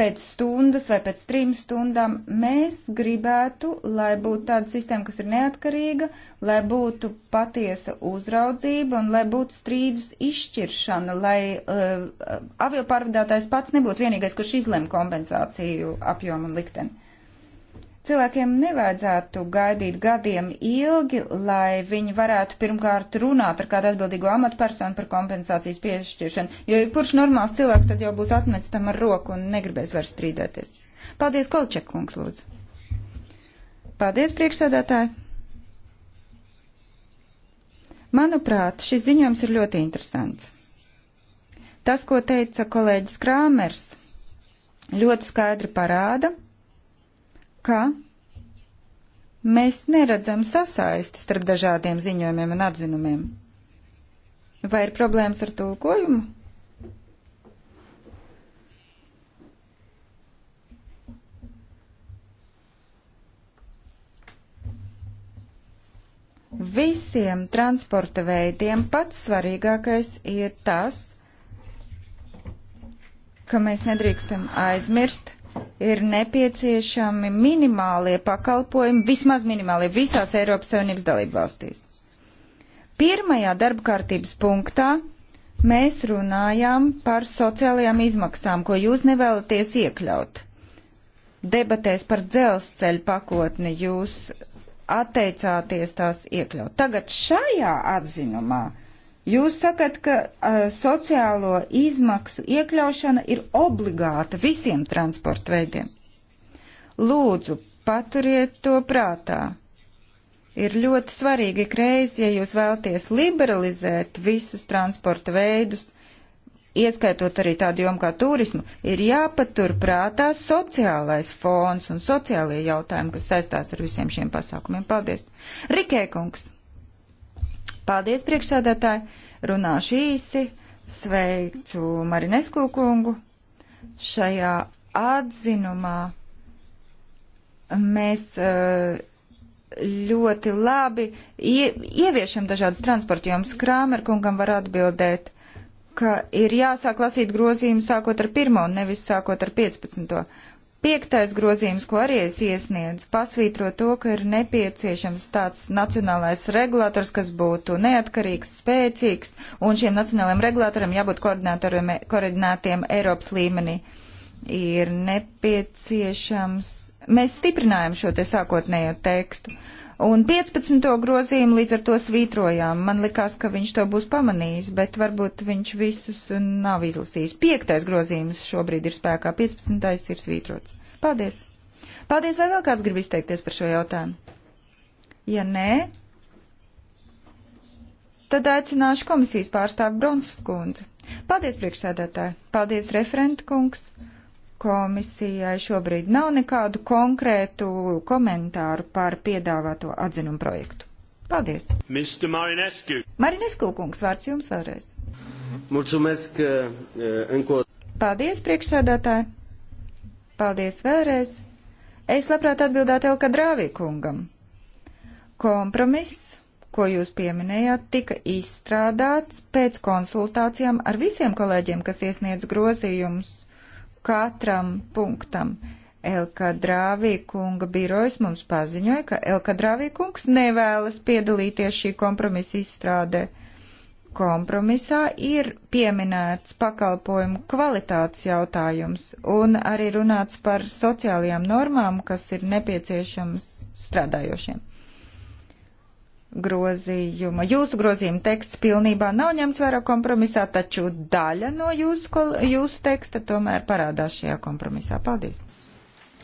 E: pēc stundas vai pēc trim stundām mēs gribētu, lai būtu tāda sistēma, kas ir neatkarīga, lai būtu patiesa uzraudzība un lai būtu strīdus izšķiršana, lai uh, eh, avio pārvadātājs pats nebūtu vienīgais, kurš izlem kompensāciju apjomu un likteni. Cilvēkiem nevajadzētu gaidīt gadiem ilgi, lai viņi varētu pirmkārt runāt ar kādu atbildīgo amatpersonu par kompensācijas piešķiršanu, jo kurš normāls cilvēks tad jau būs atmetis tam ar roku un negribēs vairs strīdēties. Paldies, Kolček, kungs, lūdzu. Paldies, priekšsēdētāji. Manuprāt, šis ziņojums ir ļoti interesants. Tas, ko teica kolēģis Krāmers, ļoti skaidri parāda, ka mēs neredzam sasaisti starp dažādiem ziņojumiem un atzinumiem. Vai ir problēmas ar tulkojumu? Visiem transporta veidiem pats svarīgākais ir tas, ka mēs nedrīkstam aizmirst ir nepieciešami minimālie pakalpojumi, vismaz minimālie visās Eiropas Savienības dalību valstīs. Pirmajā darba kārtības punktā mēs runājām par sociālajām izmaksām, ko jūs nevēlaties iekļaut. Debatēs par dzelzceļa pakotni jūs atteicāties tās iekļaut. Tagad šajā atzinumā Jūs sakat, ka uh, sociālo izmaksu iekļaušana ir obligāta visiem transporta veidiem. Lūdzu, paturiet to prātā. Ir ļoti svarīgi reiz, ja jūs vēlties liberalizēt visus transporta veidus, ieskaitot arī tādu jomu kā turismu, ir jāpatur prātā sociālais fons un sociālie jautājumi, kas saistās ar visiem šiem pasākumiem. Paldies! Rikē kungs! Paldies, priekšsēdētāji! Runāšu īsi, sveicu Marinesku kungu. Šajā atzinumā mēs eh, ļoti labi ieviešam dažādas transporta jomas. Krāmer kungam var atbildēt, ka ir jāsāk lasīt grozījumu sākot ar pirmo un nevis sākot ar 15. Piektais grozījums, ko arī es iesniedzu, pasvītro to, ka ir nepieciešams tāds nacionālais regulators, kas būtu neatkarīgs, spēcīgs, un šiem nacionālajiem regulatoram jābūt koordinētiem Eiropas līmenī. Ir nepieciešams. Mēs stiprinājam šo te sākotnējo tekstu. Uh, un 15. grozījumu līdz ar to svītrojām. Man likās, ka viņš to būs pamanījis, bet varbūt viņš visus nav izlasījis. 5. grozījums šobrīd ir spēkā, 15. ir svītrots. Paldies! Paldies, vai vēl kāds grib izteikties par šo jautājumu? Ja nē, tad aicināšu komisijas pārstāvu Bronsas kundzi. Paldies, priekšsēdētāji! Paldies, referenta kungs! Komisijai šobrīd nav nekādu konkrētu komentāru par piedāvāto atzinumu projektu. Paldies!
A: Mr. Marinescu!
E: Marinescu kungs, vārds jums vēlreiz.
A: Mulțumesc eh, încă
E: Paldies, priekšsēdētāji! Paldies vēlreiz! Es labprāt atbildētu Elka Drāvī kungam. Kompromiss ko jūs pieminējāt, tika izstrādāts pēc konsultācijām ar visiem kolēģiem, kas iesniedz grozījumus katram punktam. Elkadrāvī kunga birojs mums paziņoja, ka Elkadrāvī kungs nevēlas piedalīties šī kompromisa izstrādē. Kompromisā ir pieminēts pakalpojumu kvalitātes jautājums un arī runāts par sociālajām normām, kas ir nepieciešams strādājošiem grozījuma. Jūsu grozījuma teksts pilnībā nav ņemts vērā kompromisā, taču daļa no jūsu, kol, jūsu teksta tomēr parādās šajā kompromisā. Paldies!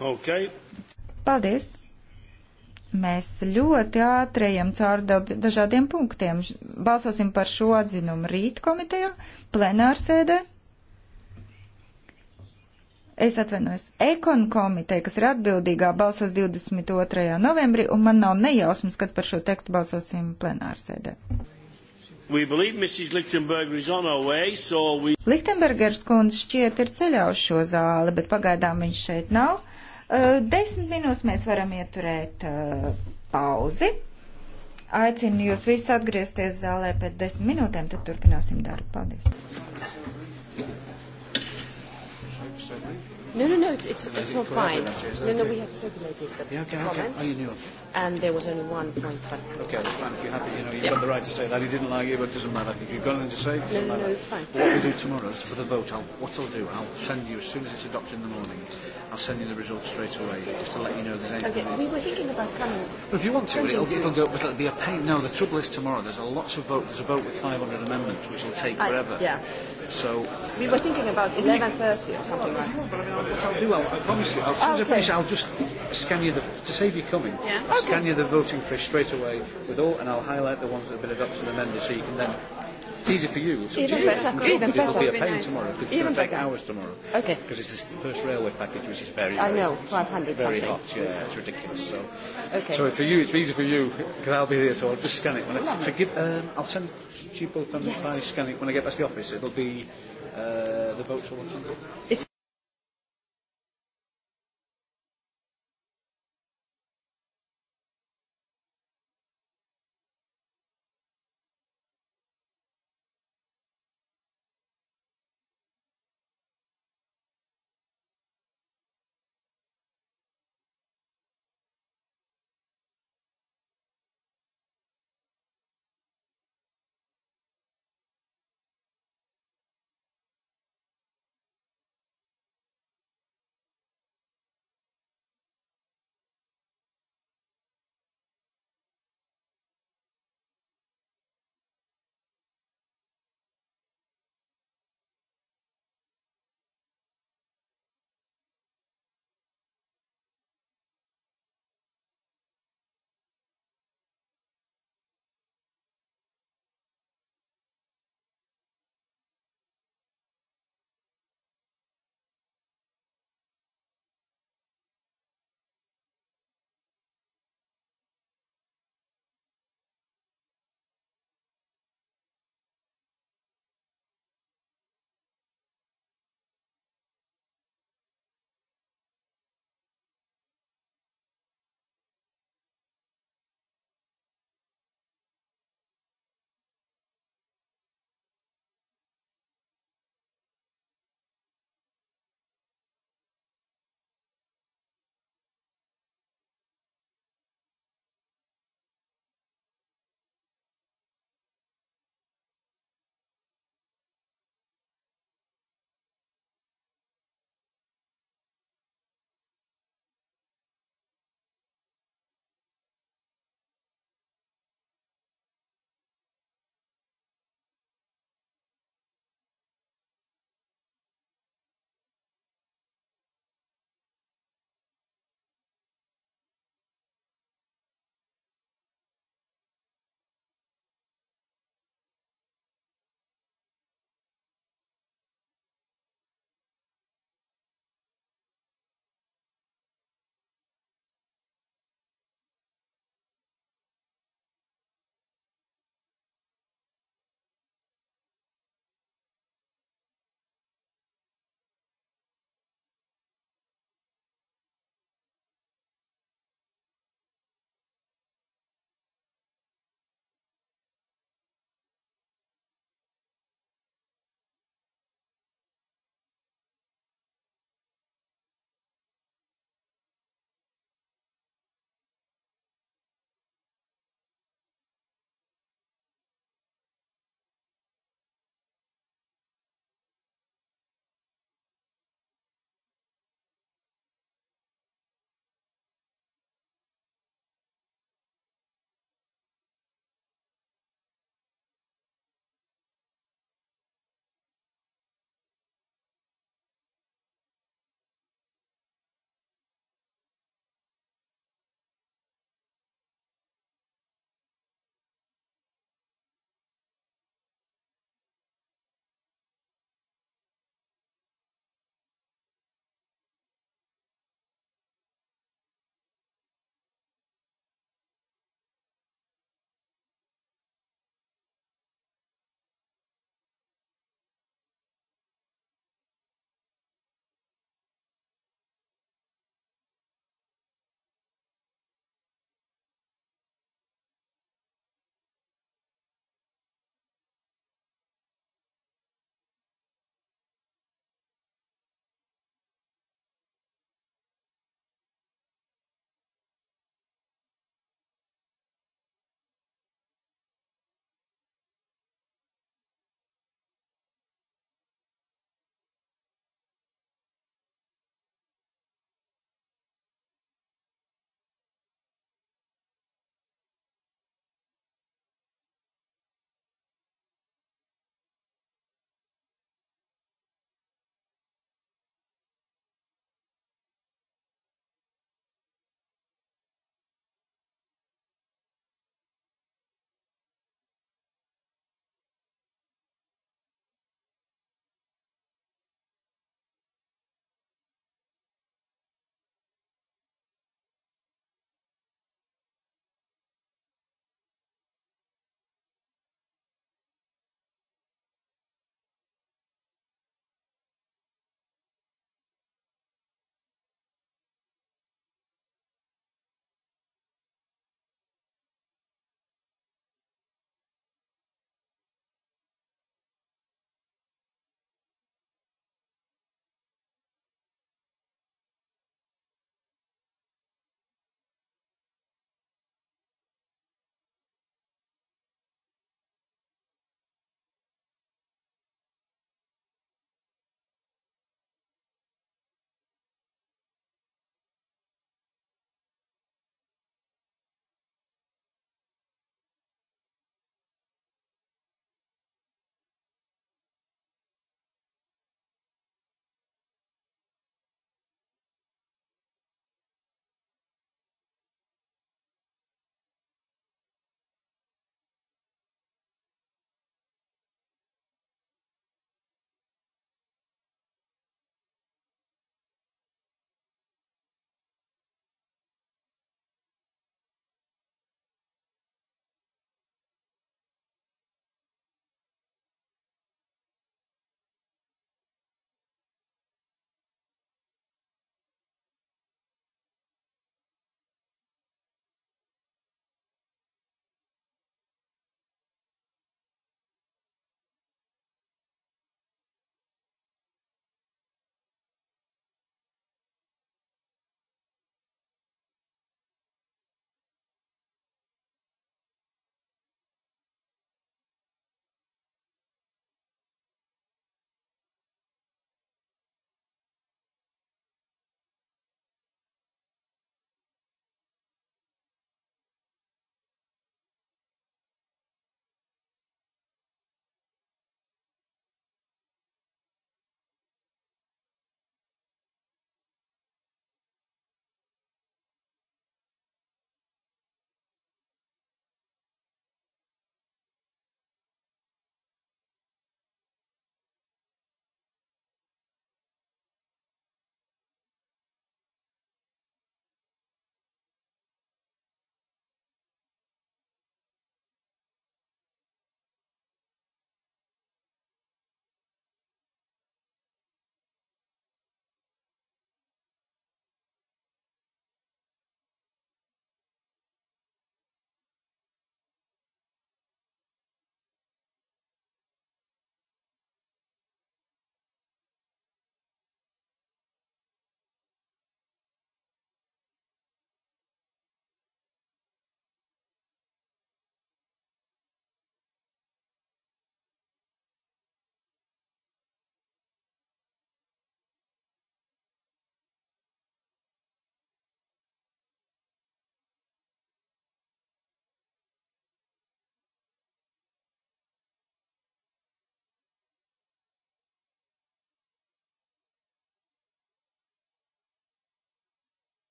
E: Okay. Paldies! Mēs ļoti ātri ejam cauri daudz, dažādiem punktiem. Balsosim par šo atzinumu rīt komitejā, plenārsēdē. Es atvainojos, ekon komiteja, kas ir atbildīgā, balsos 22. novembrī, un man nav nejausmas, kad par šo tekstu balsosim plenārsēdē. So we... Lichtenbergers kundze šķiet ir ceļā uz šo zāli, bet pagaidām viņš šeit nav. Uh, desmit minūtes mēs varam ieturēt uh, pauzi. Aicinu jūs visus atgriezties zālē pēc desmit minūtēm, tad turpināsim darbu. Paldies! No, no, no, it's, it's, it's not fine.
A: No, no, we have
C: circulated the yeah, okay, comments. Okay. Oh, you knew. And there was only one point. But okay, that's
A: fine. If you're happy, you know, you've yeah. got the right to say that. He didn't like you, but it doesn't matter. If you've got anything to say, it doesn't no, no, matter. No,
C: it's fine. What we'll do tomorrow is for the vote, I'll, what I'll do, I'll send you, as soon as it's adopted in the morning, I'll send you the results straight away, just to let you know there's anything.
A: Okay, we were thinking about coming. Well,
C: if you want to, it'll, it'll go, but it'll be a pain.
A: No, the trouble is tomorrow, there's a lots of vote. There's a vote with 500 amendments, which will take I, forever. I, yeah. So
C: we were thinking about eleven thirty or something, right? But I mean, I'll,
A: I'll do. I'll, I promise you. I'll, as soon as okay. I finish, I'll
C: just scan you the to save you coming. Yeah. I'll okay. Scan you the voting fish straight away with all, and I'll highlight the ones that have been adopted and amended, so you can then It's easy for you. It's even you. better. Good. Even better. It'll be a pain nice. tomorrow. It's even going to take better. hours tomorrow. Okay. Because it's the first railway package, which is very, very I know, 500 very something. hot. Yeah, it's ridiculous. So, okay. so for you, it's easy for you because I'll be there, so I'll just scan it. When I, so give, um, I'll send to you both on yes. the scan it when I get back to the office. It'll be uh, the boats or what's on it.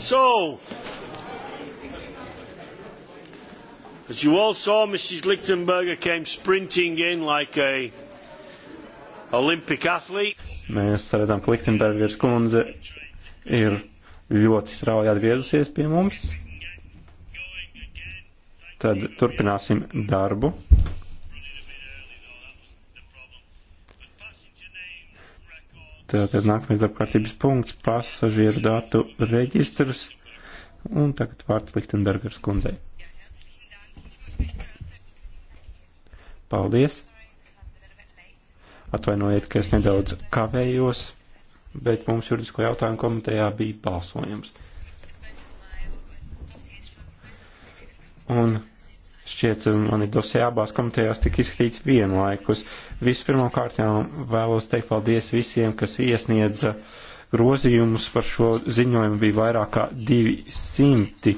A: So, as you all saw, Mrs. Lichtenberger came sprinting in like a Olympic athlete.
B: Mēs redzam, ka Lichtenbergers kundze ir ļoti strauji atgriezusies pie mums. Tad turpināsim darbu. Tātad nākamais darbkārtības punkts - pasažieru datu reģistrs. Un tagad vārds Lichtenbergers kundzei. Paldies! Atvainojiet, ka es nedaudz kavējos, bet mums juridisko jautājumu komitejā bija balsojums. Un šķiet mani dosie abās komitejās tik izskatīt vienlaikus. Vispirmkārt jau vēlos teikt paldies visiem, kas iesniedza grozījumus par šo ziņojumu bija vairāk kā 200.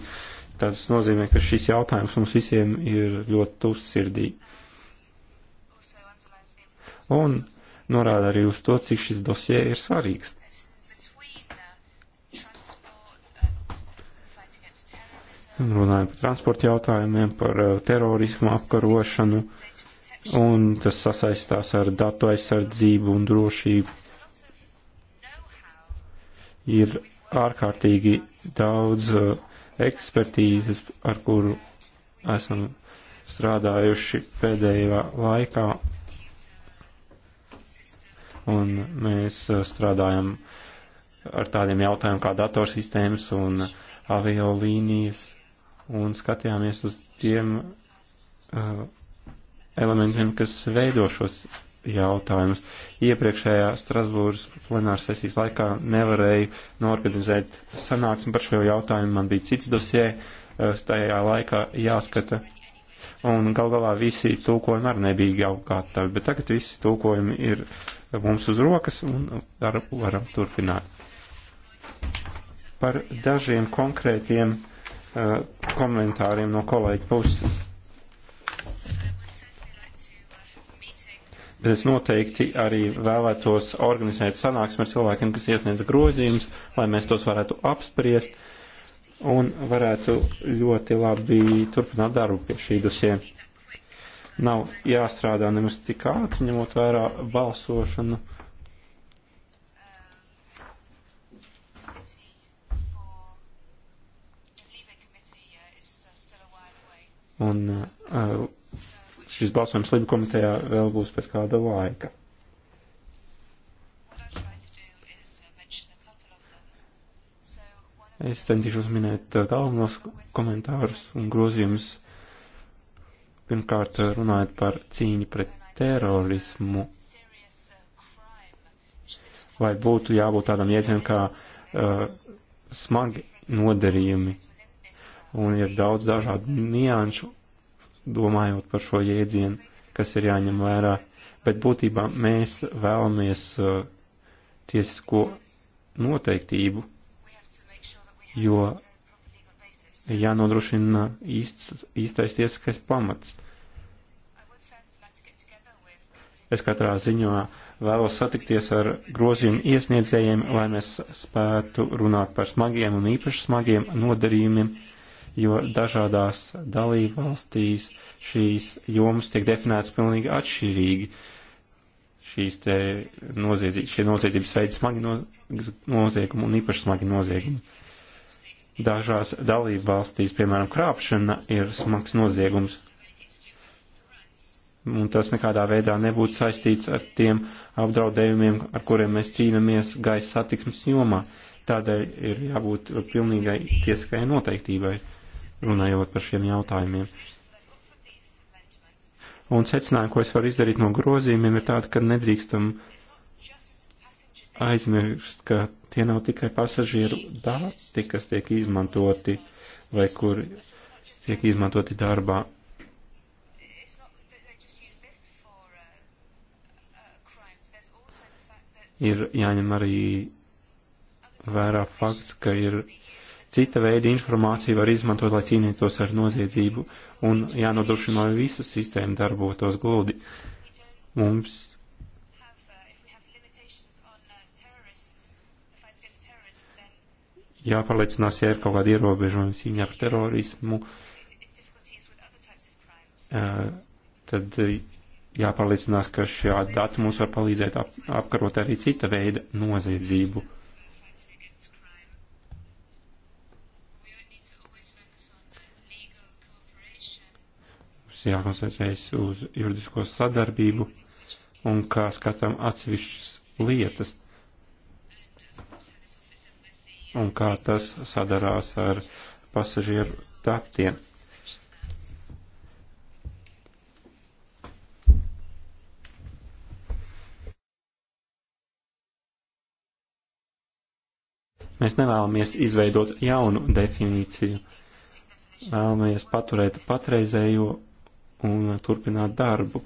B: Tas nozīmē, ka šis jautājums mums visiem ir ļoti tuvs sirdī. Un norāda arī uz to, cik šis dosie ir svarīgs. runājam par transporta jautājumiem, par uh, terorismu apkarošanu, un tas sasaistās ar datu aizsardzību un drošību. Ir ārkārtīgi daudz uh, ekspertīzes, ar kuru esam strādājuši pēdējā laikā, un mēs uh, strādājam ar tādiem jautājumiem kā datorsistēmas un aviolīnijas un skatījāmies uz tiem uh, elementiem, kas veido šos jautājumus. Iepriekšējā Strasbūras plenāra sesijas laikā nevarēju norganizēt sanāksmi par šo jautājumu, man bija cits dosie, uh, tajā laikā jāskata. Un gal galā visi tūkojumi arī nebija jau gatavi, bet tagad visi tūkojumi ir mums uz rokas un ar, varam turpināt. Par dažiem konkrētiem uh, Uh, komentāriem no kolēģa puses. Bet es noteikti arī vēlētos organizēt sanāksmi ar cilvēkiem, kas iesniedz grozījumus, lai mēs tos varētu apspriest un varētu ļoti labi turpināt darbu pie šī dosie. Nav jāstrādā nemaz tik ātri, ņemot vērā balsošanu. Un eh, šis balsojums Libu komitejā vēl būs pēc kāda laika. Es centīšos minēt galvenos eh, komentārus un grozījumus. Pirmkārt, eh, runājot par cīņu pret terorismu, vai būtu jābūt tādam jēdzienam kā uh, smagi nodarījumi un ir daudz dažādu nianšu, domājot par šo jēdzienu, kas ir jāņem vērā. Bet būtībā mēs vēlamies uh, tiesisko noteiktību, jo ir jānodrošina īsts, īstais tiesiskais pamats. Es katrā ziņā vēlos satikties ar grozījumu iesniedzējiem, lai mēs spētu runāt par smagiem un īpaši smagiem nodarījumiem jo dažādās dalībvalstīs šīs jomas tiek definētas pilnīgi atšķirīgi. Šīs te noziedzības, šie noziedzības veidi smagi no, noziegumi un īpaši smagi noziegumi. Dažās dalībvalstīs, piemēram, krāpšana ir smags noziegums, un tas nekādā veidā nebūtu saistīts ar tiem apdraudējumiem, ar kuriem mēs cīnāmies gaisa satiksmes jomā. Tādēļ ir jābūt pilnīgai tiesiskai noteiktībai runājot par šiem jautājumiem. Un secinājumi, ko es varu izdarīt no grozījumiem, ir tādi, ka nedrīkstam aizmirst, ka tie nav tikai pasažieru dati, kas tiek izmantoti vai kur tiek izmantoti darbā. Ir jāņem arī vērā fakts, ka ir cita veida informāciju var izmantot, lai cīnītos ar noziedzību un jānodrošina, lai visa sistēma darbotos gludi. Mums jāpārliecinās, ja ir kaut kāda ierobežojuma cīņā par terorismu, tad jāpārliecinās, ka šādi dati mums var palīdzēt ap, apkarot arī cita veida noziedzību. kas jākoncentrējas uz juridisko sadarbību un kā skatām atsevišķas lietas un kā tas sadarās ar pasažieru datiem. Mēs nevēlamies izveidot jaunu definīciju, vēlamies paturēt patreizējo un turpināt darbu.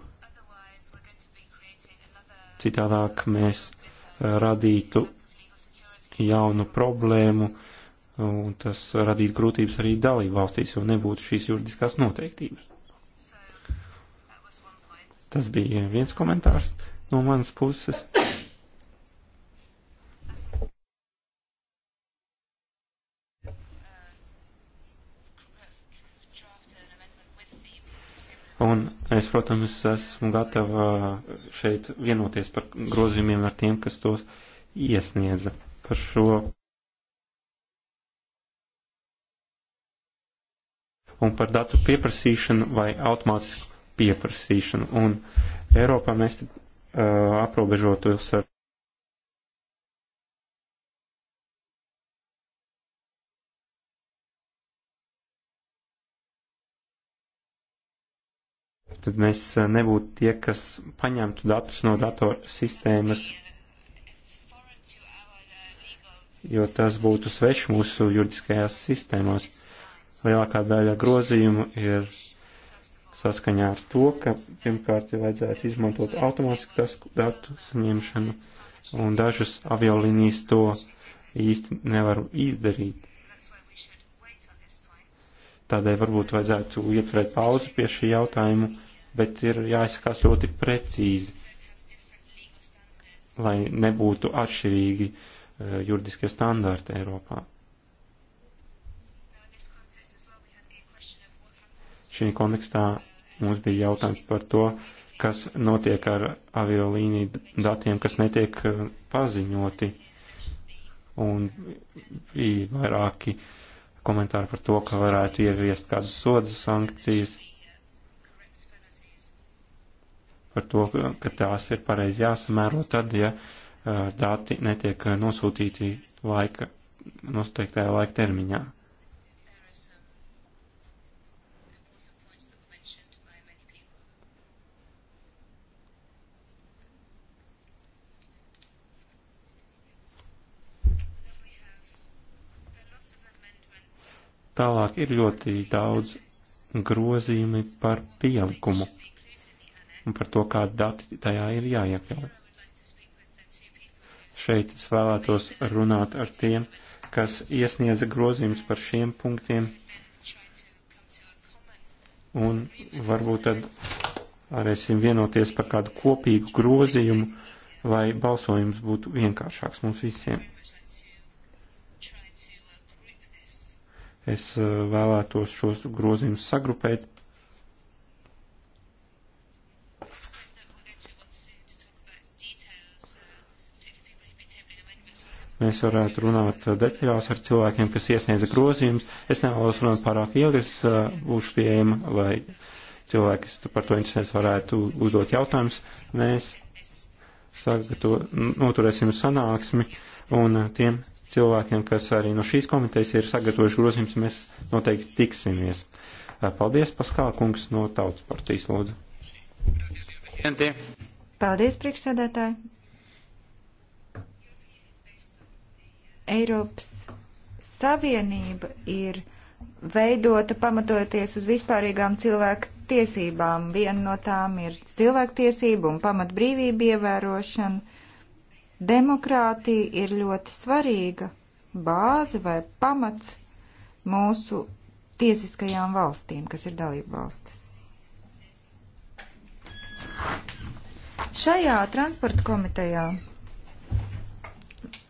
B: Citādāk mēs eh, radītu jaunu problēmu, un tas radītu grūtības arī dalību valstīs, jo nebūtu šīs juridiskās noteiktības. Tas bija viens komentārs no manas puses. Un es, protams, esmu gatava šeit vienoties par grozījumiem ar tiem, kas tos iesniedza par šo. Un par datu pieprasīšanu vai automātisku pieprasīšanu. Un Eiropā mēs uh, aprobežotos ar tad mēs eh, nebūtu tie, kas paņemtu datus no datorsistēmas, jo tas būtu svešs mūsu juridiskajās sistēmās. Lielākā daļa grozījumu ir saskaņā ar to, ka pirmkārt ir vajadzētu izmantot automātisku datu saņemšanu, un dažas aviolīnijas to īsti nevar izdarīt. Tādēļ varbūt vajadzētu ietverēt pauzi pie šī jautājuma bet ir jāizskās ļoti precīzi, lai nebūtu atšķirīgi eh, juridiskie standarti Eiropā. Šī kontekstā mums bija jautājums par to, kas notiek ar aviolīniju datiem, kas netiek eh, paziņoti. Un bija vairāki komentāri par to, ka varētu ieviest kādas sodas sankcijas par to, ka tās ir pareizi jāsamēro tad, ja dati netiek nosūtīti laika, noteiktajā laika termiņā. Tālāk ir ļoti daudz grozījumi par pielikumu un par to, kādi dati tajā ir jāiekļauj. Šeit es vēlētos runāt ar tiem, kas iesniedza grozījums par šiem punktiem, un varbūt tad varēsim vienoties par kādu kopīgu grozījumu, lai balsojums būtu vienkāršāks mums visiem. Es eh, vēlētos šos grozījumus sagrupēt Mēs varētu runāt uh, detaļās ar cilvēkiem, kas iesniedza grozījumus. Es nevēlos runāt pārāk ilgi, es uh, būšu pieejama, lai cilvēki, kas par to interesēs, varētu uzdot jautājumus. Mēs sagatavo, noturēsim sanāksmi un uh, tiem cilvēkiem, kas arī no šīs komitejas ir sagatavojuši grozījumus, mēs noteikti tiksimies. Paldies, Paskāl kungs no Tautas partijas lūdzu.
E: Paldies, priekšsēdētāji. Eiropas Savienība ir veidota pamatojoties uz vispārīgām cilvēku tiesībām. Viena no tām ir cilvēktiesība un pamatbrīvība ievērošana. Demokrātija ir ļoti svarīga bāze vai pamats mūsu tiesiskajām valstīm, kas ir dalība valstis. Šajā transporta komitejā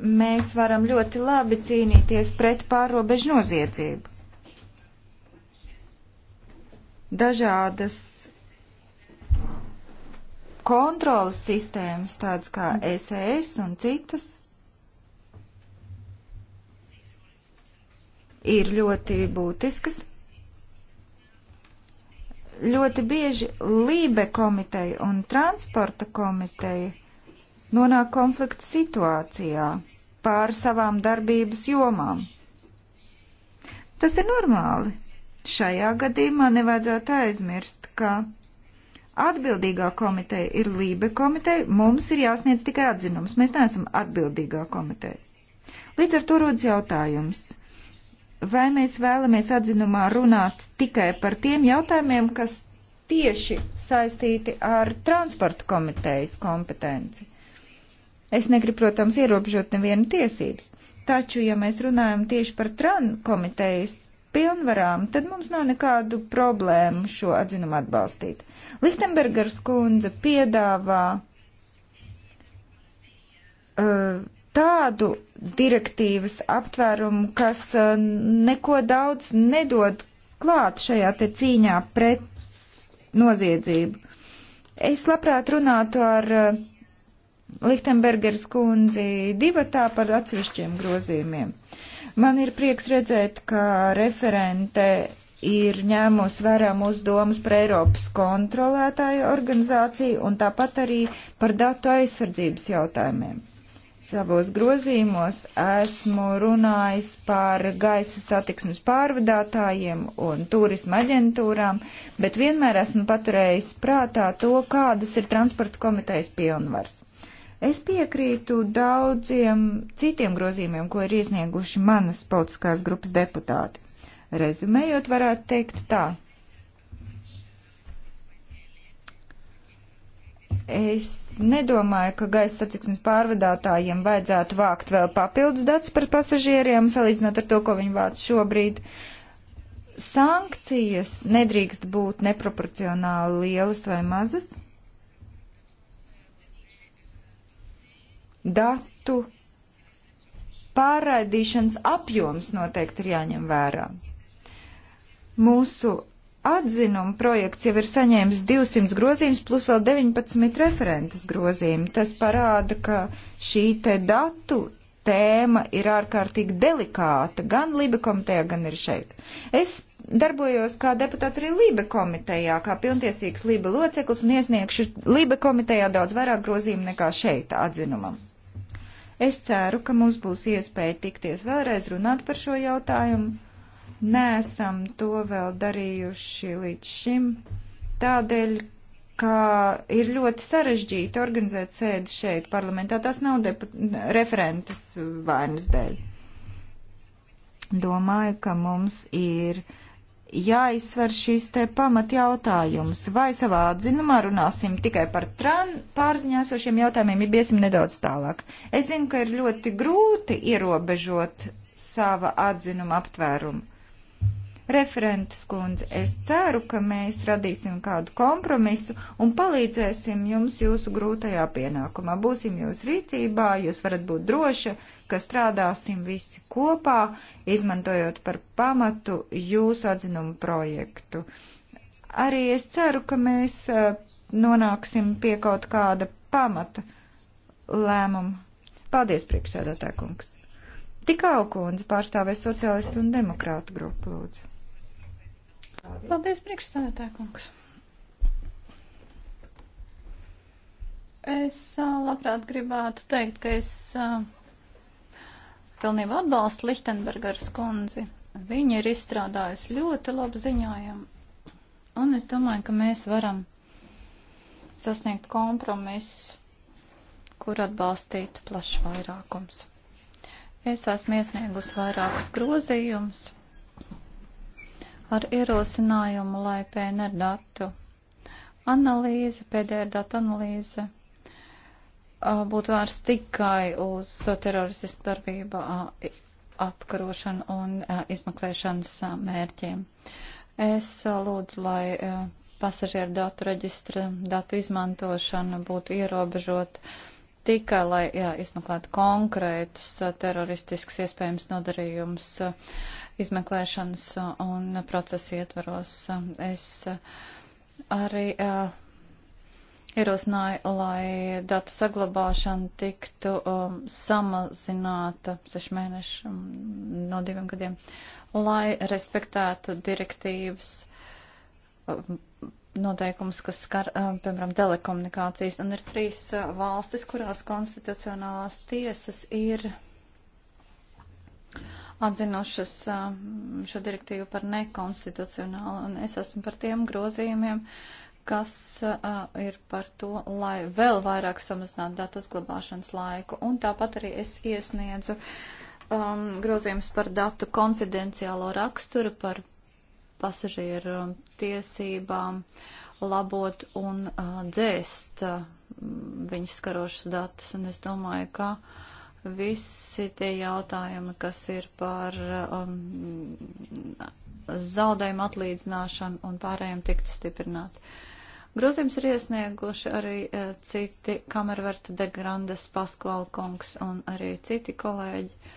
E: mēs varam ļoti labi cīnīties pret pārobežu noziedzību. Dažādas kontrolas sistēmas, tādas kā SES e un citas, ir ļoti būtiskas. Ļoti bieži Lībe komiteja un transporta komiteja nonāk konflikta situācijā pār savām darbības jomām. Tas ir normāli. Šajā gadījumā nevajadzētu aizmirst, ka atbildīgā komiteja ir Lībe komiteja, mums ir jāsniedz tikai atzinums. Mēs neesam atbildīgā komiteja. Līdz ar to rodas jautājums. Vai mēs vēlamies atzinumā runāt tikai par tiem jautājumiem, kas tieši saistīti ar transporta komitejas kompetenci? Es negribu, protams, ierobežot nevienu tiesības. Taču, ja mēs runājam tieši par TRAN komitejas pilnvarām, tad mums nav nekādu problēmu šo atzinumu atbalstīt. Lichtenbergers kundze piedāvā uh, tādu direktīvas aptvērumu, kas uh, neko daudz nedod klāt šajā te cīņā pret noziedzību. Es labprāt runātu ar uh, Lichtenbergers kundzi divatā par atsevišķiem grozījumiem. Man ir prieks redzēt, ka referente ir ņēmusi vērā mūsu domas par Eiropas kontrolētāju organizāciju un tāpat arī par datu aizsardzības jautājumiem. Savos grozījumos esmu runājis par gaisa satiksmes pārvadātājiem un turisma aģentūrām, bet vienmēr esmu paturējis prātā to, kādas ir transporta komitejas pilnvars. Es piekrītu daudziem citiem grozījumiem, ko ir iesnieguši manas politiskās grupas deputāti. Rezumējot, varētu teikt tā. Es nedomāju, ka gaisa satiksmes pārvadātājiem vajadzētu vākt vēl papildus datus par pasažieriem, salīdzinot ar to, ko viņi vāc šobrīd. Sankcijas nedrīkst būt neproporcionāli lielas vai mazas. datu pārraidīšanas apjoms noteikti ir jāņem vērā. Mūsu atzinuma projekts jau ir saņēmis 200 grozījumus, plus vēl 19 referentes grozījumi. Tas parāda, ka šī te datu tēma ir ārkārtīgi delikāta gan Libe komitejā, gan ir šeit. Es darbojos kā deputāts arī Libe komitejā, kā pilntiesīgs Libe loceklis un iesniegšu Libe komitejā daudz vairāk grozījumu nekā šeit atzinumam. Es ceru, ka mums būs iespēja tikties vēlreiz runāt par šo jautājumu. Nesam to vēl darījuši līdz šim, tādēļ, ka ir ļoti sarežģīti organizēt sēdi šeit parlamentā. Tas nav referentes vainas dēļ. Domāju, ka mums ir jāizsver šīs te pamatjautājums. Vai savā atzinumā runāsim tikai par tran pārziņāsošiem jautājumiem, ja biesim nedaudz tālāk. Es zinu, ka ir ļoti grūti ierobežot sava atzinuma aptvērumu. Referentes kundze, es ceru, ka mēs radīsim kādu kompromisu un palīdzēsim jums jūsu grūtajā pienākumā. Būsim jūs rīcībā, jūs varat būt droša, ka strādāsim visi kopā, izmantojot par pamatu jūsu atzinumu projektu. Arī es ceru, ka mēs nonāksim pie kaut kāda pamata lēmuma. Paldies, priekšsēdētā kungs. Tikau kundze pārstāvēs sociālistu un demokrātu grupu, lūdzu.
C: Paldies, Paldies priekšsēdētā kungs. Es labprāt gribētu teikt, ka es pilnībā atbalstu Lichtenbergers kundzi. Viņa ir izstrādājusi ļoti labu ziņojumu, un es domāju, ka mēs varam sasniegt kompromisu, kur atbalstīt plašs vairākums. Es esmu iesniegusi vairākus grozījumus ar ierosinājumu, lai PNR datu analīze, PDR datu analīze būtu vērsts tikai uz teroristisku darbību apkarošanu un izmeklēšanas mērķiem. Es lūdzu, lai pasažieru datu reģistra datu izmantošana būtu ierobežota tikai, lai jā, izmeklētu konkrētus teroristiskus iespējams nodarījumus izmeklēšanas un procesa ietvaros. Es arī ierosināja, lai datu saglabāšana tiktu um, samazināta sešu mēnešu um, no diviem gadiem, lai respektētu direktīvas um, noteikums, kas skar, um, piemēram, telekomunikācijas. Un ir trīs uh, valstis, kurās konstitucionālās tiesas ir atzinušas um, šo direktīvu par nekonstitucionālu, un es esmu par tiem grozījumiem. Uh, kas uh, ir par to, lai vēl vairāk samazinātu datu uzglabāšanas laiku. Un tāpat arī es iesniedzu um, grozījums par datu konfidenciālo raksturu, par pasažieru um, tiesībām labot un uh, dzēst uh, viņus skarošus datus. Un es domāju, ka visi tie jautājumi, kas ir par. Um, zaudējumu atlīdzināšanu un pārējiem tiktu stiprināti. Grozījums ir iesnieguši arī uh, citi kamerverta de Grandes Paskvalkungs un arī citi kolēģi.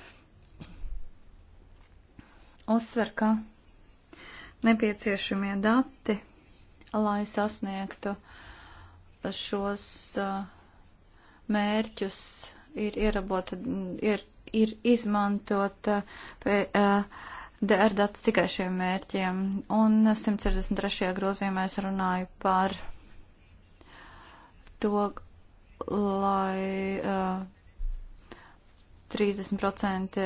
C: Uzsver, ka nepieciešamie dati, lai sasniegtu šos uh, mērķus, ir, ierabota, ir, ir izmantota pie, uh, e, DR datus tikai šiem mērķiem. Un 163. grozījumā es runāju par to, lai uh, 30%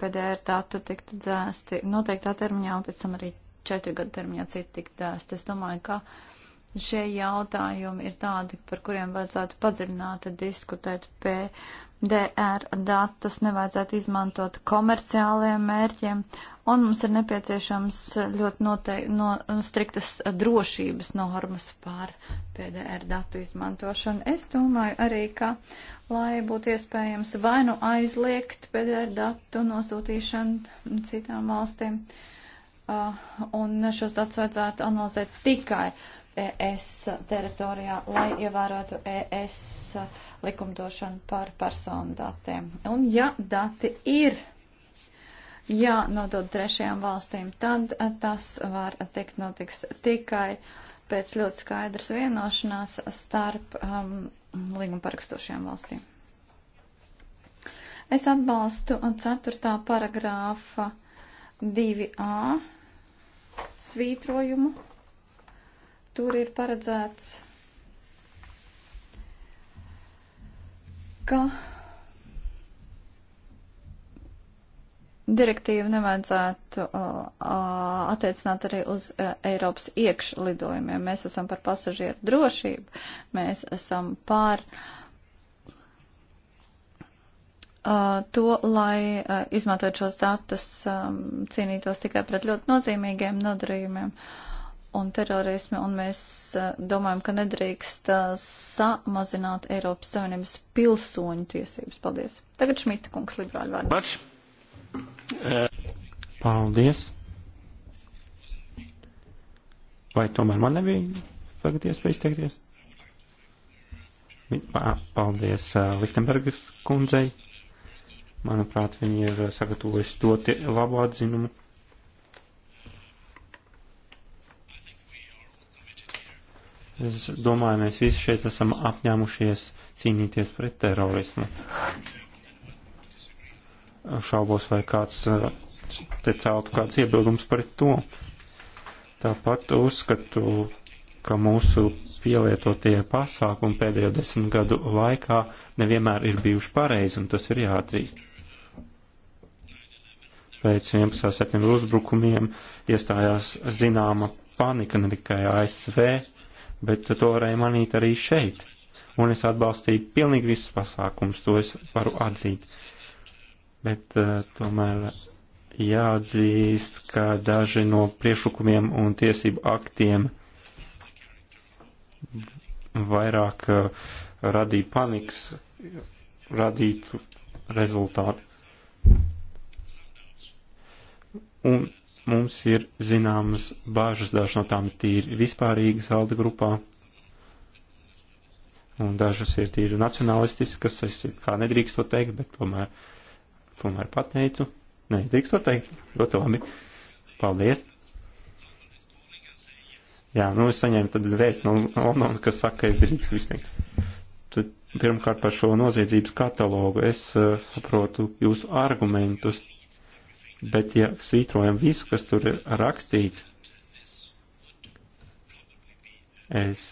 C: PDR datu tiktu dzēsti noteiktā termiņā un pēc tam arī 4 gadu termiņā citi tiktu dzēsti. Es domāju, ka šie jautājumi ir tādi, par kuriem vajadzētu padziļināti diskutēt pie DR datus nevajadzētu izmantot komerciāliem mērķiem, un mums ir nepieciešams ļoti noteik, no, striktas drošības normas pār PDR datu izmantošanu. Es domāju arī, ka, lai būtu iespējams vai nu aizliegt PDR datu nosūtīšanu citām valstīm, uh, un šos datus vajadzētu analizēt tikai ES teritorijā, lai ievērotu ES likumdošanu par personu datiem. Un ja dati ir jānodod trešajām valstīm, tad eh, tas var tikt notiks tikai pēc ļoti skaidras vienošanās starp um, līguma parakstošajām valstīm. Es atbalstu 4. paragrāfa 2a svītrojumu. Tur ir paredzēts ka direktīvu nevajadzētu uh, attiecināt arī uz uh, Eiropas iekšlidojumiem. Mēs esam par pasažieru drošību, mēs esam par uh, to, lai uh, e, izmantojot šos datus, um, cīnītos tikai pret ļoti nozīmīgiem nodarījumiem. Uh, un terorismi, un mēs eh, domājam, ka nedrīkst eh, samazināt Eiropas Savienības pilsoņu tiesības. Paldies. Tagad Šmita kungs, liberāļu vārdu.
B: Eh. Paldies. Vai tomēr man nebija tagad iespēja izteikties? Paldies Lichtenbergas kundzei. Manuprāt, viņi ir sagatavojuši ļoti labu atzinumu Es domāju, mēs visi šeit esam apņēmušies cīnīties pret terorismu. Šaubos, vai kāds eh, te celtu kāds iebildums pret to. Tāpat uzskatu, ka mūsu pielietotie pasākumi pēdējo desmit gadu laikā nevienmēr ir bijuši pareizi, un tas ir jāatzīst. Pēc 11. septembra uzbrukumiem iestājās zināma panika ne tikai ASV, bet to varēja manīt arī šeit. Un es atbalstīju pilnīgi visus pasākumus, to es varu atzīt. Bet uh, tomēr jāatzīst, ka daži no priešlikumiem un tiesību aktiem vairāk uh, radīja panikas, radītu rezultātu. Un Mums ir zināmas bāžas, dažas no tām tīri vispārīgas alda grupā, un dažas ir tīri nacionalistiskas, es kā nedrīkst to teikt, bet tomēr, tomēr pateicu. Nē, es drīkst to teikt, ļoti labi. Paldies! Jā, nu es saņēmu tad vēstu no Londonas, kas saka, ka es drīkst visniegt. Tad pirmkārt par šo noziedzības katalogu. Es uh, saprotu jūsu argumentus. Bet, ja svītrojam visu, kas tur ir rakstīts, es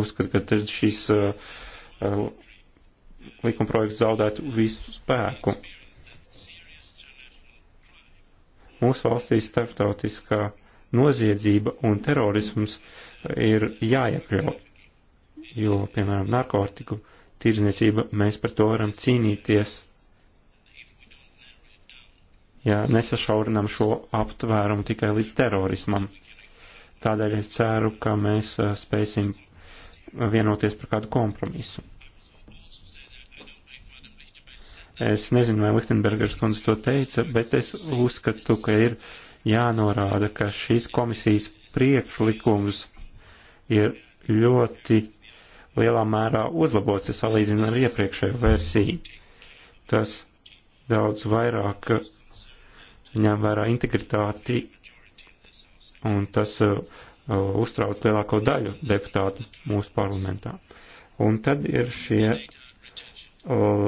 B: uzskatu, ka šis uh, uh, likumprojekts zaudētu visu spēku. Mūsu valstīs starptautiskā noziedzība un terorisms ir jāiekļau, jo, piemēram, narkotiku tirdzniecība mēs par to varam cīnīties ja nesašaurinam šo aptvērumu tikai līdz terorismam. Tādēļ es ceru, ka mēs eh, spēsim vienoties par kādu kompromisu. Es nezinu, vai Lichtenbergers kundze to teica, bet es uzskatu, ka ir jānorāda, ka šīs komisijas priekšlikums ir ļoti lielā mērā uzlabots, ja salīdzina ar iepriekšējo versiju. Tas daudz vairāk ņem vērā integritāti, un tas uh, uh, uztrauc lielāko daļu deputātu mūsu parlamentā. Un tad ir šie uh,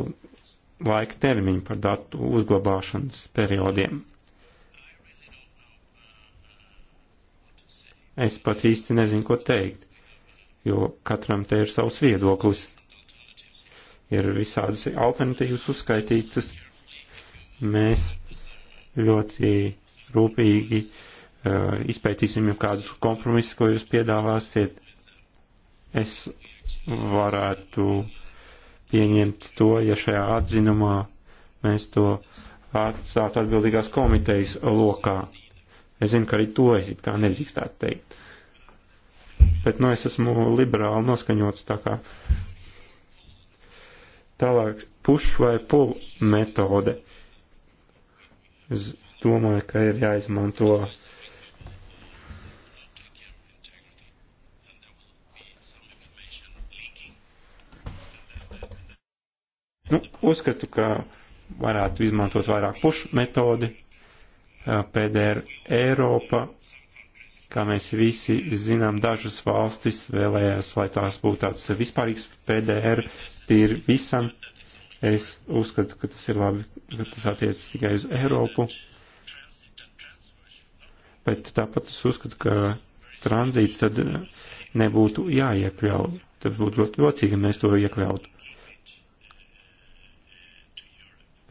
B: laika termiņi par datu uzglabāšanas periodiem. Es pat īsti nezinu, ko teikt, jo katram te ir savs viedoklis. Ir visādas alternatīvas uzskaitītas. Mēs ļoti rūpīgi uh, izpētīsim jau kādus kompromisus, ko jūs piedāvāsiet. Es varētu pieņemt to, ja šajā atzinumā mēs to atstātu atbildīgās komitejas lokā. Es zinu, ka arī to es it kā nedrīkstētu teikt. Bet, nu, es esmu liberāli noskaņots tā kā. Tālāk, puš vai pul metode. Uh, Es domāju, ka ir jāizmanto Nu, uzskatu, ka varētu izmantot vairāk pušu metodi. PDR Eiropa, kā mēs visi zinām, dažas valstis vēlējās, lai tās būtu tāds vispārīgs PDR, tīri visam Es uzskatu, ka tas ir labi, ka tas attiecas tikai uz Eiropu, bet tāpat es uzskatu, ka tranzīts tad nebūtu jāiekļauj. Tas būtu ļoti jocīgi, ja mēs to iekļautu.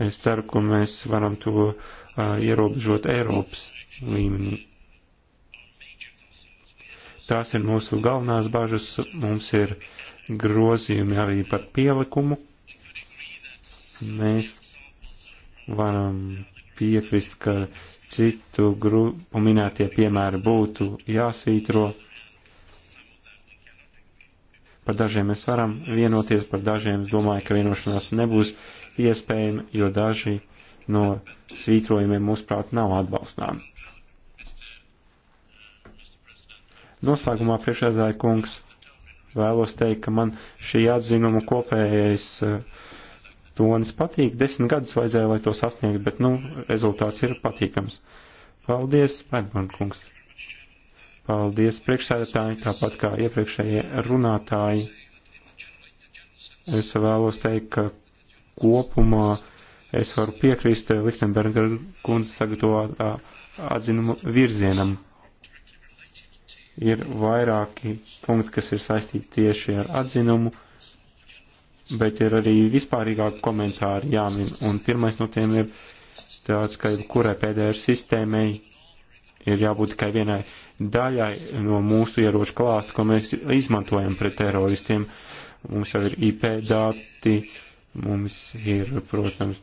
B: Es ceru, ka mēs varam to uh, ierobežot Eiropas līmenī. Tās ir mūsu galvenās bažas. Mums ir grozījumi arī par pielikumu. Mēs varam piekrist, ka citu grupu minētie piemēri būtu jāsvītro. Par dažiem mēs varam vienoties, par dažiem es domāju, ka vienošanās nebūs iespējama, jo daži no svītrojumiem mūsuprāt nav atbalstām. Noslēgumā priekšēdāja kungs vēlos teikt, ka man šī atzinuma kopējais uh, To manis patīk, desmit gadus vajadzēja, lai to sasniegtu, bet, nu, rezultāts ir patīkams. Paldies, Pērnburn kungs. Paldies, priekšsēdētāji, tāpat kā iepriekšējie runātāji. Es vēlos teikt, ka kopumā es varu piekrist Lichtenberga kundzes sagatavotā atzinuma virzienam. Ir vairāki punkti, kas ir saistīti tieši ar atzinumu bet ir arī vispārīgāki komentāri jāmin. Un pirmais no tiem ir tāds, ka kurai PDR sistēmai ir jābūt tikai vienai daļai no mūsu ieroču klāsta, ko mēs izmantojam pret teroristiem. Mums jau ir IP dati, mums ir, protams,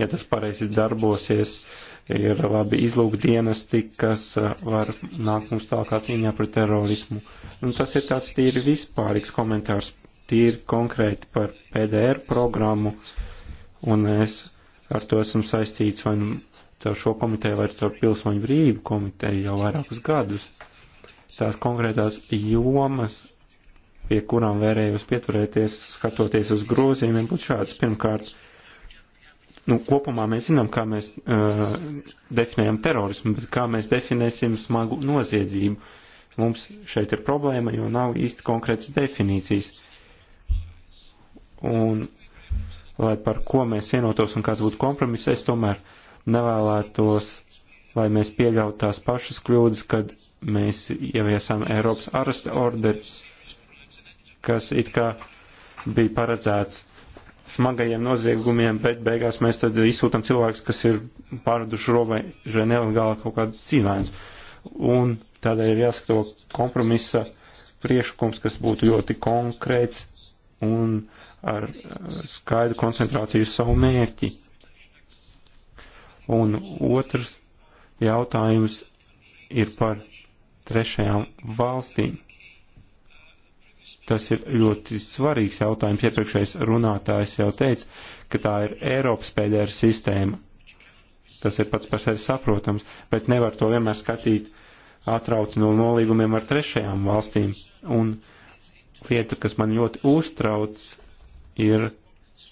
B: ja tas pareizi darbosies, ir labi izlūkdienesti, kas eh, var nākt mums tālākā cīņā pret terorismu. Un tas ir tāds tīri vispārīgs komentārs tīri konkrēti par PDR programmu, un es ar to esmu saistīts vai nu caur šo komiteju vai caur pilsoņu brīvu komiteju jau vairākus gadus. Tās konkrētās jomas, pie kurām vērējos pieturēties, skatoties uz grozījumiem, būtu šāds. Pirmkārt, nu, kopumā mēs zinām, kā mēs uh, definējam terorismu, bet kā mēs definēsim smagu noziedzību. Mums šeit ir problēma, jo nav īsti konkrētas definīcijas un lai par ko mēs vienotos un kāds būtu kompromiss, es tomēr nevēlētos, lai mēs pieļautu tās pašas kļūdas, kad mēs ieviesām Eiropas arasta orderi, kas it kā bija paredzēts smagajiem noziegumiem, bet beigās mēs tad izsūtam cilvēkus, kas ir pārduši robežai nelegāli kaut kādus cīvēnus. Un tādēļ ir jāskato kompromisa priekšlikums, kas būtu ļoti konkrēts un uh, ar skaidru koncentrāciju uz savu mērķi. Un otrs jautājums ir par trešajām valstīm. Tas ir ļoti svarīgs jautājums. Iepriekšējais runātājs jau teica, ka tā ir Eiropas pēdējā sistēma. Tas ir pats par sevi saprotams, bet nevar to vienmēr skatīt atrauti no nolīgumiem ar trešajām valstīm. Un lieta, kas man ļoti uztrauc, ir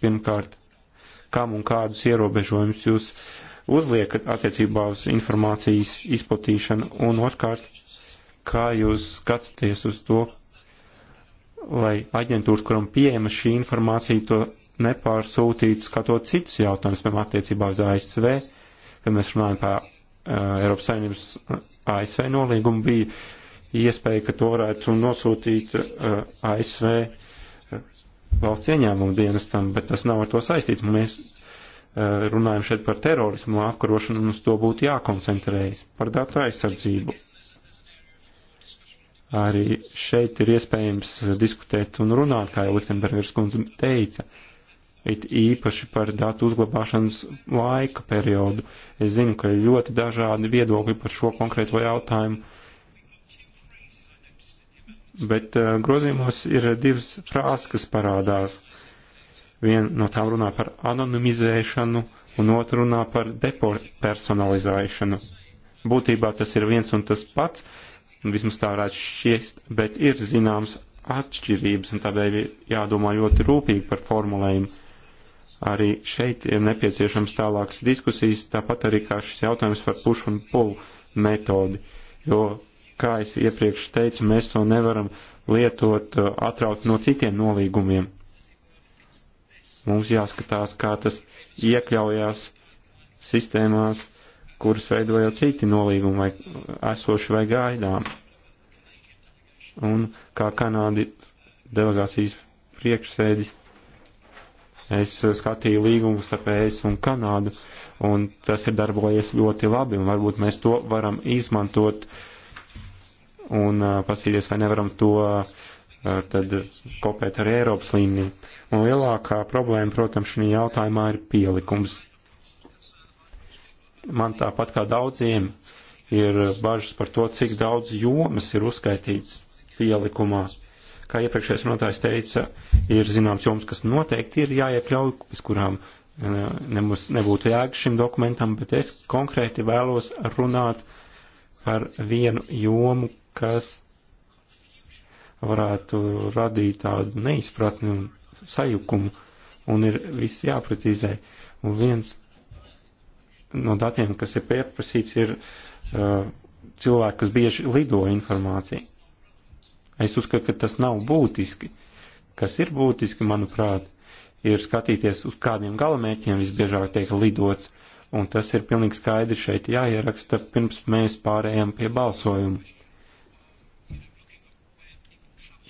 B: pirmkārt, kam un kādus ierobežojumus jūs uzliekat attiecībā uz informācijas izplatīšanu, un otrkārt, kā jūs skatāties uz to, lai aģentūras, kuram pieejama šī informācija, to nepārsūtītu skatot citus jautājumus, piemēram, attiecībā uz ASV, kad mēs runājam par uh, Eiropas Savienības uh, ASV nolīgumu, bija iespēja, ka to varētu nosūtīt uh, ASV valsts ieņēmumu dienestam, bet tas nav ar to saistīts. Mēs eh, runājam šeit par terorismu apkarošanu, un uz to būtu jākoncentrējas, par datu aizsardzību. Arī šeit ir iespējams diskutēt un runāt, kā jau Liktenbergers kundze teica, it īpaši par datu uzglabāšanas laika periodu. Es zinu, ka ir ļoti dažādi viedokļi par šo konkrēto jautājumu bet eh, grozījumos ir divas frāzes, kas parādās. Viena no tām runā par anonimizēšanu, un otra runā par depersonalizēšanu. Būtībā tas ir viens un tas pats, vismaz tā varētu šķiest, bet ir zināms atšķirības, un tādēļ jādomā ļoti rūpīgi par formulējumu. Arī šeit ir nepieciešams tālākas diskusijas, tāpat arī kā šis jautājums par pušu un pulu metodi, jo kā es iepriekš teicu, mēs to nevaram lietot uh, atraut no citiem nolīgumiem. Mums jāskatās, kā tas iekļaujās sistēmās, kuras veidoja citi nolīgumi, vai esoši vai gaidām. Un kā Kanādi delegācijas priekšsēdis, es uh, skatīju līgumu starp ES un Kanādu, un tas ir darbojies ļoti labi, un varbūt mēs to varam izmantot uh, un paskatīties, vai nevaram to tad kopēt arī Eiropas līmenī. Un lielākā problēma, protams, šī jautājumā ir pielikums. Man tāpat kā daudziem ir bažas par to, cik daudz jomas ir uzskaitīts pielikumā. Kā iepriekšējais runātājs teica, ir zināms joms, kas noteikti ir jāiekļauj, bez kurām nemaz nebūtu jēga šim dokumentam, bet es konkrēti vēlos runāt par vienu jomu, kas varētu radīt tādu neizpratni un sajukumu, un ir viss jāprecizē. Un viens no datiem, kas ir pieprasīts, ir uh, cilvēki, kas bieži lido informāciju. Es uzskatu, ka tas nav būtiski. Kas ir būtiski, manuprāt, ir skatīties, uz kādiem galamērķiem visbiežāk tiek lidots, un tas ir pilnīgi skaidri šeit jāieraksta, pirms mēs pārējām pie balsojuma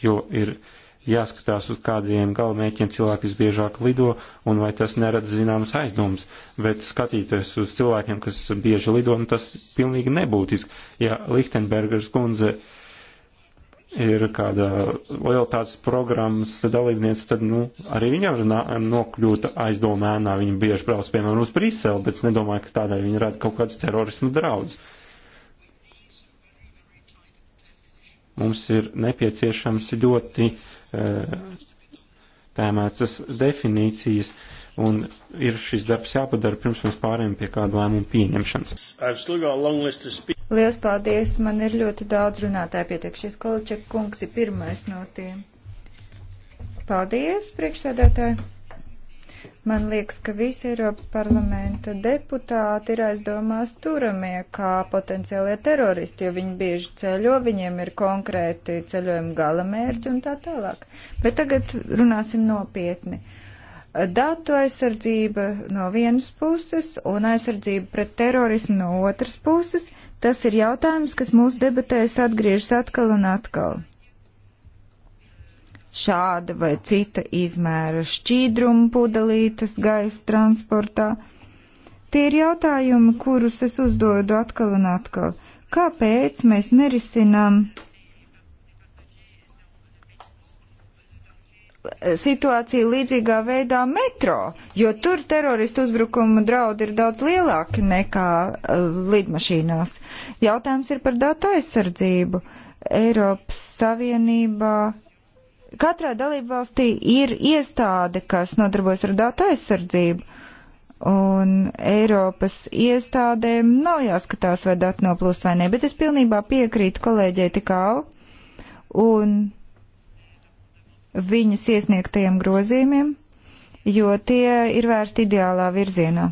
B: jo ir jāskatās uz kādiem galamērķiem cilvēki visbiežāk lido un vai tas nerada zināmas aizdomas, bet skatīties uz cilvēkiem, kas bieži lido, nu tas pilnīgi nebūtiski. Ja Lichtenbergers kundze ir kāda lojaltātes programmas dalībniece, tad, nu, arī viņa var nokļūt aizdomēnā, viņa bieži brauc, piemēram, uz Briseli, bet es nedomāju, ka tādai viņa rada kaut kādas terorismu draudus. Uh, Mums ir nepieciešams ļoti uh, tēmētas definīcijas, un ir šis darbs jāpadara pirms mēs pārējām pie kāda lēmuma pieņemšanas.
E: Lielas paldies, man ir ļoti daudz runātāju pieteikšies. Kolčak kungs ir pirmais no tiem. Paldies, priekšsēdētāji! Man liekas, ka visi Eiropas parlamenta deputāti ir aizdomās turamie kā potenciālie teroristi, jo viņi bieži ceļo, viņiem ir konkrēti ceļojuma gala mērķi un tā tālāk. Bet tagad runāsim nopietni. Datu aizsardzība no vienas puses un aizsardzība pret terorismu no otras puses, tas ir jautājums, kas mūsu debatēs atgriežas atkal un atkal šāda vai cita izmēra šķīdruma pudelītes gaisa transportā. Tie ir jautājumi, kurus es uzdodu atkal un atkal. Kāpēc mēs nerisinām situāciju līdzīgā veidā metro, jo tur teroristu uzbrukumu draudi ir daudz lielāki nekā uh, lidmašīnās. Jautājums ir par datu aizsardzību. Eiropas Savienībā Katrā dalība valstī ir iestāde, kas nodarbojas ar datu aizsardzību. Un Eiropas iestādēm nav jāskatās, vai dati noplūst vai nē, bet es pilnībā piekrītu kolēģei Tikau un viņas iesniegtajiem grozījumiem, jo tie ir vērsti ideālā virzienā.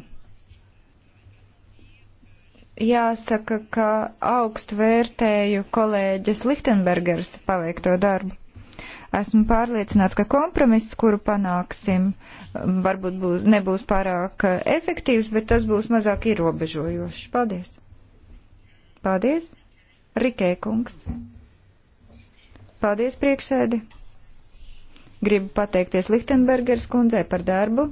E: Jāsaka, ka augstu vērtēju kolēģes Lichtenbergers paveikto darbu. Esmu pārliecināts, ka kompromiss, kuru panāksim, varbūt būs, nebūs pārāk efektīvs, bet tas būs mazāk ierobežojošs. Paldies! Paldies! Rikē kungs! Paldies, priekšsēdi! Gribu pateikties Lichtenbergers kundzei par darbu.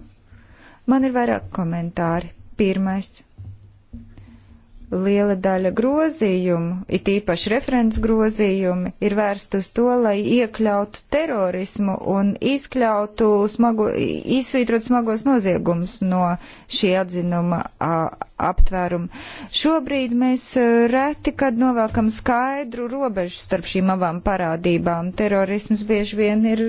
E: Man ir vairāk komentāri. Pirmais. Liela daļa grozījumu, it īpaši referents grozījumi, ir vērst uz to, lai iekļautu terorismu un izkļautu smago, izsvītrot smagos noziegumus no šī atzinuma aptvērumu. Šobrīd mēs reti, kad novelkam skaidru robežu starp šīm abām parādībām. Terorisms bieži vien ir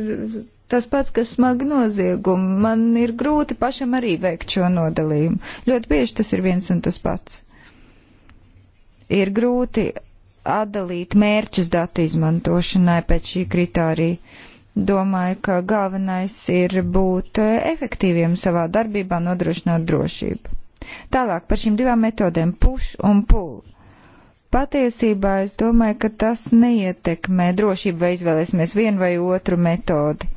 E: tas pats, kas smagi noziegumi. Man ir grūti pašam arī veikt šo nodalījumu. Ļoti bieži tas ir viens un tas pats. Ir grūti atdalīt mērķus datu izmantošanai pēc šī kritārija. Domāju, ka galvenais ir būt efektīviem savā darbībā, nodrošināt drošību. Tālāk par šīm divām metodēm - push un pull. Patiesībā es domāju, ka tas neietekmē drošību, vai izvēlēsimies vienu vai otru metodi.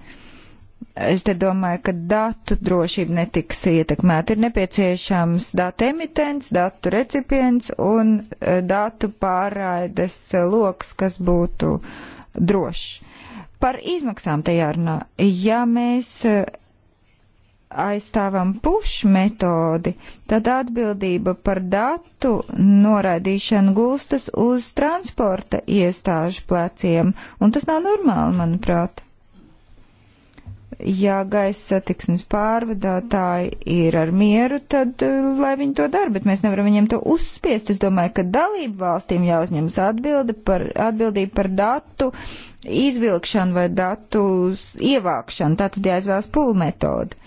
E: Es te domāju, ka datu drošība netiks ietekmēta. Ir nepieciešams datu emitents, datu recipients un eh, datu pārraides loks, kas būtu drošs. Par izmaksām te jārunā. Ja mēs eh, aizstāvam pušu metodi, tad atbildība par datu noraidīšanu gulstas uz transporta iestāžu pleciem, un tas nav normāli, manuprāt ja gaisa satiksmes pārvadātāji ir ar mieru, tad eh, lai viņi to dara, bet mēs nevaram viņiem to uzspiest. Es domāju, ka dalību valstīm jāuzņemas atbildi par, atbildība par datu izvilkšanu vai datu ievākšanu. Tā tad jāizvēlas pulu metodu.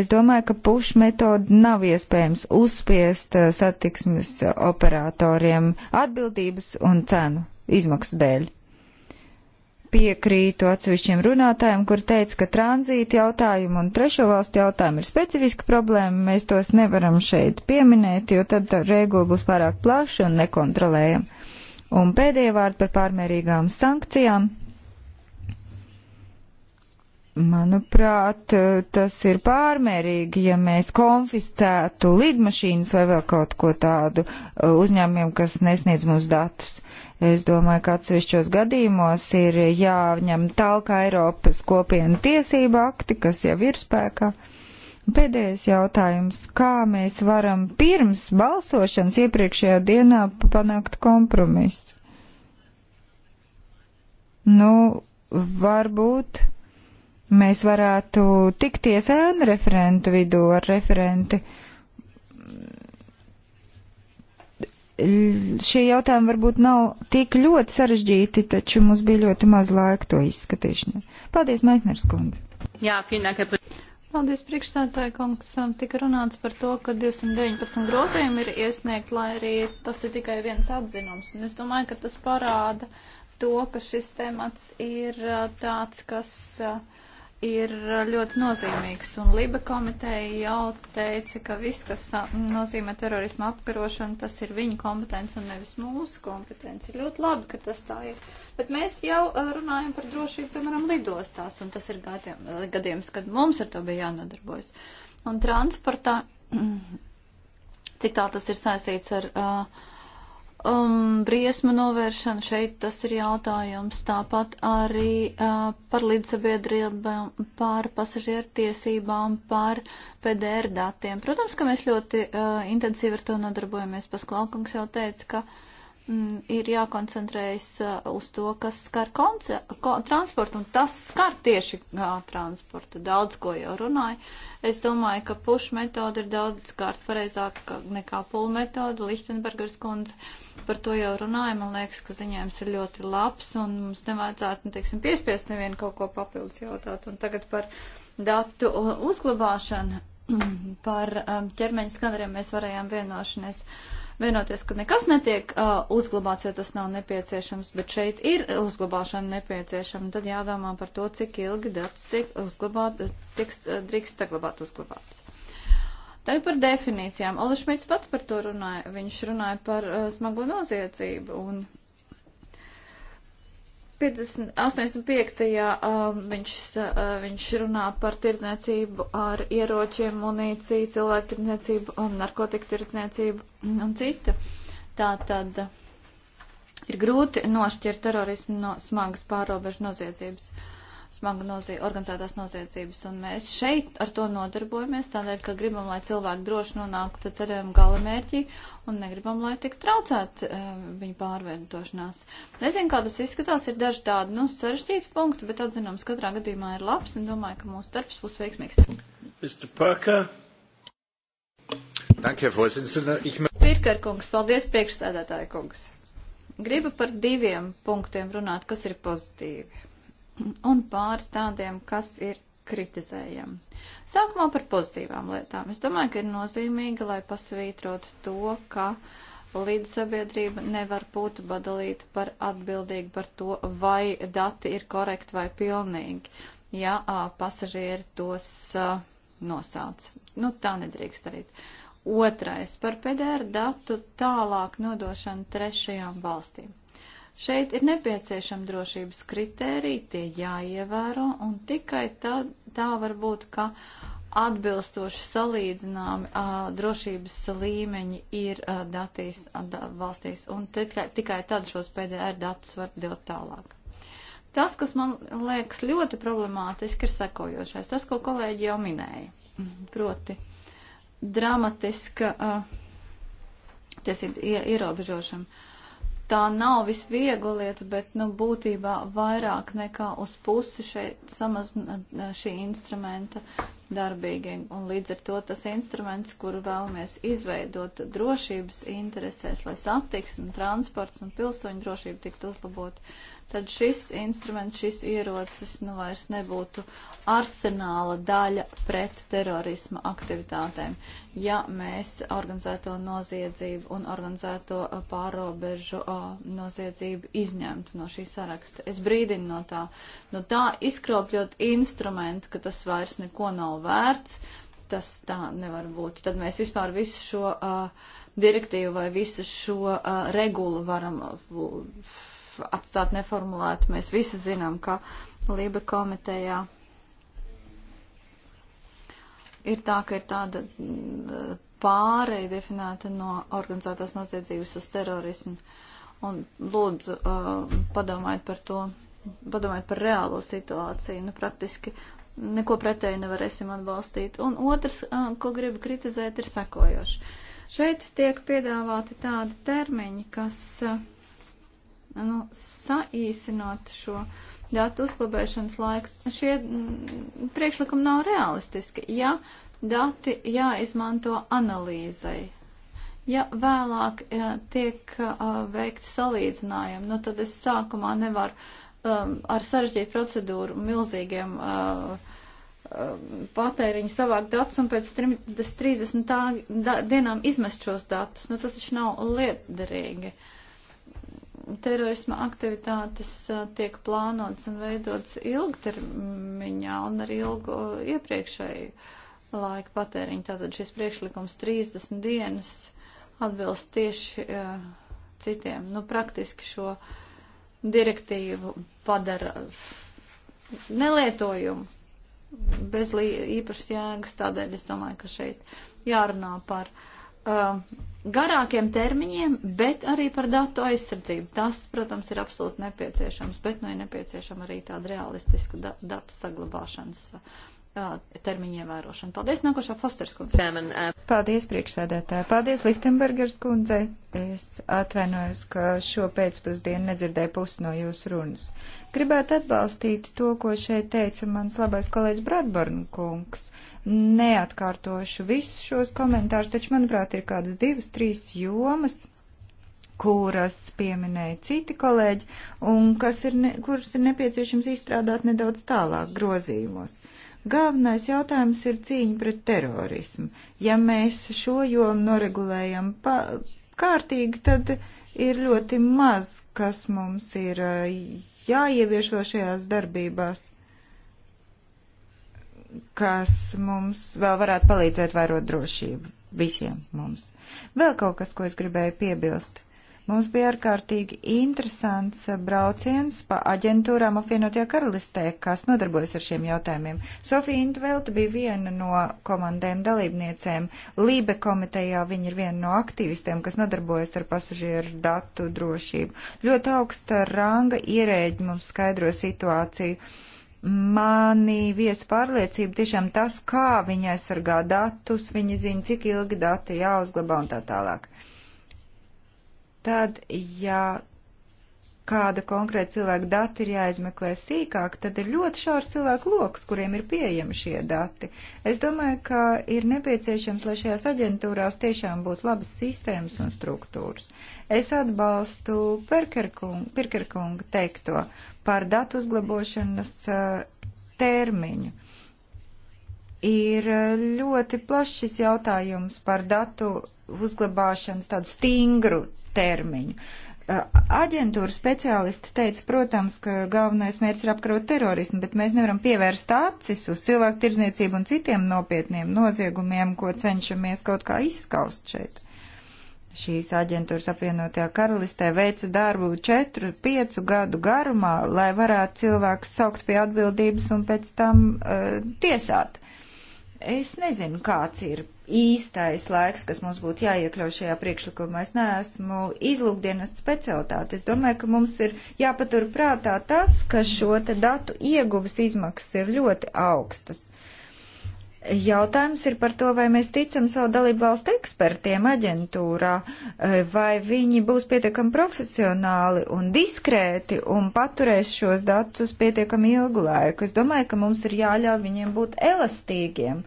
E: Es domāju, ka pušu metodu nav iespējams uzspiest eh, satiksmes eh, operatoriem atbildības un cenu izmaksu dēļ piekrītu atsevišķiem runātājiem, kur teica, ka tranzīta jautājumu un trešo valstu jautājumu ir specifiska problēma. Mēs tos nevaram šeit pieminēt, jo tad regula būs pārāk plaša un nekontrolējama. Un pēdējie vārdi par pārmērīgām sankcijām. Manuprāt, tas ir pārmērīgi, ja mēs konfiscētu lidmašīnas vai vēl kaut ko tādu uzņēmumiem, kas nesniedz mums datus. Es domāju, ka atsevišķos gadījumos ir jāņem tālāk Eiropas kopienu tiesība akti, kas jau ir spēkā. Pēdējais jautājums. Kā mēs varam pirms balsošanas iepriekšējā dienā panākt kompromisu? Nu, varbūt mēs varētu tikties ēnu referentu vidū ar referenti. Uh, Šie jautājumi varbūt nav tik ļoti sarežģīti, taču mums bija ļoti maz laika to izskatīšanai. Paldies, Maisners kundze.
C: Jā, fināka. Paldies, priekšstādātāja kungs. Tika runāts par to, ka 219 grozījumi ir iesniegt, lai arī tas ir tikai viens atzinums. Un es domāju, ka tas parāda to, ka šis temats ir tāds, kas. Uh, ir uh, ļoti nozīmīgs, un Liba komiteja jau teica, ka viss, kas uh, nozīmē terorismu apkarošanu, tas ir viņa kompetence un nevis mūsu kompetence. Ir ļoti labi, ka tas tā ir. Bet mēs jau uh, runājam par drošību, piemēram, lidostās, un tas ir gadiem, gadījums, kad mums ar to bija jānodarbojas. Un transportā, cik tā tas ir saistīts ar. Uh, Um, briesmu novēršana šeit tas ir jautājums. Tāpat arī uh, par līdzsabiedrībām, par pasažieru tiesībām, par PDR datiem. Protams, ka mēs ļoti uh, intensīvi ar to nodarbojamies. Pasklaukungs jau teica, ka Mm, ir jākoncentrējas uh, uz to, kas skar konce, ko, transportu, un tas skar tieši kā, uh, transportu. Daudz ko jau runāju. Es domāju, ka puš metoda ir daudz kārt pareizāka nekā pul metoda. Lichtenbergers kundze par to jau runāja. Man liekas, ka ziņojums ir ļoti labs, un mums nevajadzētu, nu, teiksim, piespiest nevienu kaut ko papildus jautāt. Un tagad par datu uh, uzglabāšanu, par um, ķermeņa skaneriem mēs varējām vienošanās. Uh, vienoties, ka nekas netiek uh, uzglabāts, jo tas nav nepieciešams, bet šeit ir uzglabāšana nepieciešama. Tad jādomā par to, cik ilgi dats tiek uzglabāt, tiks uh, drīkst saglabāt uzglabāts. Tagad par definīcijām. Ola Šmits pats par to runāja. Viņš runāja par uh, smago noziedzību un 50, 85. Uh, viņš, uh, viņš runā par tirdzniecību ar ieročiem, munīciju, cilvēku tirdzniecību, um, narkotiku tirdzniecību un citu. Tā tad uh, ir grūti nošķirt terorismu no smagas pārobežu noziedzības. Uh, smaga nozie organizētās noziedzības. Un mēs šeit ar to nodarbojamies tādēļ, ka gribam, lai cilvēki droši nonāktu ceļojuma gala mērķī un negribam, lai tik traucēt uh, viņu pārvietošanās. Nezinu, kā tas izskatās, ir daži tādi, nu, sarežģīti punkti, bet atzinums katrā gadījumā ir labs un domāju, ka mūsu darbs būs veiksmīgs.
A: Mr. Parker. Danke, Herr
B: Vorsitzender. Ich
C: Pirkar kungs, paldies priekšsēdētāja kungs. Gribu par diviem punktiem runāt, kas ir pozitīvi un pāris tādiem, kas ir kritizējami. Sākumā par pozitīvām lietām. Es domāju, ka ir nozīmīgi, lai pasvītrotu to, ka līdzsabiedrība nevar būt badalīta par atbildīgu par to, vai dati ir korekti vai pilnīgi, ja a, pasažieri tos a, nosauc. Nu, tā nedrīkst darīt. Otrais par PDR datu tālāk nodošanu trešajām valstīm. Šeit ir nepieciešama drošības kritērija, tie jāievēro, un tikai tā, tā var būt, ka atbilstoši salīdzināmi a, drošības līmeņi ir a, datīs a, da, valstīs, un tikai, tikai tad šos PDR datus var dot tālāk. Tas, kas man liekas ļoti problemātiski, ir sekojošais. Tas, ko kolēģi jau minēja, proti dramatiska tiesība ierobežošana tā nav visviegla lieta, bet nu, būtībā vairāk nekā uz pusi šeit samazina šī instrumenta darbīgi. Un līdz ar to tas instruments, kuru vēlamies izveidot drošības interesēs, lai satiksme, transports un pilsoņu drošība tiktu uzlabot, tad šis instruments, šis ierocis nu vairs nebūtu arsenāla daļa pret terorisma aktivitātēm. Ja mēs organizēto noziedzību un organizēto pārobežu o, noziedzību izņemtu no šī saraksta, es brīdinu no tā, no nu, tā izkropļot instrumentu, ka tas vairs neko nav vērts, tas tā nevar būt. Tad mēs vispār visu šo uh, direktīvu vai visu šo uh, regulu varam uh, atstāt neformulētu. Mēs visi zinām, ka Lība komitejā ir tā, ka ir tāda pārēja definēta no organizētās noziedzības uz terorismu. Un lūdzu, uh, padomājiet par to, padomājiet par reālo situāciju. Nu, praktiski neko pretēji nevarēsim atbalstīt. Un otrs, ko gribu kritizēt, ir sekojoši. Šeit tiek piedāvāti tādi termiņi, kas nu, saīsinot šo datu uzglabēšanas laiku. Šie priekšlikumi nav realistiski, ja dati jāizmanto analīzai. Ja vēlāk tiek veikti salīdzinājumi, nu tad es sākumā nevaru um, ar sarežģītu procedūru, milzīgiem uh, uh patēriņu savākt datus un pēc 30 tā, da, dienām izmest šos datus. Nu, tas taču nav liederīgi. Terorisma aktivitātes uh, tiek plānotas un veidotas ilgtermiņā un ar ilgu uh, iepriekšēju laika patēriņu. Tātad šis priekšlikums 30 dienas atbilst tieši uh, citiem. Nu, praktiski šo uh, direktīvu padara nelietojumu bez īpašas jēgas. Tādēļ es domāju, ka šeit jārunā par uh, garākiem termiņiem, bet arī par datu aizsardzību. Tas, protams, ir absolūti nepieciešams, bet nu ir nepieciešama arī tāda realistiska da datu saglabāšanas termiņa ievērošanu. Paldies, nākošā Fosters kundze.
E: Paldies, priekšsēdētāji. Paldies, Lichtenbergers kundze. Es atvainojos, ka šo pēcpusdienu nedzirdēju pusi no jūsu runas. Gribētu atbalstīt to, ko šeit teica mans labais kolēģis Bradborn kungs. Neatkārtošu visus šos komentārus, taču, manuprāt, ir kādas divas, trīs jomas, kuras pieminēja citi kolēģi un kas ir ne, kuras ir nepieciešams izstrādāt nedaudz tālāk grozījumos. Uh, Galvenais jautājums ir cīņa pret terorismu. Ja mēs šo jomu noregulējam kārtīgi, tad ir ļoti maz, kas mums ir jāievieš vēl šajās darbībās, kas mums vēl varētu palīdzēt vairot drošību visiem mums. Vēl kaut kas, ko es gribēju piebilst. Mums bija ārkārtīgi interesants eh, brauciens pa aģentūrām apvienotajā karalistē, kas nodarbojas ar šiem jautājumiem. Sofija Intvelta bija viena no komandēm dalībniecēm. Lībe komitejā viņa ir viena no aktīvistiem, kas nodarbojas ar pasažieru datu drošību. Ļoti augsta ranga ierēģi mums skaidro situāciju. Mani viesa pārliecība tiešām tas, kā viņa aizsargā datus, viņa zina, cik ilgi dati jāuzglabā un tā tālāk. Uh, Tad, ja kāda konkrēta cilvēka dati ir jāizmeklē sīkāk, tad ir ļoti šaurs cilvēku lokus, kuriem ir pieejami šie dati. Es domāju, ka ir nepieciešams, lai šajās aģentūrās tiešām būtu labas sistēmas un struktūras. Es atbalstu Pirkerkunga teikto par datu uzglabošanas uh, termiņu ir eh, ļoti plašs šis jautājums par datu uzglabāšanas tādu stingru termiņu. Eh, aģentūra speciālisti teica, protams, ka galvenais mērķis ir apkarot terorismu, bet mēs nevaram pievērst acis uz cilvēku tirdzniecību un citiem nopietniem noziegumiem, ko cenšamies kaut kā izskaust šeit. Šīs aģentūras apvienotajā karalistē veica darbu 4-5 gadu garumā, lai varētu cilvēks saukt pie atbildības un pēc tam uh, tiesāt. Uh, Es nezinu, kāds ir īstais laiks, kas mums būtu jāiekļauj šajā priekšlikumā. Es neesmu izlūkdienas specialitāte. Es domāju, ka mums ir jāpatur prātā tas, ka šo te datu ieguvas izmaksas ir ļoti augstas. Jautājums ir par to, vai mēs ticam savu dalību valstu ekspertiem aģentūrā, e, vai viņi būs pietiekami profesionāli un diskrēti un paturēs šos datus pietiekami ilgu laiku. Es domāju, ka mums ir jāļauj viņiem būt elastīgiem.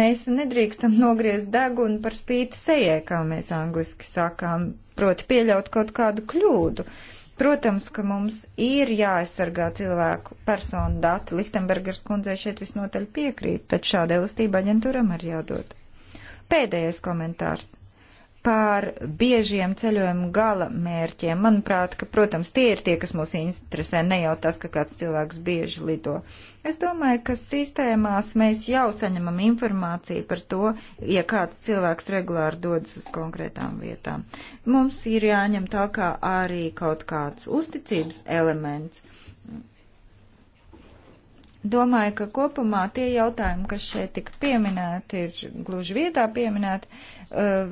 E: Mēs nedrīkstam nogriezt degunu par spīti sejai, kā mēs angliski sakām, proti pieļaut kaut kādu kļūdu. Uh, Protams, ka mums ir jāaizsargā cilvēku personu dati. Lichtenbergers kundzei šeit visnotaļ piekrīt, tad šāda elastība aģentūram ir jādod. Pēdējais komentārs par biežiem ceļojumu gala mērķiem. Manuprāt, ka, protams, tie ir tie, kas mūs interesē, ne jau tas, ka kāds cilvēks bieži lido. Es domāju, ka sistēmās mēs jau saņemam informāciju par to, ja kāds cilvēks regulāri dodas uz konkrētām vietām. Mums ir jāņem tālāk arī kaut kāds uzticības elements Domāju, ka kopumā tie jautājumi, kas šeit tika pieminēti, ir gluži vietā pieminēti. Uh,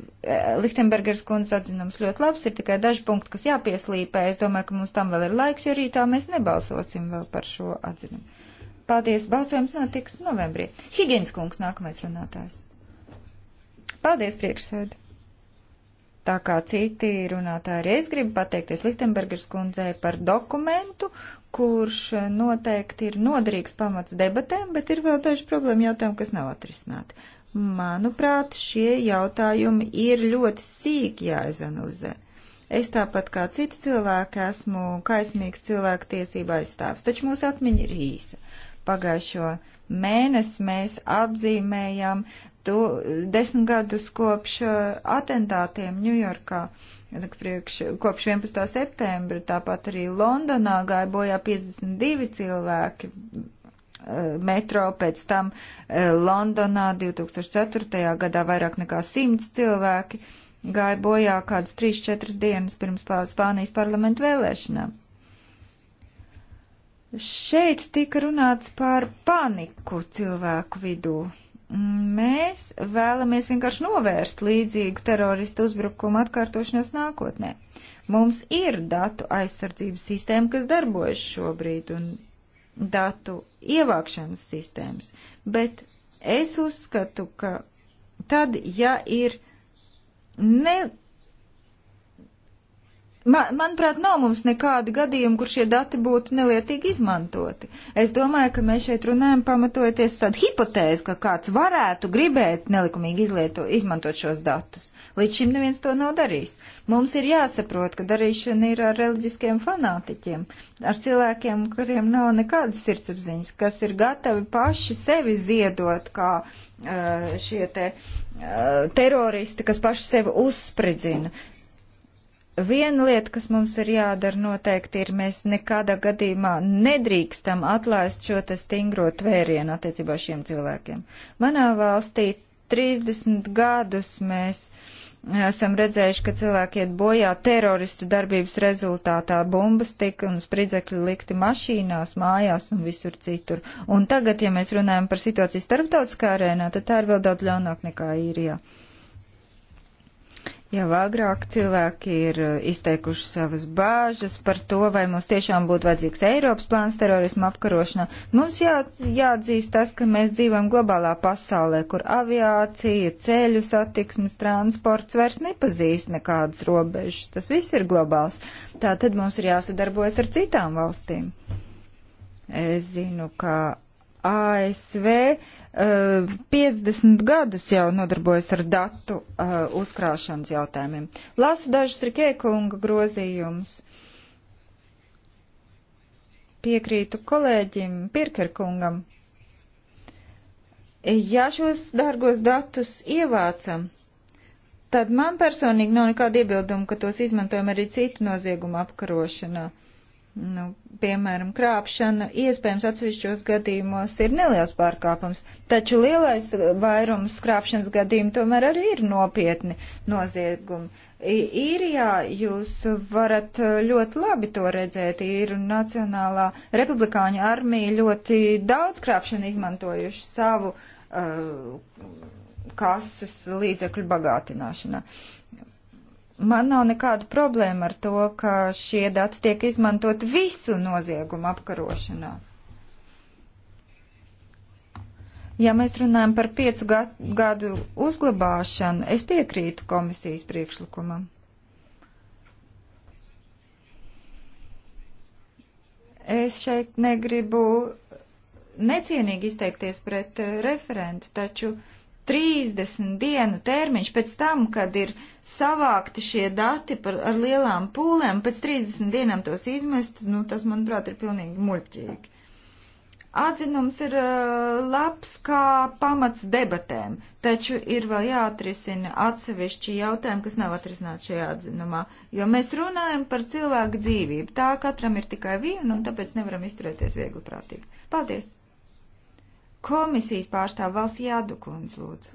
E: Lichtenbergers kundze atzinums ļoti labs, ir tikai daži punkti, kas jāpieslīpē. Es domāju, ka mums tam vēl ir laiks, jo rītā mēs nebalsosim vēl par šo atzinumu. Paldies, balsojums notiks novembrī. Higiens kungs nākamais runātājs. Paldies, priekšsēdi. Tā kā citi runātāji arī es gribu pateikties Lichtenbergers kundzei par dokumentu kurš noteikti ir noderīgs pamats debatēm, bet ir vēl daži problēma jautājumi, kas nav atrisināti. Manuprāt, šie jautājumi ir ļoti sīki jāizanalizē. Es tāpat kā citi cilvēki esmu kaismīgs cilvēku tiesība aizstāvs, taču mūsu atmiņa ir īsa. Pagājušo mēnesi mēs apzīmējām to desmit gadus kopš uh, atentātiem Ņujorkā. Uh, Nu, priekš, kopš 11. septembra, tāpat arī Londonā gāja bojā 52 cilvēki eh, metro, pēc tam eh, Londonā 2004. gadā vairāk nekā 100 cilvēki gāja bojā kādas 3-4 dienas pirms Spānijas parlamentu vēlēšanām. Šeit tika runāts par paniku cilvēku vidū. Mēs vēlamies vienkārši novērst līdzīgu teroristu uzbrukumu atkārtošanos nākotnē. Mums ir datu aizsardzības sistēma, kas darbojas šobrīd, un datu ievākšanas sistēmas, bet es uzskatu, ka tad, ja ir ne Man, manuprāt, nav mums nekāda gadījuma, kur šie dati būtu nelietīgi izmantoti. Es domāju, ka mēs šeit runājam pamatojoties tādu hipotēzi, ka kāds varētu gribēt nelikumīgi izlieto, izmantot šos datus. Līdz šim neviens to nav darījis. Mums ir jāsaprot, ka darīšana ir ar reliģiskiem fanātiķiem, ar cilvēkiem, kuriem nav nekādas sirdsapziņas, kas ir gatavi paši sevi ziedot kā uh, šie te uh, teroristi, kas paši sevi uzspridzina. Viena lieta, kas mums ir jādara noteikti, ir mēs nekādā gadījumā nedrīkstam atlaist šo te stingro tvērienu attiecībā šiem cilvēkiem. Manā valstī 30 gadus mēs esam redzējuši, ka cilvēki iet bojā teroristu darbības rezultātā. Bumbas tika un spridzekļi likti mašīnās, mājās un visur citur. Un tagad, ja mēs runājam par situāciju starptautiskā arēnā, tad tā ir vēl daudz ļaunāk nekā īrijā. Ja Jau agrāk cilvēki ir eh, izteikuši savas bāžas par to, vai mums tiešām būtu vajadzīgs Eiropas plāns terorismu apkarošanā. Mums jā, jāatzīst tas, ka mēs dzīvojam globālā pasaulē, kur aviācija, ceļu satiksmes, transports vairs nepazīst nekādas robežas. Tas viss ir globāls. Tā tad mums ir jāsadarbojas ar citām valstīm. Es zinu, ka ASV uh, 50 gadus jau nodarbojas ar datu uh, uzkrāšanas jautājumiem. Lasu dažus Rikēkunga grozījumus. Piekrītu kolēģim Pirkerkungam. Ja šos dārgos datus ievācam, tad man personīgi nav nekāda iebilduma, ka tos izmantojam arī citu noziegumu apkarošanā. Uh, nu, piemēram, krāpšana, iespējams, atsevišķos gadījumos ir neliels pārkāpums, taču lielais vairums krāpšanas gadījumu tomēr arī ir nopietni noziegumi. Īrijā jūs varat uh, ļoti labi to redzēt, ir Nacionālā republikāņu armija ļoti daudz krāpšanu izmantojuši savu uh, kases līdzekļu bagātināšanā. Uh, man nav nekāda problēma ar to, ka šie dati tiek izmantot visu noziegumu apkarošanā. Ja mēs runājam par piecu gadu uzglabāšanu, es piekrītu komisijas priekšlikumam. Es šeit negribu necienīgi izteikties pret eh, referentu, taču uh, 30 dienu termiņš pēc tam, kad ir savākti šie dati par, ar lielām pūlēm, pēc 30 dienām tos izmest, nu, tas, manuprāt, ir pilnīgi muļķīgi. Atzinums ir uh, labs kā pamats debatēm, taču ir vēl jāatrisina atsevišķi jautājumi, kas nav atrisināti šajā atzinumā, jo mēs runājam par cilvēku dzīvību. Tā katram ir tikai viena, un tāpēc nevaram izturēties viegli prātīgi. Paldies! Komisijas pārstāv valsts jādukundz lūdzu.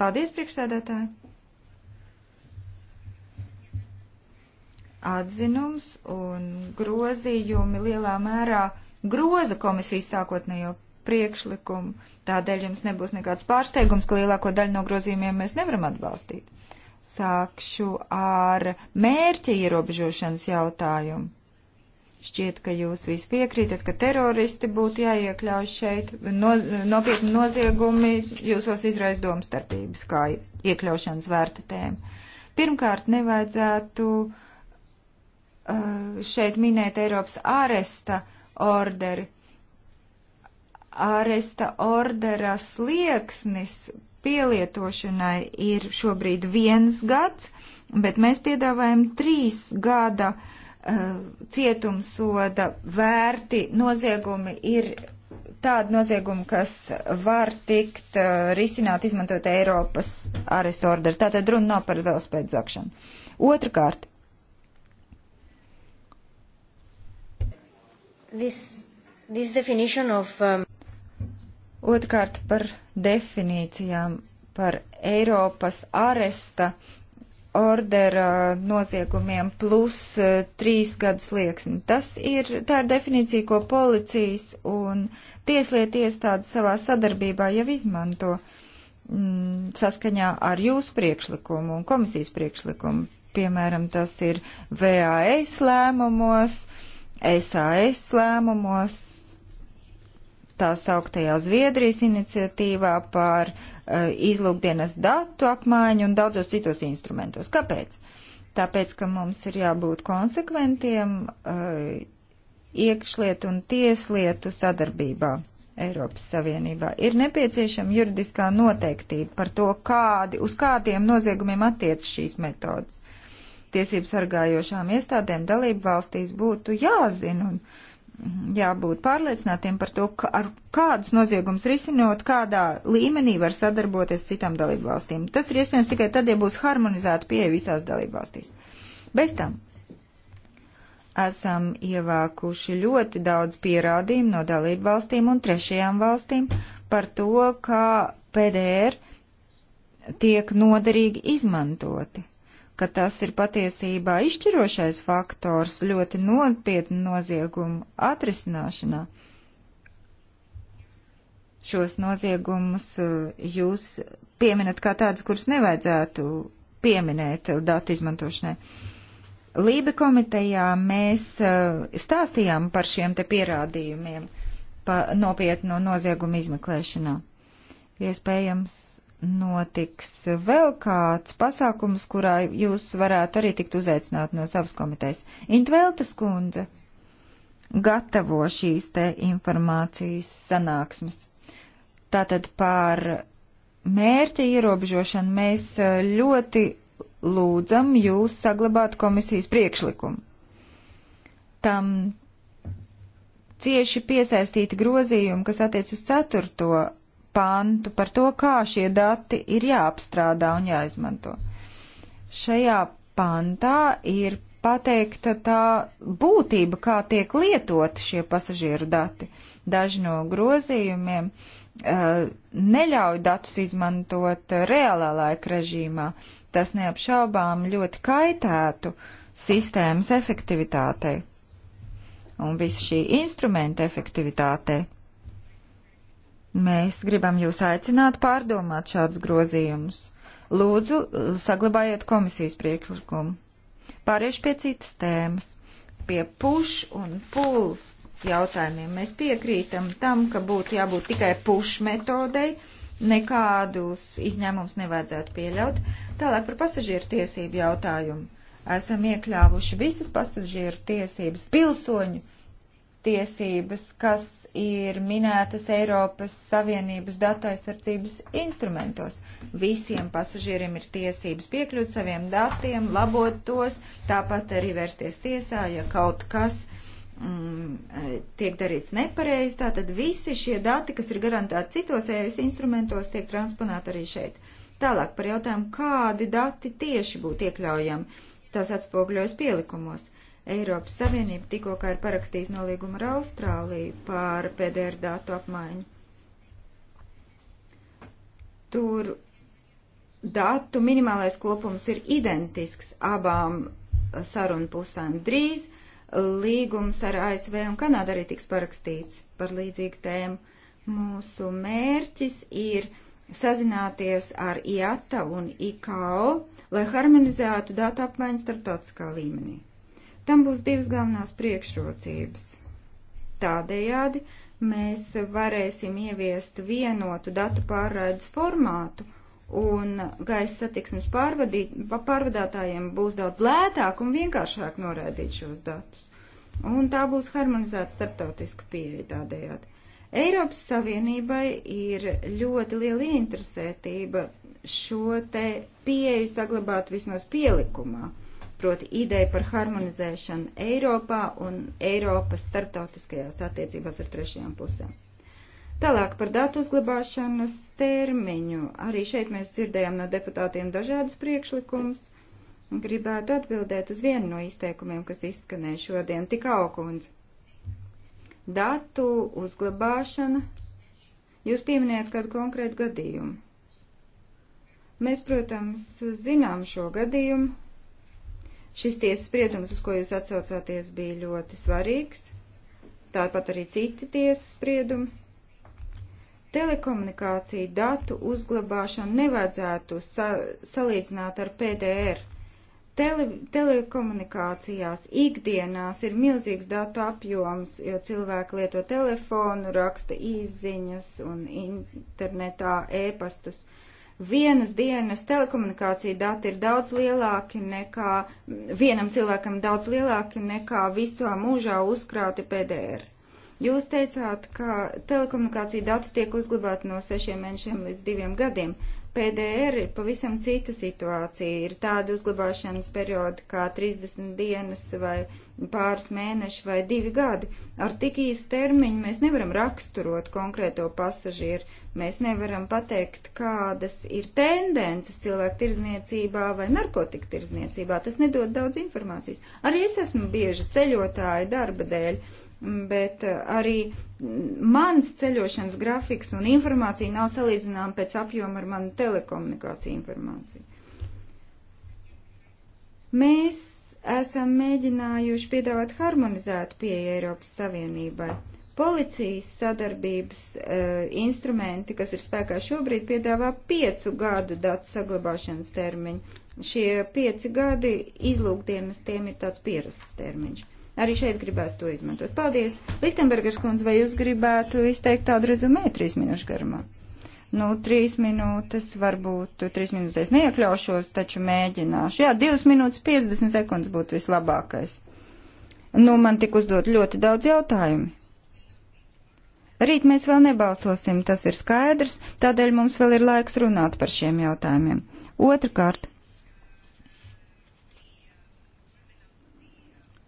E: Paldies, priekšsēdētāji! Atzinums un grozījumi lielā mērā groza komisijas sākotnējo priekšlikumu. Tādēļ jums nebūs nekāds pārsteigums, ka lielāko daļu no grozījumiem mēs nevaram atbalstīt. Sākšu ar mērķa ierobežošanas jautājumu. Šķiet, ka jūs visi piekrītat, ka teroristi būtu jāiekļauj šeit, no, nopietni noziegumi jūsos izraisa domstarpības, kā iekļaušanas vērta tēma. Pirmkārt, nevajadzētu uh, šeit minēt Eiropas āresta orderi. Āresta ordera slieksnis pielietošanai ir šobrīd viens gads, bet mēs piedāvājam trīs gada uh, Eh, cietumsoda vērti noziegumi ir tādi noziegumi, kas var tikt uh, risināt izmantot Eiropas arestu orderu. Tātad runa nav par velospēdu zakšanu. Otrakārt. This, this definition of, um... Otrkārt par definīcijām, par Eiropas aresta ordera uh, noziegumiem plus uh, trīs gadu slieksni. Tas ir, tā ir definīcija, ko policijas un tieslietu iestādes savā sadarbībā jau izmanto mm, saskaņā ar jūsu priekšlikumu un komisijas priekšlikumu. Piemēram, tas ir VAS lēmumos, SAS lēmumos, tā sauktajā Zviedrijas iniciatīvā par uh, izlūkdienas datu apmaiņu un daudzos citos instrumentos. Kāpēc? Tāpēc, ka mums ir jābūt konsekventiem eh, iekšlietu un tieslietu sadarbībā. Eiropas Savienībā. Ir nepieciešama juridiskā noteiktība par to, kādi, uz kādiem noziegumiem attiec šīs metodas. Tiesību sargājošām iestādēm dalību valstīs būtu jāzina un jābūt pārliecinātiem par to, ka ar kādus noziegumus risinot, kādā līmenī var sadarboties citām dalībvalstīm. Tas ir iespējams tikai tad, ja būs harmonizēta pieeja visās dalībvalstīs. Bez tam esam ievākuši ļoti daudz pierādījumu no dalībvalstīm un trešajām valstīm par to, kā PDR tiek noderīgi izmantoti ka tas ir patiesībā izšķirošais faktors ļoti nopietnu noziegumu atrisināšanā. Šos noziegumus eh, jūs pieminat kā tādus, kurus nevajadzētu pieminēt datu izmantošanai. Lība komitejā mēs eh, stāstījām par šiem te pierādījumiem pa nopietnu noziegumu izmeklēšanā. Iespējams, notiks vēl kāds pasākums, kurā jūs varētu arī tikt uzaicināt no savas komitejas. Intveltas kundze gatavo šīs te informācijas sanāksmes. Tātad par mērķa ierobežošanu mēs eh, ļoti lūdzam jūs saglabāt komisijas priekšlikumu. Tam cieši piesaistīti grozījumi, kas attiec uz ceturto pantu par to, kā šie dati ir jāapstrādā un jāizmanto. Šajā pantā ir pateikta tā būtība, kā tiek lietoti šie pasažieru dati. Daži no grozījumiem uh, neļauj datus izmantot reālā laika režīmā. Tas neapšaubām ļoti kaitētu sistēmas efektivitātei un visu šī instrumenta efektivitātei. Mēs gribam jūs aicināt pārdomāt šādus grozījumus. Lūdzu, saglabājiet komisijas priekšlikumu. Pāriešu pie citas tēmas. Pie puš un pul jautājumiem mēs piekrītam tam, ka būtu jābūt tikai puš metodei, nekādus izņēmumus nevajadzētu pieļaut. Tālāk par pasažieru tiesību jautājumu. Esam iekļāvuši visas pasažieru tiesības, pilsoņu tiesības, kas ir minētas Eiropas Savienības datu aizsardzības instrumentos. Visiem pasažieriem ir tiesības piekļūt saviem datiem, labot tos, tāpat arī vērsties tiesā, ja kaut kas mm, tiek darīts nepareizi. Tātad visi šie dati, kas ir garantēti citos ES instrumentos, tiek transponēti arī šeit. Tālāk par jautājumu, kādi dati tieši būtu iekļaujami. Tas atspogļojas pielikumos Eiropas Savienība tikko kā ir parakstījusi nolīgumu ar Austrāliju par PDR datu apmaiņu. Tur datu minimālais kopums ir identisks abām sarunu pusēm. Drīz līgums ar ASV un Kanādu arī tiks parakstīts par līdzīgu tēmu. Mūsu mērķis ir sazināties ar IATA un IKO, lai harmonizētu datu apmaiņu starptautiskā līmenī. Tam būs divas galvenās priekšrocības. Tādējādi mēs varēsim ieviest vienotu datu pārraides formātu, un gaisa satiksmes pārvadātājiem būs daudz lētāk un vienkāršāk noraidīt šos datus. Un tā būs harmonizēta starptautiska pieeja tādējādi. Eiropas Savienībai ir ļoti liela interesētība šo te pieeju saglabāt vismaz pielikumā. Uh, proti ideja par harmonizēšanu Eiropā un Eiropas starptautiskajās attiecībās ar trešajām pusēm. Tālāk par datu uzglabāšanas termiņu. Arī šeit mēs dzirdējām no deputātiem dažādus priekšlikumus. Gribētu atbildēt uz vienu no izteikumiem, kas izskanēja šodien, tik augundze. Datu uzglabāšana. Jūs pieminējat kādu konkrētu gadījumu. Mēs, protams, zinām šo gadījumu, Šis tiesas spriedums, uz ko jūs atsaucāties, bija ļoti svarīgs. Tāpat arī citi tiesas spriedumi. Telekomunikāciju datu uzglabāšanu nevajadzētu sa salīdzināt ar PDR. Tele telekomunikācijās ikdienās ir milzīgs datu apjoms, jo cilvēki lieto telefonu, raksta īziņas un internetā ēpastus. E vienas dienas telekomunikācija dati ir daudz lielāki nekā, vienam cilvēkam daudz lielāki nekā visā mūžā uzkrāti PDR. Jūs teicāt, ka telekomunikācija dati tiek uzglabāti no sešiem mēnešiem līdz diviem gadiem. PDR ir pavisam cita situācija. Ir tāda uzglabāšanas perioda kā 30 dienas vai pāris mēneši vai divi gadi. Ar tik īsu termiņu mēs nevaram raksturot konkrēto pasažieru. Mēs nevaram pateikt, kādas ir tendences cilvēku tirzniecībā vai narkotika tirzniecībā. Tas nedod daudz informācijas. Arī es esmu bieži ceļotāju darba dēļ bet eh, arī mans ceļošanas grafiks un informācija nav salīdzināma pēc apjoma ar manu telekomunikāciju informāciju. Mēs esam mēģinājuši piedāvāt harmonizētu pieeju Eiropas Savienībai. Policijas sadarbības uh, e, instrumenti, kas ir spēkā šobrīd, piedāvā piecu gadu datu saglabāšanas termiņu. Šie pieci gadi izlūkdienestiem ir tāds pierasts termiņš. Uh, Arī šeit gribētu to izmantot. Paldies! Liktenbergers kundze, vai jūs gribētu izteikt tādu rezumē trīs minūšu garumā? Nu, trīs minūtes, varbūt trīs minūtes neiekļaušos, taču mēģināšu. Jā, divas minūtes, piecdesmit sekundes būtu vislabākais. Nu, man tik uzdot ļoti daudz jautājumu. Rīt mēs vēl nebalsosim, tas ir skaidrs, tādēļ mums vēl ir laiks runāt par šiem jautājumiem. Otrakārt,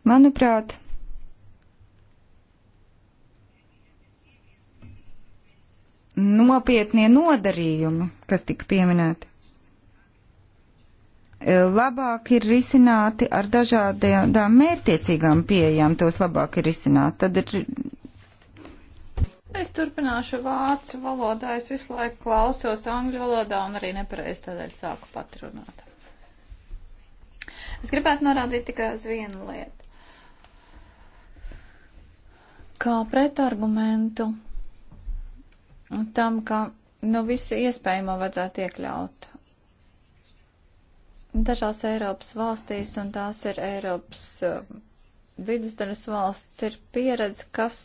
E: Manuprāt, nopietnie nodarījumi, kas tika pieminēti, e, labāk ir risināti ar dažādām mērķiecīgām pieejām, tos labāk ir risināt. Tad ir...
C: Es turpināšu vācu valodā, es visu laiku klausos angļu valodā un arī nepareizi tādēļ sāku patrunāt. Es gribētu norādīt tikai uz vienu lietu kā pretargumentu tam, ka nu, visu iespējamo vajadzētu iekļaut. Dažās Eiropas valstīs, un tās ir Eiropas uh, vidusdaļas valsts, ir pieredze, kas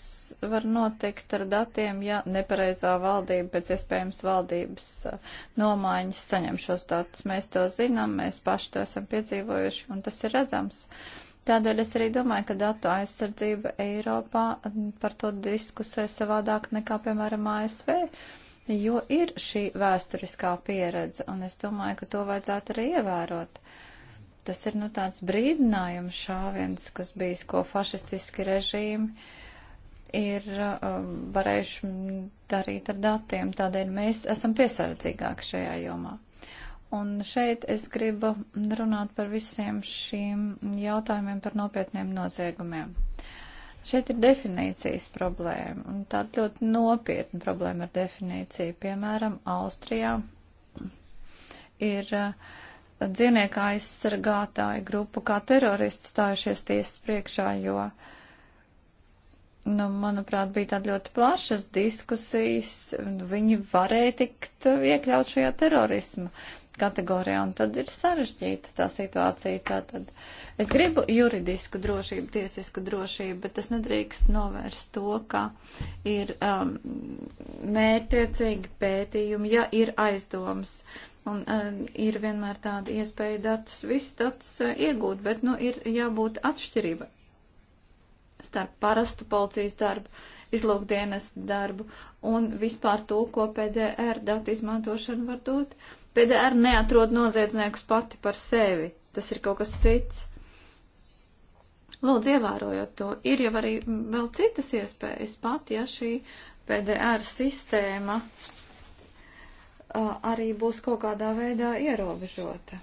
C: var notikt ar datiem, ja nepareizā valdība pēc iespējams valdības uh, nomaiņas saņem šos datus. Mēs to zinām, mēs paši to esam piedzīvojuši, un tas ir redzams. Uh, Tādēļ es arī domāju, ka datu aizsardzība Eiropā par to diskusē savādāk nekā, piemēram, ASV, jo ir šī vēsturiskā pieredze, un es domāju, ka to vajadzētu arī ievērot. Tas ir nu tāds brīdinājums šāviens, kas bijis, ko fašistiski režīmi ir um, varējuši darīt ar datiem, tādēļ mēs esam piesardzīgāki šajā jomā. Un šeit es gribu runāt par visiem šīm jautājumiem par nopietniem noziegumiem. Šeit ir definīcijas problēma, un tāda ļoti nopietna problēma ar definīciju. Piemēram, Austrijā ir uh, dzīvnieku aizsargātāju grupu kā teroristi stājušies tiesas priekšā, jo, nu, manuprāt, bija tāda ļoti plašas diskusijas, viņi varēja tikt iekļaut šajā terorismu kategorijā, un tad ir sarežģīta tā situācija. Tātad es gribu juridisku drošību, tiesisku drošību, bet tas nedrīkst novērst to, ka ir um, mērķtiecīgi pētījumi, ja ir aizdomas. Un um, ir vienmēr tāda iespēja datus, visus datus uh, iegūt, bet, nu, ir jābūt atšķirība starp parastu policijas darbu, izlūkdienas darbu un vispār to, ko PDR datu izmantošana var dot. Uh, PDR neatrod noziedzniekus pati par sevi. Tas ir kaut kas cits. Lūdzu, ievērojot to, ir jau arī vēl citas iespējas pat, ja šī PDR sistēma arī būs kaut kādā veidā ierobežota.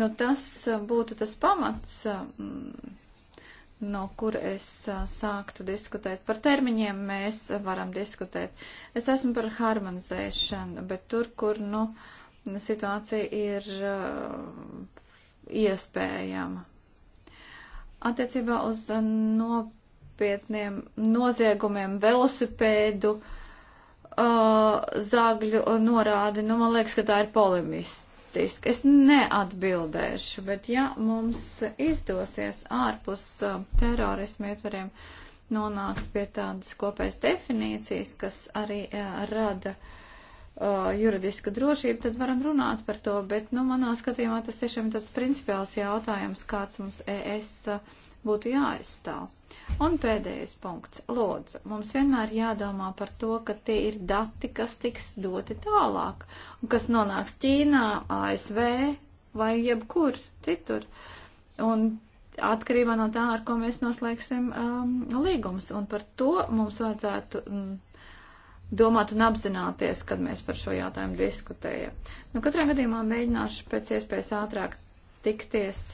C: Nu, tas būtu tas pamats, no kur es sāktu diskutēt. Par termiņiem mēs varam diskutēt. Es esmu par harmonizēšanu, bet tur, kur, nu, situācija ir iespējama. Attiecībā uz nopietniem noziegumiem velosipēdu zagļu norādi, nu, man liekas, ka tā ir polemisti praktiski. Es neatbildēšu, bet ja mums izdosies ārpus uh, terorismu ietvariem nonākt pie tādas kopējas definīcijas, kas arī uh, rada uh, juridiska drošība, tad varam runāt par to, bet, nu, manā skatījumā tas tiešām tāds principiāls jautājums, kāds mums ES uh, būtu jāaizstāv. Un pēdējais punkts. Lūdzu, mums vienmēr jādomā par to, ka tie ir dati, kas tiks doti tālāk un kas nonāks Ķīnā, ASV vai jebkur citur. Un atkarībā no tā, ar ko mēs noslēgsim um, līgums. Un par to mums vajadzētu um, domāt un apzināties, kad mēs par šo jautājumu diskutējam. Nu, katrā gadījumā mēģināšu pēc iespējas ātrāk tikties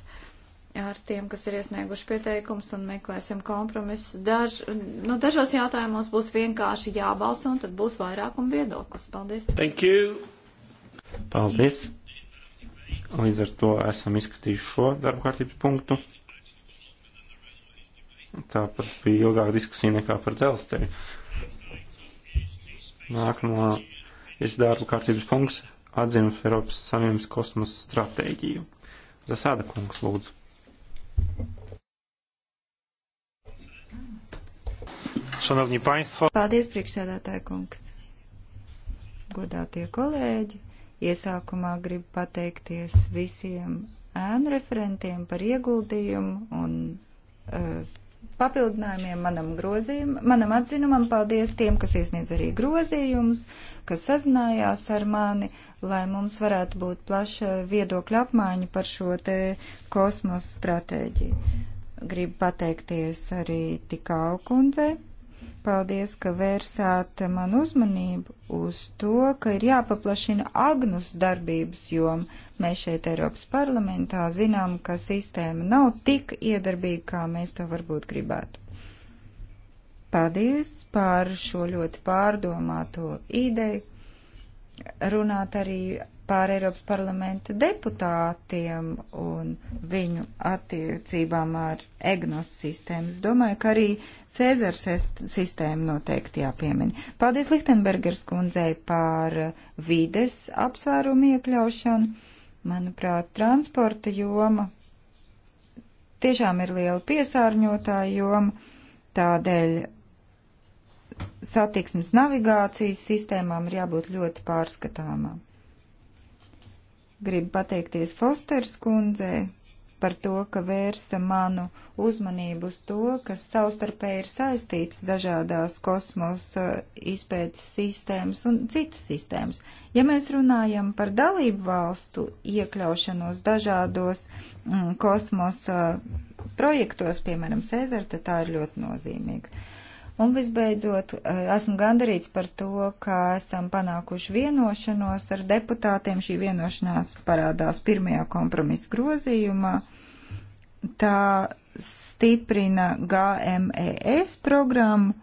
C: ar tiem, kas ir iesnieguši pieteikums un meklēsim kompromisu. Daž, nu, dažos jautājumos būs vienkārši jābalso un tad būs vairākuma viedoklis. Paldies.
A: Thank you.
B: Paldies. Līdz ar to esam izskatījuši šo darbu kārtības punktu. Tāpat bija ilgāka diskusija nekā par dzelzceļu. Nākamā ir darba kārtības punkts atzīmes Eiropas Savienības kosmosa stratēģiju. Zasāda kungs, lūdzu. Šanovņi paņstvo. Paldies, priekšsēdētāja kungs.
E: Godātie kolēģi, iesākumā gribu pateikties visiem ēnu referentiem par ieguldījumu un uh, papildinājumiem manam grozījumam, manam atzinumam. Paldies tiem, kas iesniedz arī grozījumus, kas sazinājās ar mani lai mums varētu būt plaša viedokļa apmaiņa par šo te kosmosa stratēģiju. Gribu pateikties arī Tikau kundzei. Paldies, ka vērsāt man uzmanību uz to, ka ir jāpaplašina Agnus darbības joma. Mēs šeit Eiropas parlamentā zinām, ka sistēma nav tik iedarbīga, kā mēs to varbūt gribētu. Paldies par šo ļoti pārdomāto ideju, runāt arī pār Eiropas parlamenta deputātiem un viņu attiecībām ar EGNOS sistēmu. Es domāju, ka arī Cēzars sistēma noteikti jāpiemina. Paldies Lichtenbergers kundzei par vides apsvērumu iekļaušanu. Manuprāt, transporta joma tiešām ir liela piesārņotāja joma, tādēļ satiksmes navigācijas sistēmām ir jābūt ļoti pārskatāmām. Gribu pateikties Fosters kundzei par to, ka vērsa manu uzmanību uz to, kas savstarpēji ir saistīts dažādās kosmosa uh, izpētes sistēmas un citas sistēmas. Ja mēs runājam par dalību valstu iekļaušanos dažādos mm, kosmosa uh, projektos, piemēram, Cezara, tad tā ir ļoti nozīmīga. Un visbeidzot, eh, esmu gandarīts par to, ka esam panākuši vienošanos ar deputātiem. Šī vienošanās parādās pirmajā kompromisa grozījumā. Tā stiprina GMES programmu,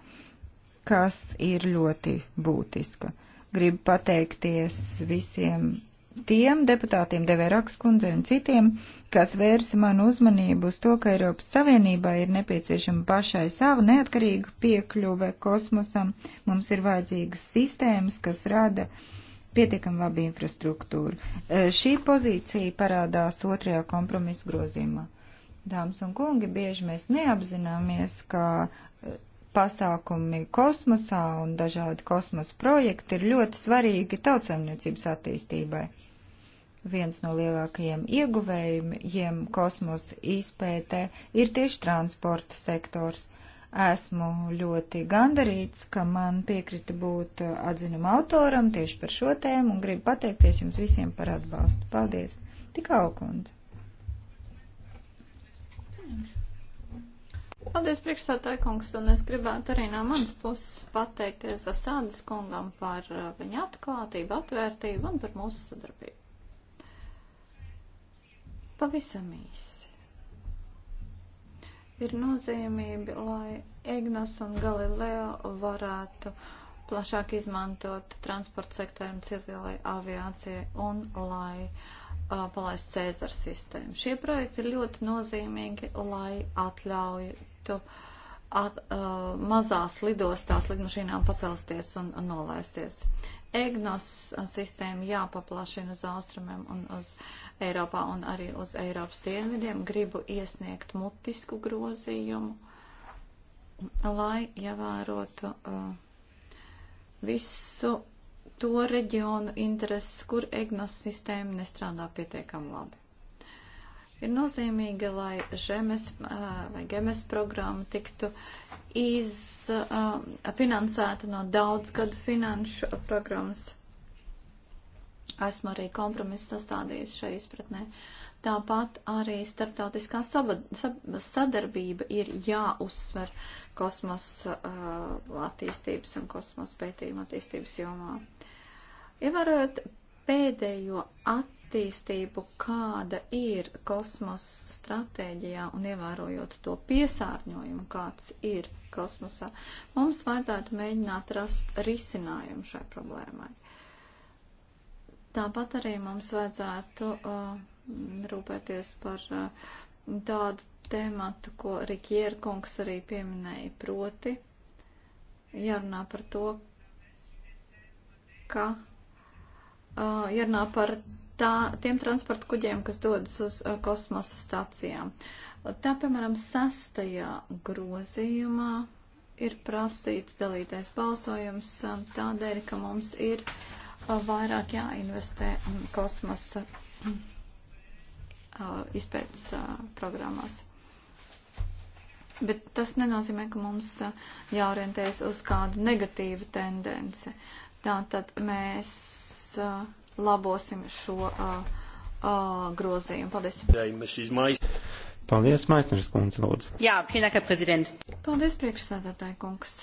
E: kas ir ļoti būtiska. Gribu pateikties visiem tiem deputātiem, Deveraks kundze un citiem, kas vērsa manu uzmanību uz to, ka Eiropas Savienībā ir nepieciešama pašai sava neatkarīga piekļuve kosmosam. Mums ir vajadzīgas sistēmas, kas rada pietiekami labu infrastruktūru. E, šī pozīcija parādās otrajā kompromisa grozījumā. Dāmas un kungi, bieži mēs neapzināmies, ka e, pasākumi kosmosā un dažādi kosmosa projekti ir ļoti svarīgi tautsēmniecības attīstībai. Viens no lielākajiem ieguvējiem kosmosa izpētē ir tieši transporta sektors. Esmu ļoti gandarīts, ka man piekrita būt uh, atzinuma autoram tieši par šo tēmu un gribu pateikties jums visiem par atbalstu. Paldies! Tik augundze!
C: Paldies, priekšsētāji kungs, un es gribētu arī no manas puses pateikties Asādas kungam par uh, viņa atklātību, atvērtību un par mūsu sadarbību. Pavisam īsi. Ir nozīmība, lai Ignas un Galileo varētu plašāk izmantot transporta sektoram civilai aviācijai un lai uh, palaist Cēzara sistēmu. Šie projekti ir ļoti nozīmīgi, lai atļautu at, uh, mazās lidostās lidmašīnām pacelsties un, un nolaisties. EGNOS sistēma jāpaplašina uz austrumiem un uz Eiropā un arī uz Eiropas dienvidiem. Gribu iesniegt mutisku grozījumu, lai ievērotu uh, visu to reģionu intereses, kur EGNOS sistēma nestrādā pietiekam labi. Ir nozīmīgi, lai žemes vai gemes programma tiktu izfinansēta no daudzgadu finanšu programmas. Esmu arī kompromisu sastādījis šai izpratnē. Tāpat arī starptautiskā sabad, sab, sadarbība ir jāuzsver kosmos uh, attīstības un kosmos pētījuma attīstības jomā. Ievērojot pēdējo at attīstību, kāda ir kosmosa stratēģijā un ievērojot to piesārņojumu, kāds ir kosmosā, mums vajadzētu mēģināt rast risinājumu šai problēmai. Tāpat arī mums vajadzētu uh, rūpēties par uh, tādu tēmatu, ko Rikiera kungs arī pieminēja, proti jārunā par to, ka uh, jārunā par tā, tiem transporta kuģiem, kas dodas uz uh, kosmosa stācijām. Tā, piemēram, sastajā grozījumā ir prasīts dalītais balsojums um, tādēļ, ka mums ir uh, vairāk jāinvestē um, kosmosa uh, izpētes uh, programmās. Bet tas nenozīmē, ka mums uh, jāorientējas uz kādu negatīvu tendenci. Tātad mēs. Uh, labosim šo uh, uh, grozījumu. Paldies.
B: Paldies, Maisneris kundze, lūdzu.
C: Jā, pienākā prezident. Paldies, priekšsēdētāji kungs.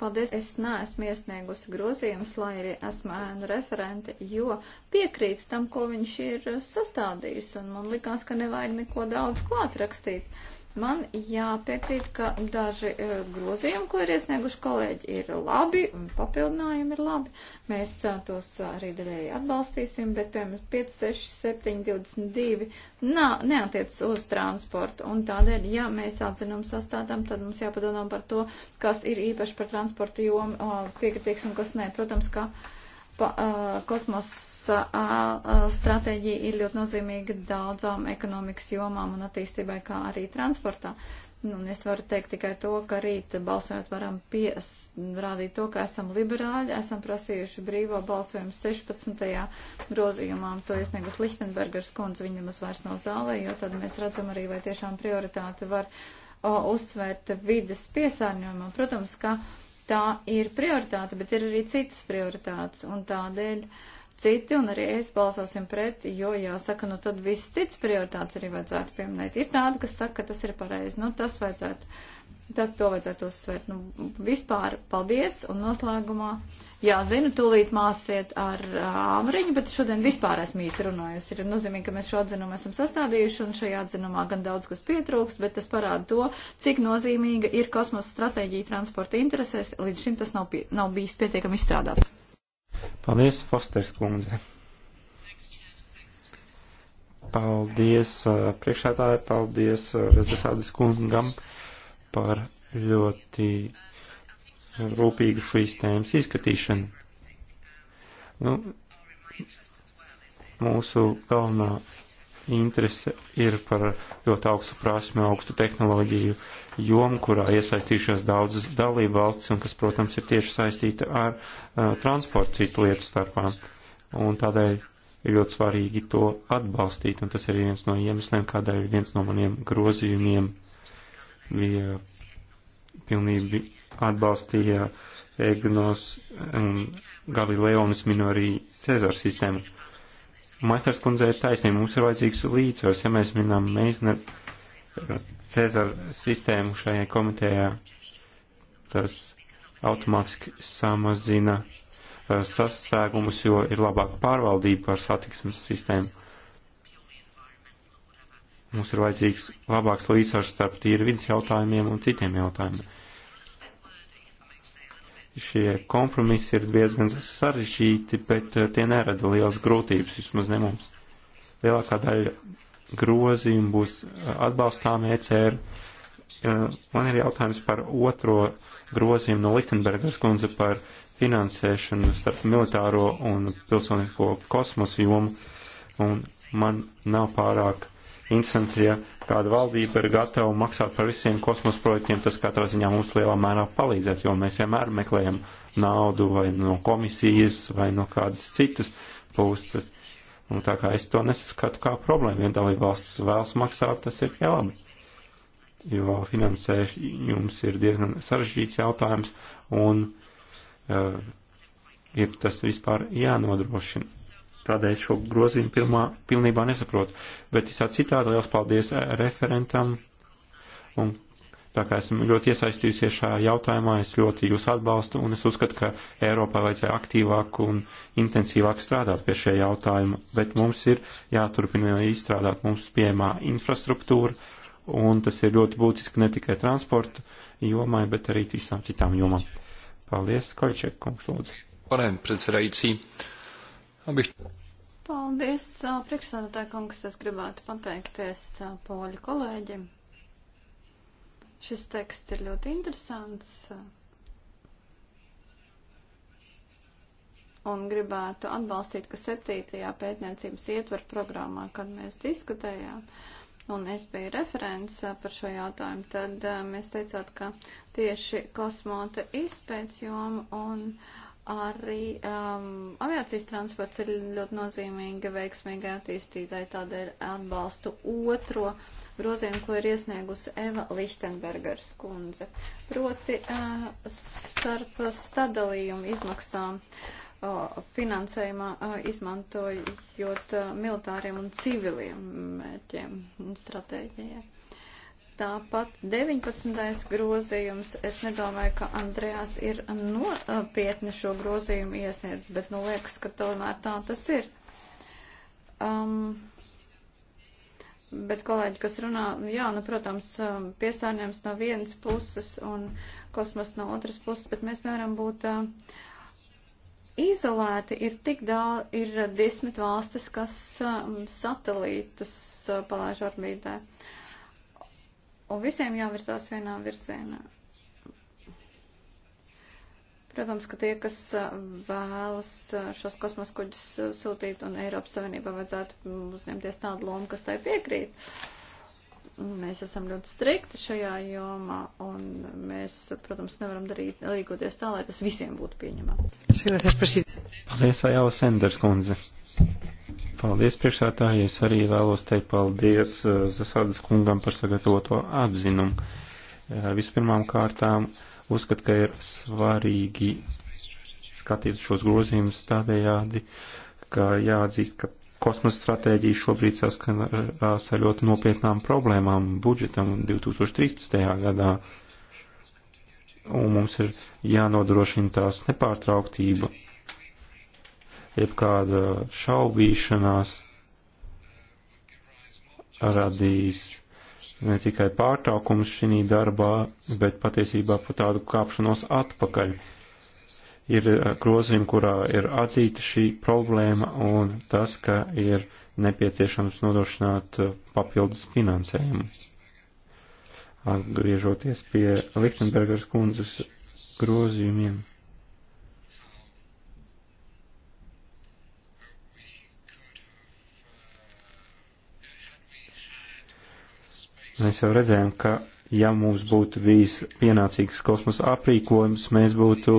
C: Paldies, es neesmu iesniegusi grozījumus, lai arī esmu ēnu referente, jo piekrītu tam, ko viņš ir sastādījis, un man likās, ka nevajag neko daudz klāt rakstīt Man jāpiekrīt, ka daži e, grozījumi, ko ir iesnieguši kolēģi, ir labi un papildinājumi ir labi. Mēs e, tos arī daļēji atbalstīsim, bet, piemēram, 5, 6, 7, 22 nā, neatiec uz transportu. Un tādēļ, ja mēs atzinumu sastādām, tad mums jāpadomā par to, kas ir īpaši par transportu jomu piekritīgs un kas nē. Protams, ka. Kā pa, uh, kosmosa uh, stratēģija ir ļoti nozīmīga daudzām ekonomikas jomām un attīstībai, kā arī transportā. Nu, un es varu teikt tikai to, ka rīt balsojot varam pierādīt to, ka esam liberāļi, esam prasījuši brīvo balsojumu 16. grozījumā, to iesniegus Lichtenbergers kundze, viņa nemaz vairs nav zālē, jo tad mēs redzam arī, vai tiešām prioritāte var o, uzsvērt vides piesārņojumu. Protams, ka uh, tā ir prioritāte, bet ir arī citas prioritātes, un tādēļ citi, un arī es balsosim pret, jo jāsaka, nu tad viss cits prioritātes arī vajadzētu pieminēt. Ir tāda, kas saka, ka tas ir pareizi, nu tas vajadzētu, tas to vajadzētu uzsvērt. Nu, vispār paldies, un noslēgumā. Uh, Jā, zinu, tūlīt māsiet ar āmriņu, bet šodien vispār esmu īsi runājusi. Ir nozīmīgi, ka mēs šo atzinumu esam sastādījuši un šajā atzinumā gan daudz kas pietrūks, bet tas parāda to, cik nozīmīga ir kosmosa stratēģija transporta interesēs. Līdz šim tas nav, pie, nav bijis pietiekami izstrādāts.
B: Paldies, Fosters kundze. Paldies priekšētāji, paldies Rezesādas kungam par ļoti rūpīgu šīs tēmas izskatīšanu. Nu, mūsu galvenā interese ir par ļoti augstu prasmi, augstu tehnoloģiju jomu, kurā iesaistījušās daudzas dalību valsts un kas, protams, ir tieši saistīta ar uh, transportu citu lietu starpā. Un tādēļ ir ļoti svarīgi to atbalstīt, un tas ir viens no iemesliem, kādēļ viens no maniem grozījumiem bija pilnīgi atbalstīja Egnos un Galileonis minu arī Cezara sistēmu. Maitars kundze ir taisnība, mums ir vajadzīgs līdzsvars, ja mēs minam Meisner Cezara sistēmu šajā komitejā, tas automātiski samazina uh, sastrēgumus, jo ir labāka pārvaldība par satiksmes sistēmu. Mums ir vajadzīgs labāks līdzsvars starp tīri vidas jautājumiem un citiem jautājumiem šie kompromisi ir diezgan sarežģīti, bet eh, tie nerada liels grūtības, vismaz ne mums. Lielākā daļa grozījumu būs eh, atbalstām ECR. Eh, man ir jautājums par otro grozījumu no Lichtenbergas kundze par finansēšanu starp militāro un pilsonisko kosmosu jomu, un man nav pārāk uh, Interesanti, ja kāda valdība ir gatava maksāt par visiem kosmosa projektiem, tas katrā ziņā mums lielā mērā palīdzēs, jo mēs vienmēr meklējam naudu vai no komisijas vai no kādas citas puses. Un nu, tā kā es to nesaskatu kā problēmu, ja dalība valsts vēlas maksāt, tas ir tikai labi. Jo finansējums ir diezgan sarežģīts jautājums un uh, ir tas vispār jānodrošina. Tādēļ šo grozījumu pilnā, pilnībā nesaprotu. Bet visā citādi liels paldies eh, referentam. Un tā kā esmu ļoti iesaistījusies šajā jautājumā, es ļoti jūs atbalstu un es uzskatu, ka Eiropā vajadzēja aktīvāk un intensīvāk strādāt pie šie jautājuma. Bet mums ir jāturpina izstrādāt mums piemā infrastruktūra. Un tas ir ļoti būtiski ne tikai transporta jomai, bet arī visām citām jomām. Paldies, Koļčēk, kungs, lūdzu. Pane předsedající,
C: Paldies, priekšsādātāja kungs, es gribētu pateikties poļu kolēģim. Šis teksts ir ļoti interesants. Un gribētu atbalstīt, ka septītajā pētniecības ietver programmā, kad mēs diskutējām, un es biju referents par šo jautājumu, tad mēs teicāt, ka tieši kosmota izpētes joma un. Uh, Arī um, aviācijas transports ir ļoti nozīmīga veiksmīga attīstītāja, tādēļ atbalstu otro grozījumu, ko ir iesniegusi Eva Lichtenbergers kundze. Proti uh, starp stadalījumu izmaksām uh, finansējumā uh, izmantojot uh, militāriem un civiliem mērķiem un stratēģijai. Tāpat 19. grozījums, es nedomāju, ka Andrejās ir nopietni šo grozījumu iesniedzis, bet nu liekas, ka tomēr tā tas ir. Um, bet kolēģi, kas runā, jā, nu, protams, um, piesārņojums no vienas puses un kosmos no otras puses, bet mēs nevaram būt. Uh, izolēti ir tik daudz, ir desmit valstis, kas um, satelītus uh, palaiž orbītē. Uh, un visiem jāvirzās vienā virzienā. Protams, ka tie, kas uh, vēlas uh, šos kosmoskuģus uh, sūtīt un Eiropas Savienībā vajadzētu uzņemties tādu lomu, kas tai piekrīt. Mēs esam ļoti strikti šajā jomā un mēs, protams, nevaram darīt, rīkoties tā, lai tas visiem būtu pieņemams.
B: Paldies, Ajāla Senders kundze. Paldies, priekšsētāji. Es arī vēlos teikt paldies uh, Zasādas kungam par sagatavoto atzinumu. Uh, vispirmām kārtām uzskat, ka ir svarīgi skatīt šos grozījumus tādējādi, ka jāatzīst, ka kosmosa stratēģija šobrīd saskanās ar ļoti nopietnām problēmām budžetam 2013. gadā. Un mums ir jānodrošina tās nepārtrauktība jebkāda šaubīšanās radīs ne tikai pārtraukums šī darbā, bet patiesībā pat tādu kāpšanos atpakaļ. Ir eh, grozījumi, kurā ir atzīta šī problēma un tas, ka ir nepieciešams nodrošināt eh, papildus finansējumu. Atgriežoties pie Lichtenbergers kundzes grozījumiem Mēs jau redzējām, ka ja mums būtu bijis pienācīgs kosmosa aprīkojums, mēs būtu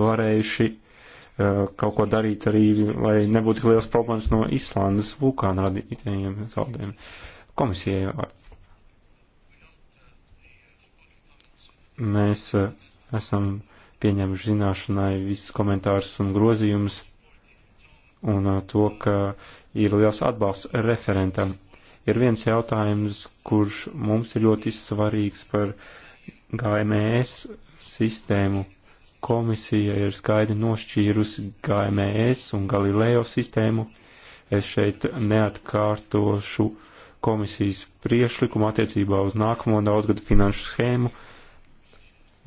B: varējuši uh, kaut ko darīt arī, lai nebūtu liels problēmas no Islandas vulkāna radītajiem zaudējumiem. Komisijai vārds. Mēs uh, esam pieņēmuši zināšanai visus komentārus un grozījumus un uh, to, ka ir liels atbalsts referentam ir viens jautājums, kurš mums ir ļoti svarīgs par GMS e sistēmu. Komisija ir skaidri nošķīrusi GMS e un Galileo sistēmu. Es šeit neatkārtošu komisijas priešlikumu attiecībā uz nākamo daudzgadu finanšu schēmu.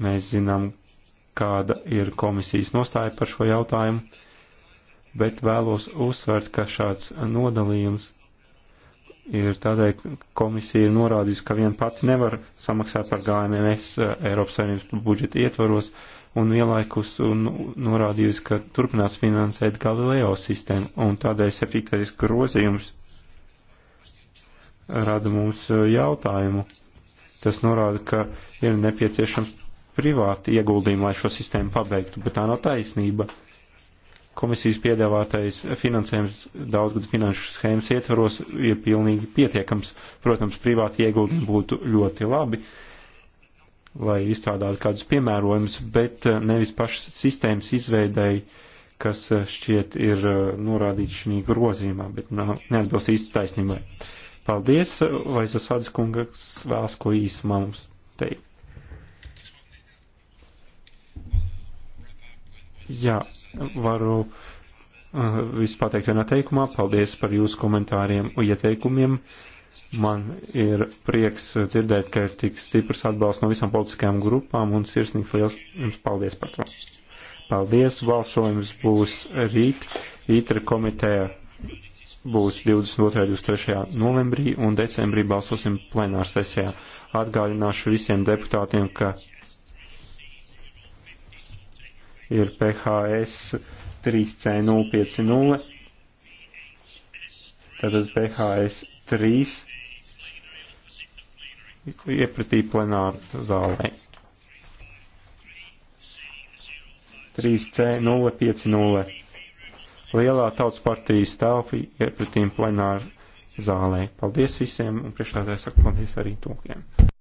B: Mēs zinām, kāda ir komisijas nostāja par šo jautājumu, bet vēlos uzsvērt, ka šāds nodalījums ir tādēļ, ka komisija ir norādījusi, ka vien pati nevar samaksāt par GMS eh, Eiropas Savienības budžeta ietvaros un vienlaikus un norādījusi, ka turpinās finansēt Galileo sistēmu un tādēļ septītais grozījums rada mums eh, jautājumu. Tas norāda, ka ir nepieciešams privāti ieguldījumi, lai šo sistēmu pabeigtu, bet tā nav taisnība. Uh, komisijas piedāvātais finansējums daudzgadus finanšu schēmas ietvaros ir pilnīgi pietiekams. Protams, privāti ieguldījumi būtu ļoti labi, lai izstrādātu kādus piemērojumus, bet eh, nevis pašas sistēmas izveidēji, kas eh, šķiet ir eh, norādīts šī grozījumā, bet nav, neatbilst īsti taisnībai. Paldies, lai Zasādis kungas vēlas ko īsumā mums teikt. Jā, varu eh, visu pateikt vienā teikumā. Paldies par jūsu komentāriem un ieteikumiem. Man ir prieks eh, dzirdēt, ka ir tik stiprs atbalsts no visām politiskajām grupām un sirsnīgi liels jums paldies par to. Paldies, balsojums būs rīt. Ītra komiteja būs 22. un 23. novembrī un decembrī balsosim plenārsesijā. Atgādināšu visiem deputātiem, ka ir PHS 3C050, tātad PHS 3 iepratīja plenāru zālē. 3C050. Lielā tautas partijas telpa iepratīja plenāru zālē. Paldies visiem un priekšstādāju saku paldies arī tūkiem.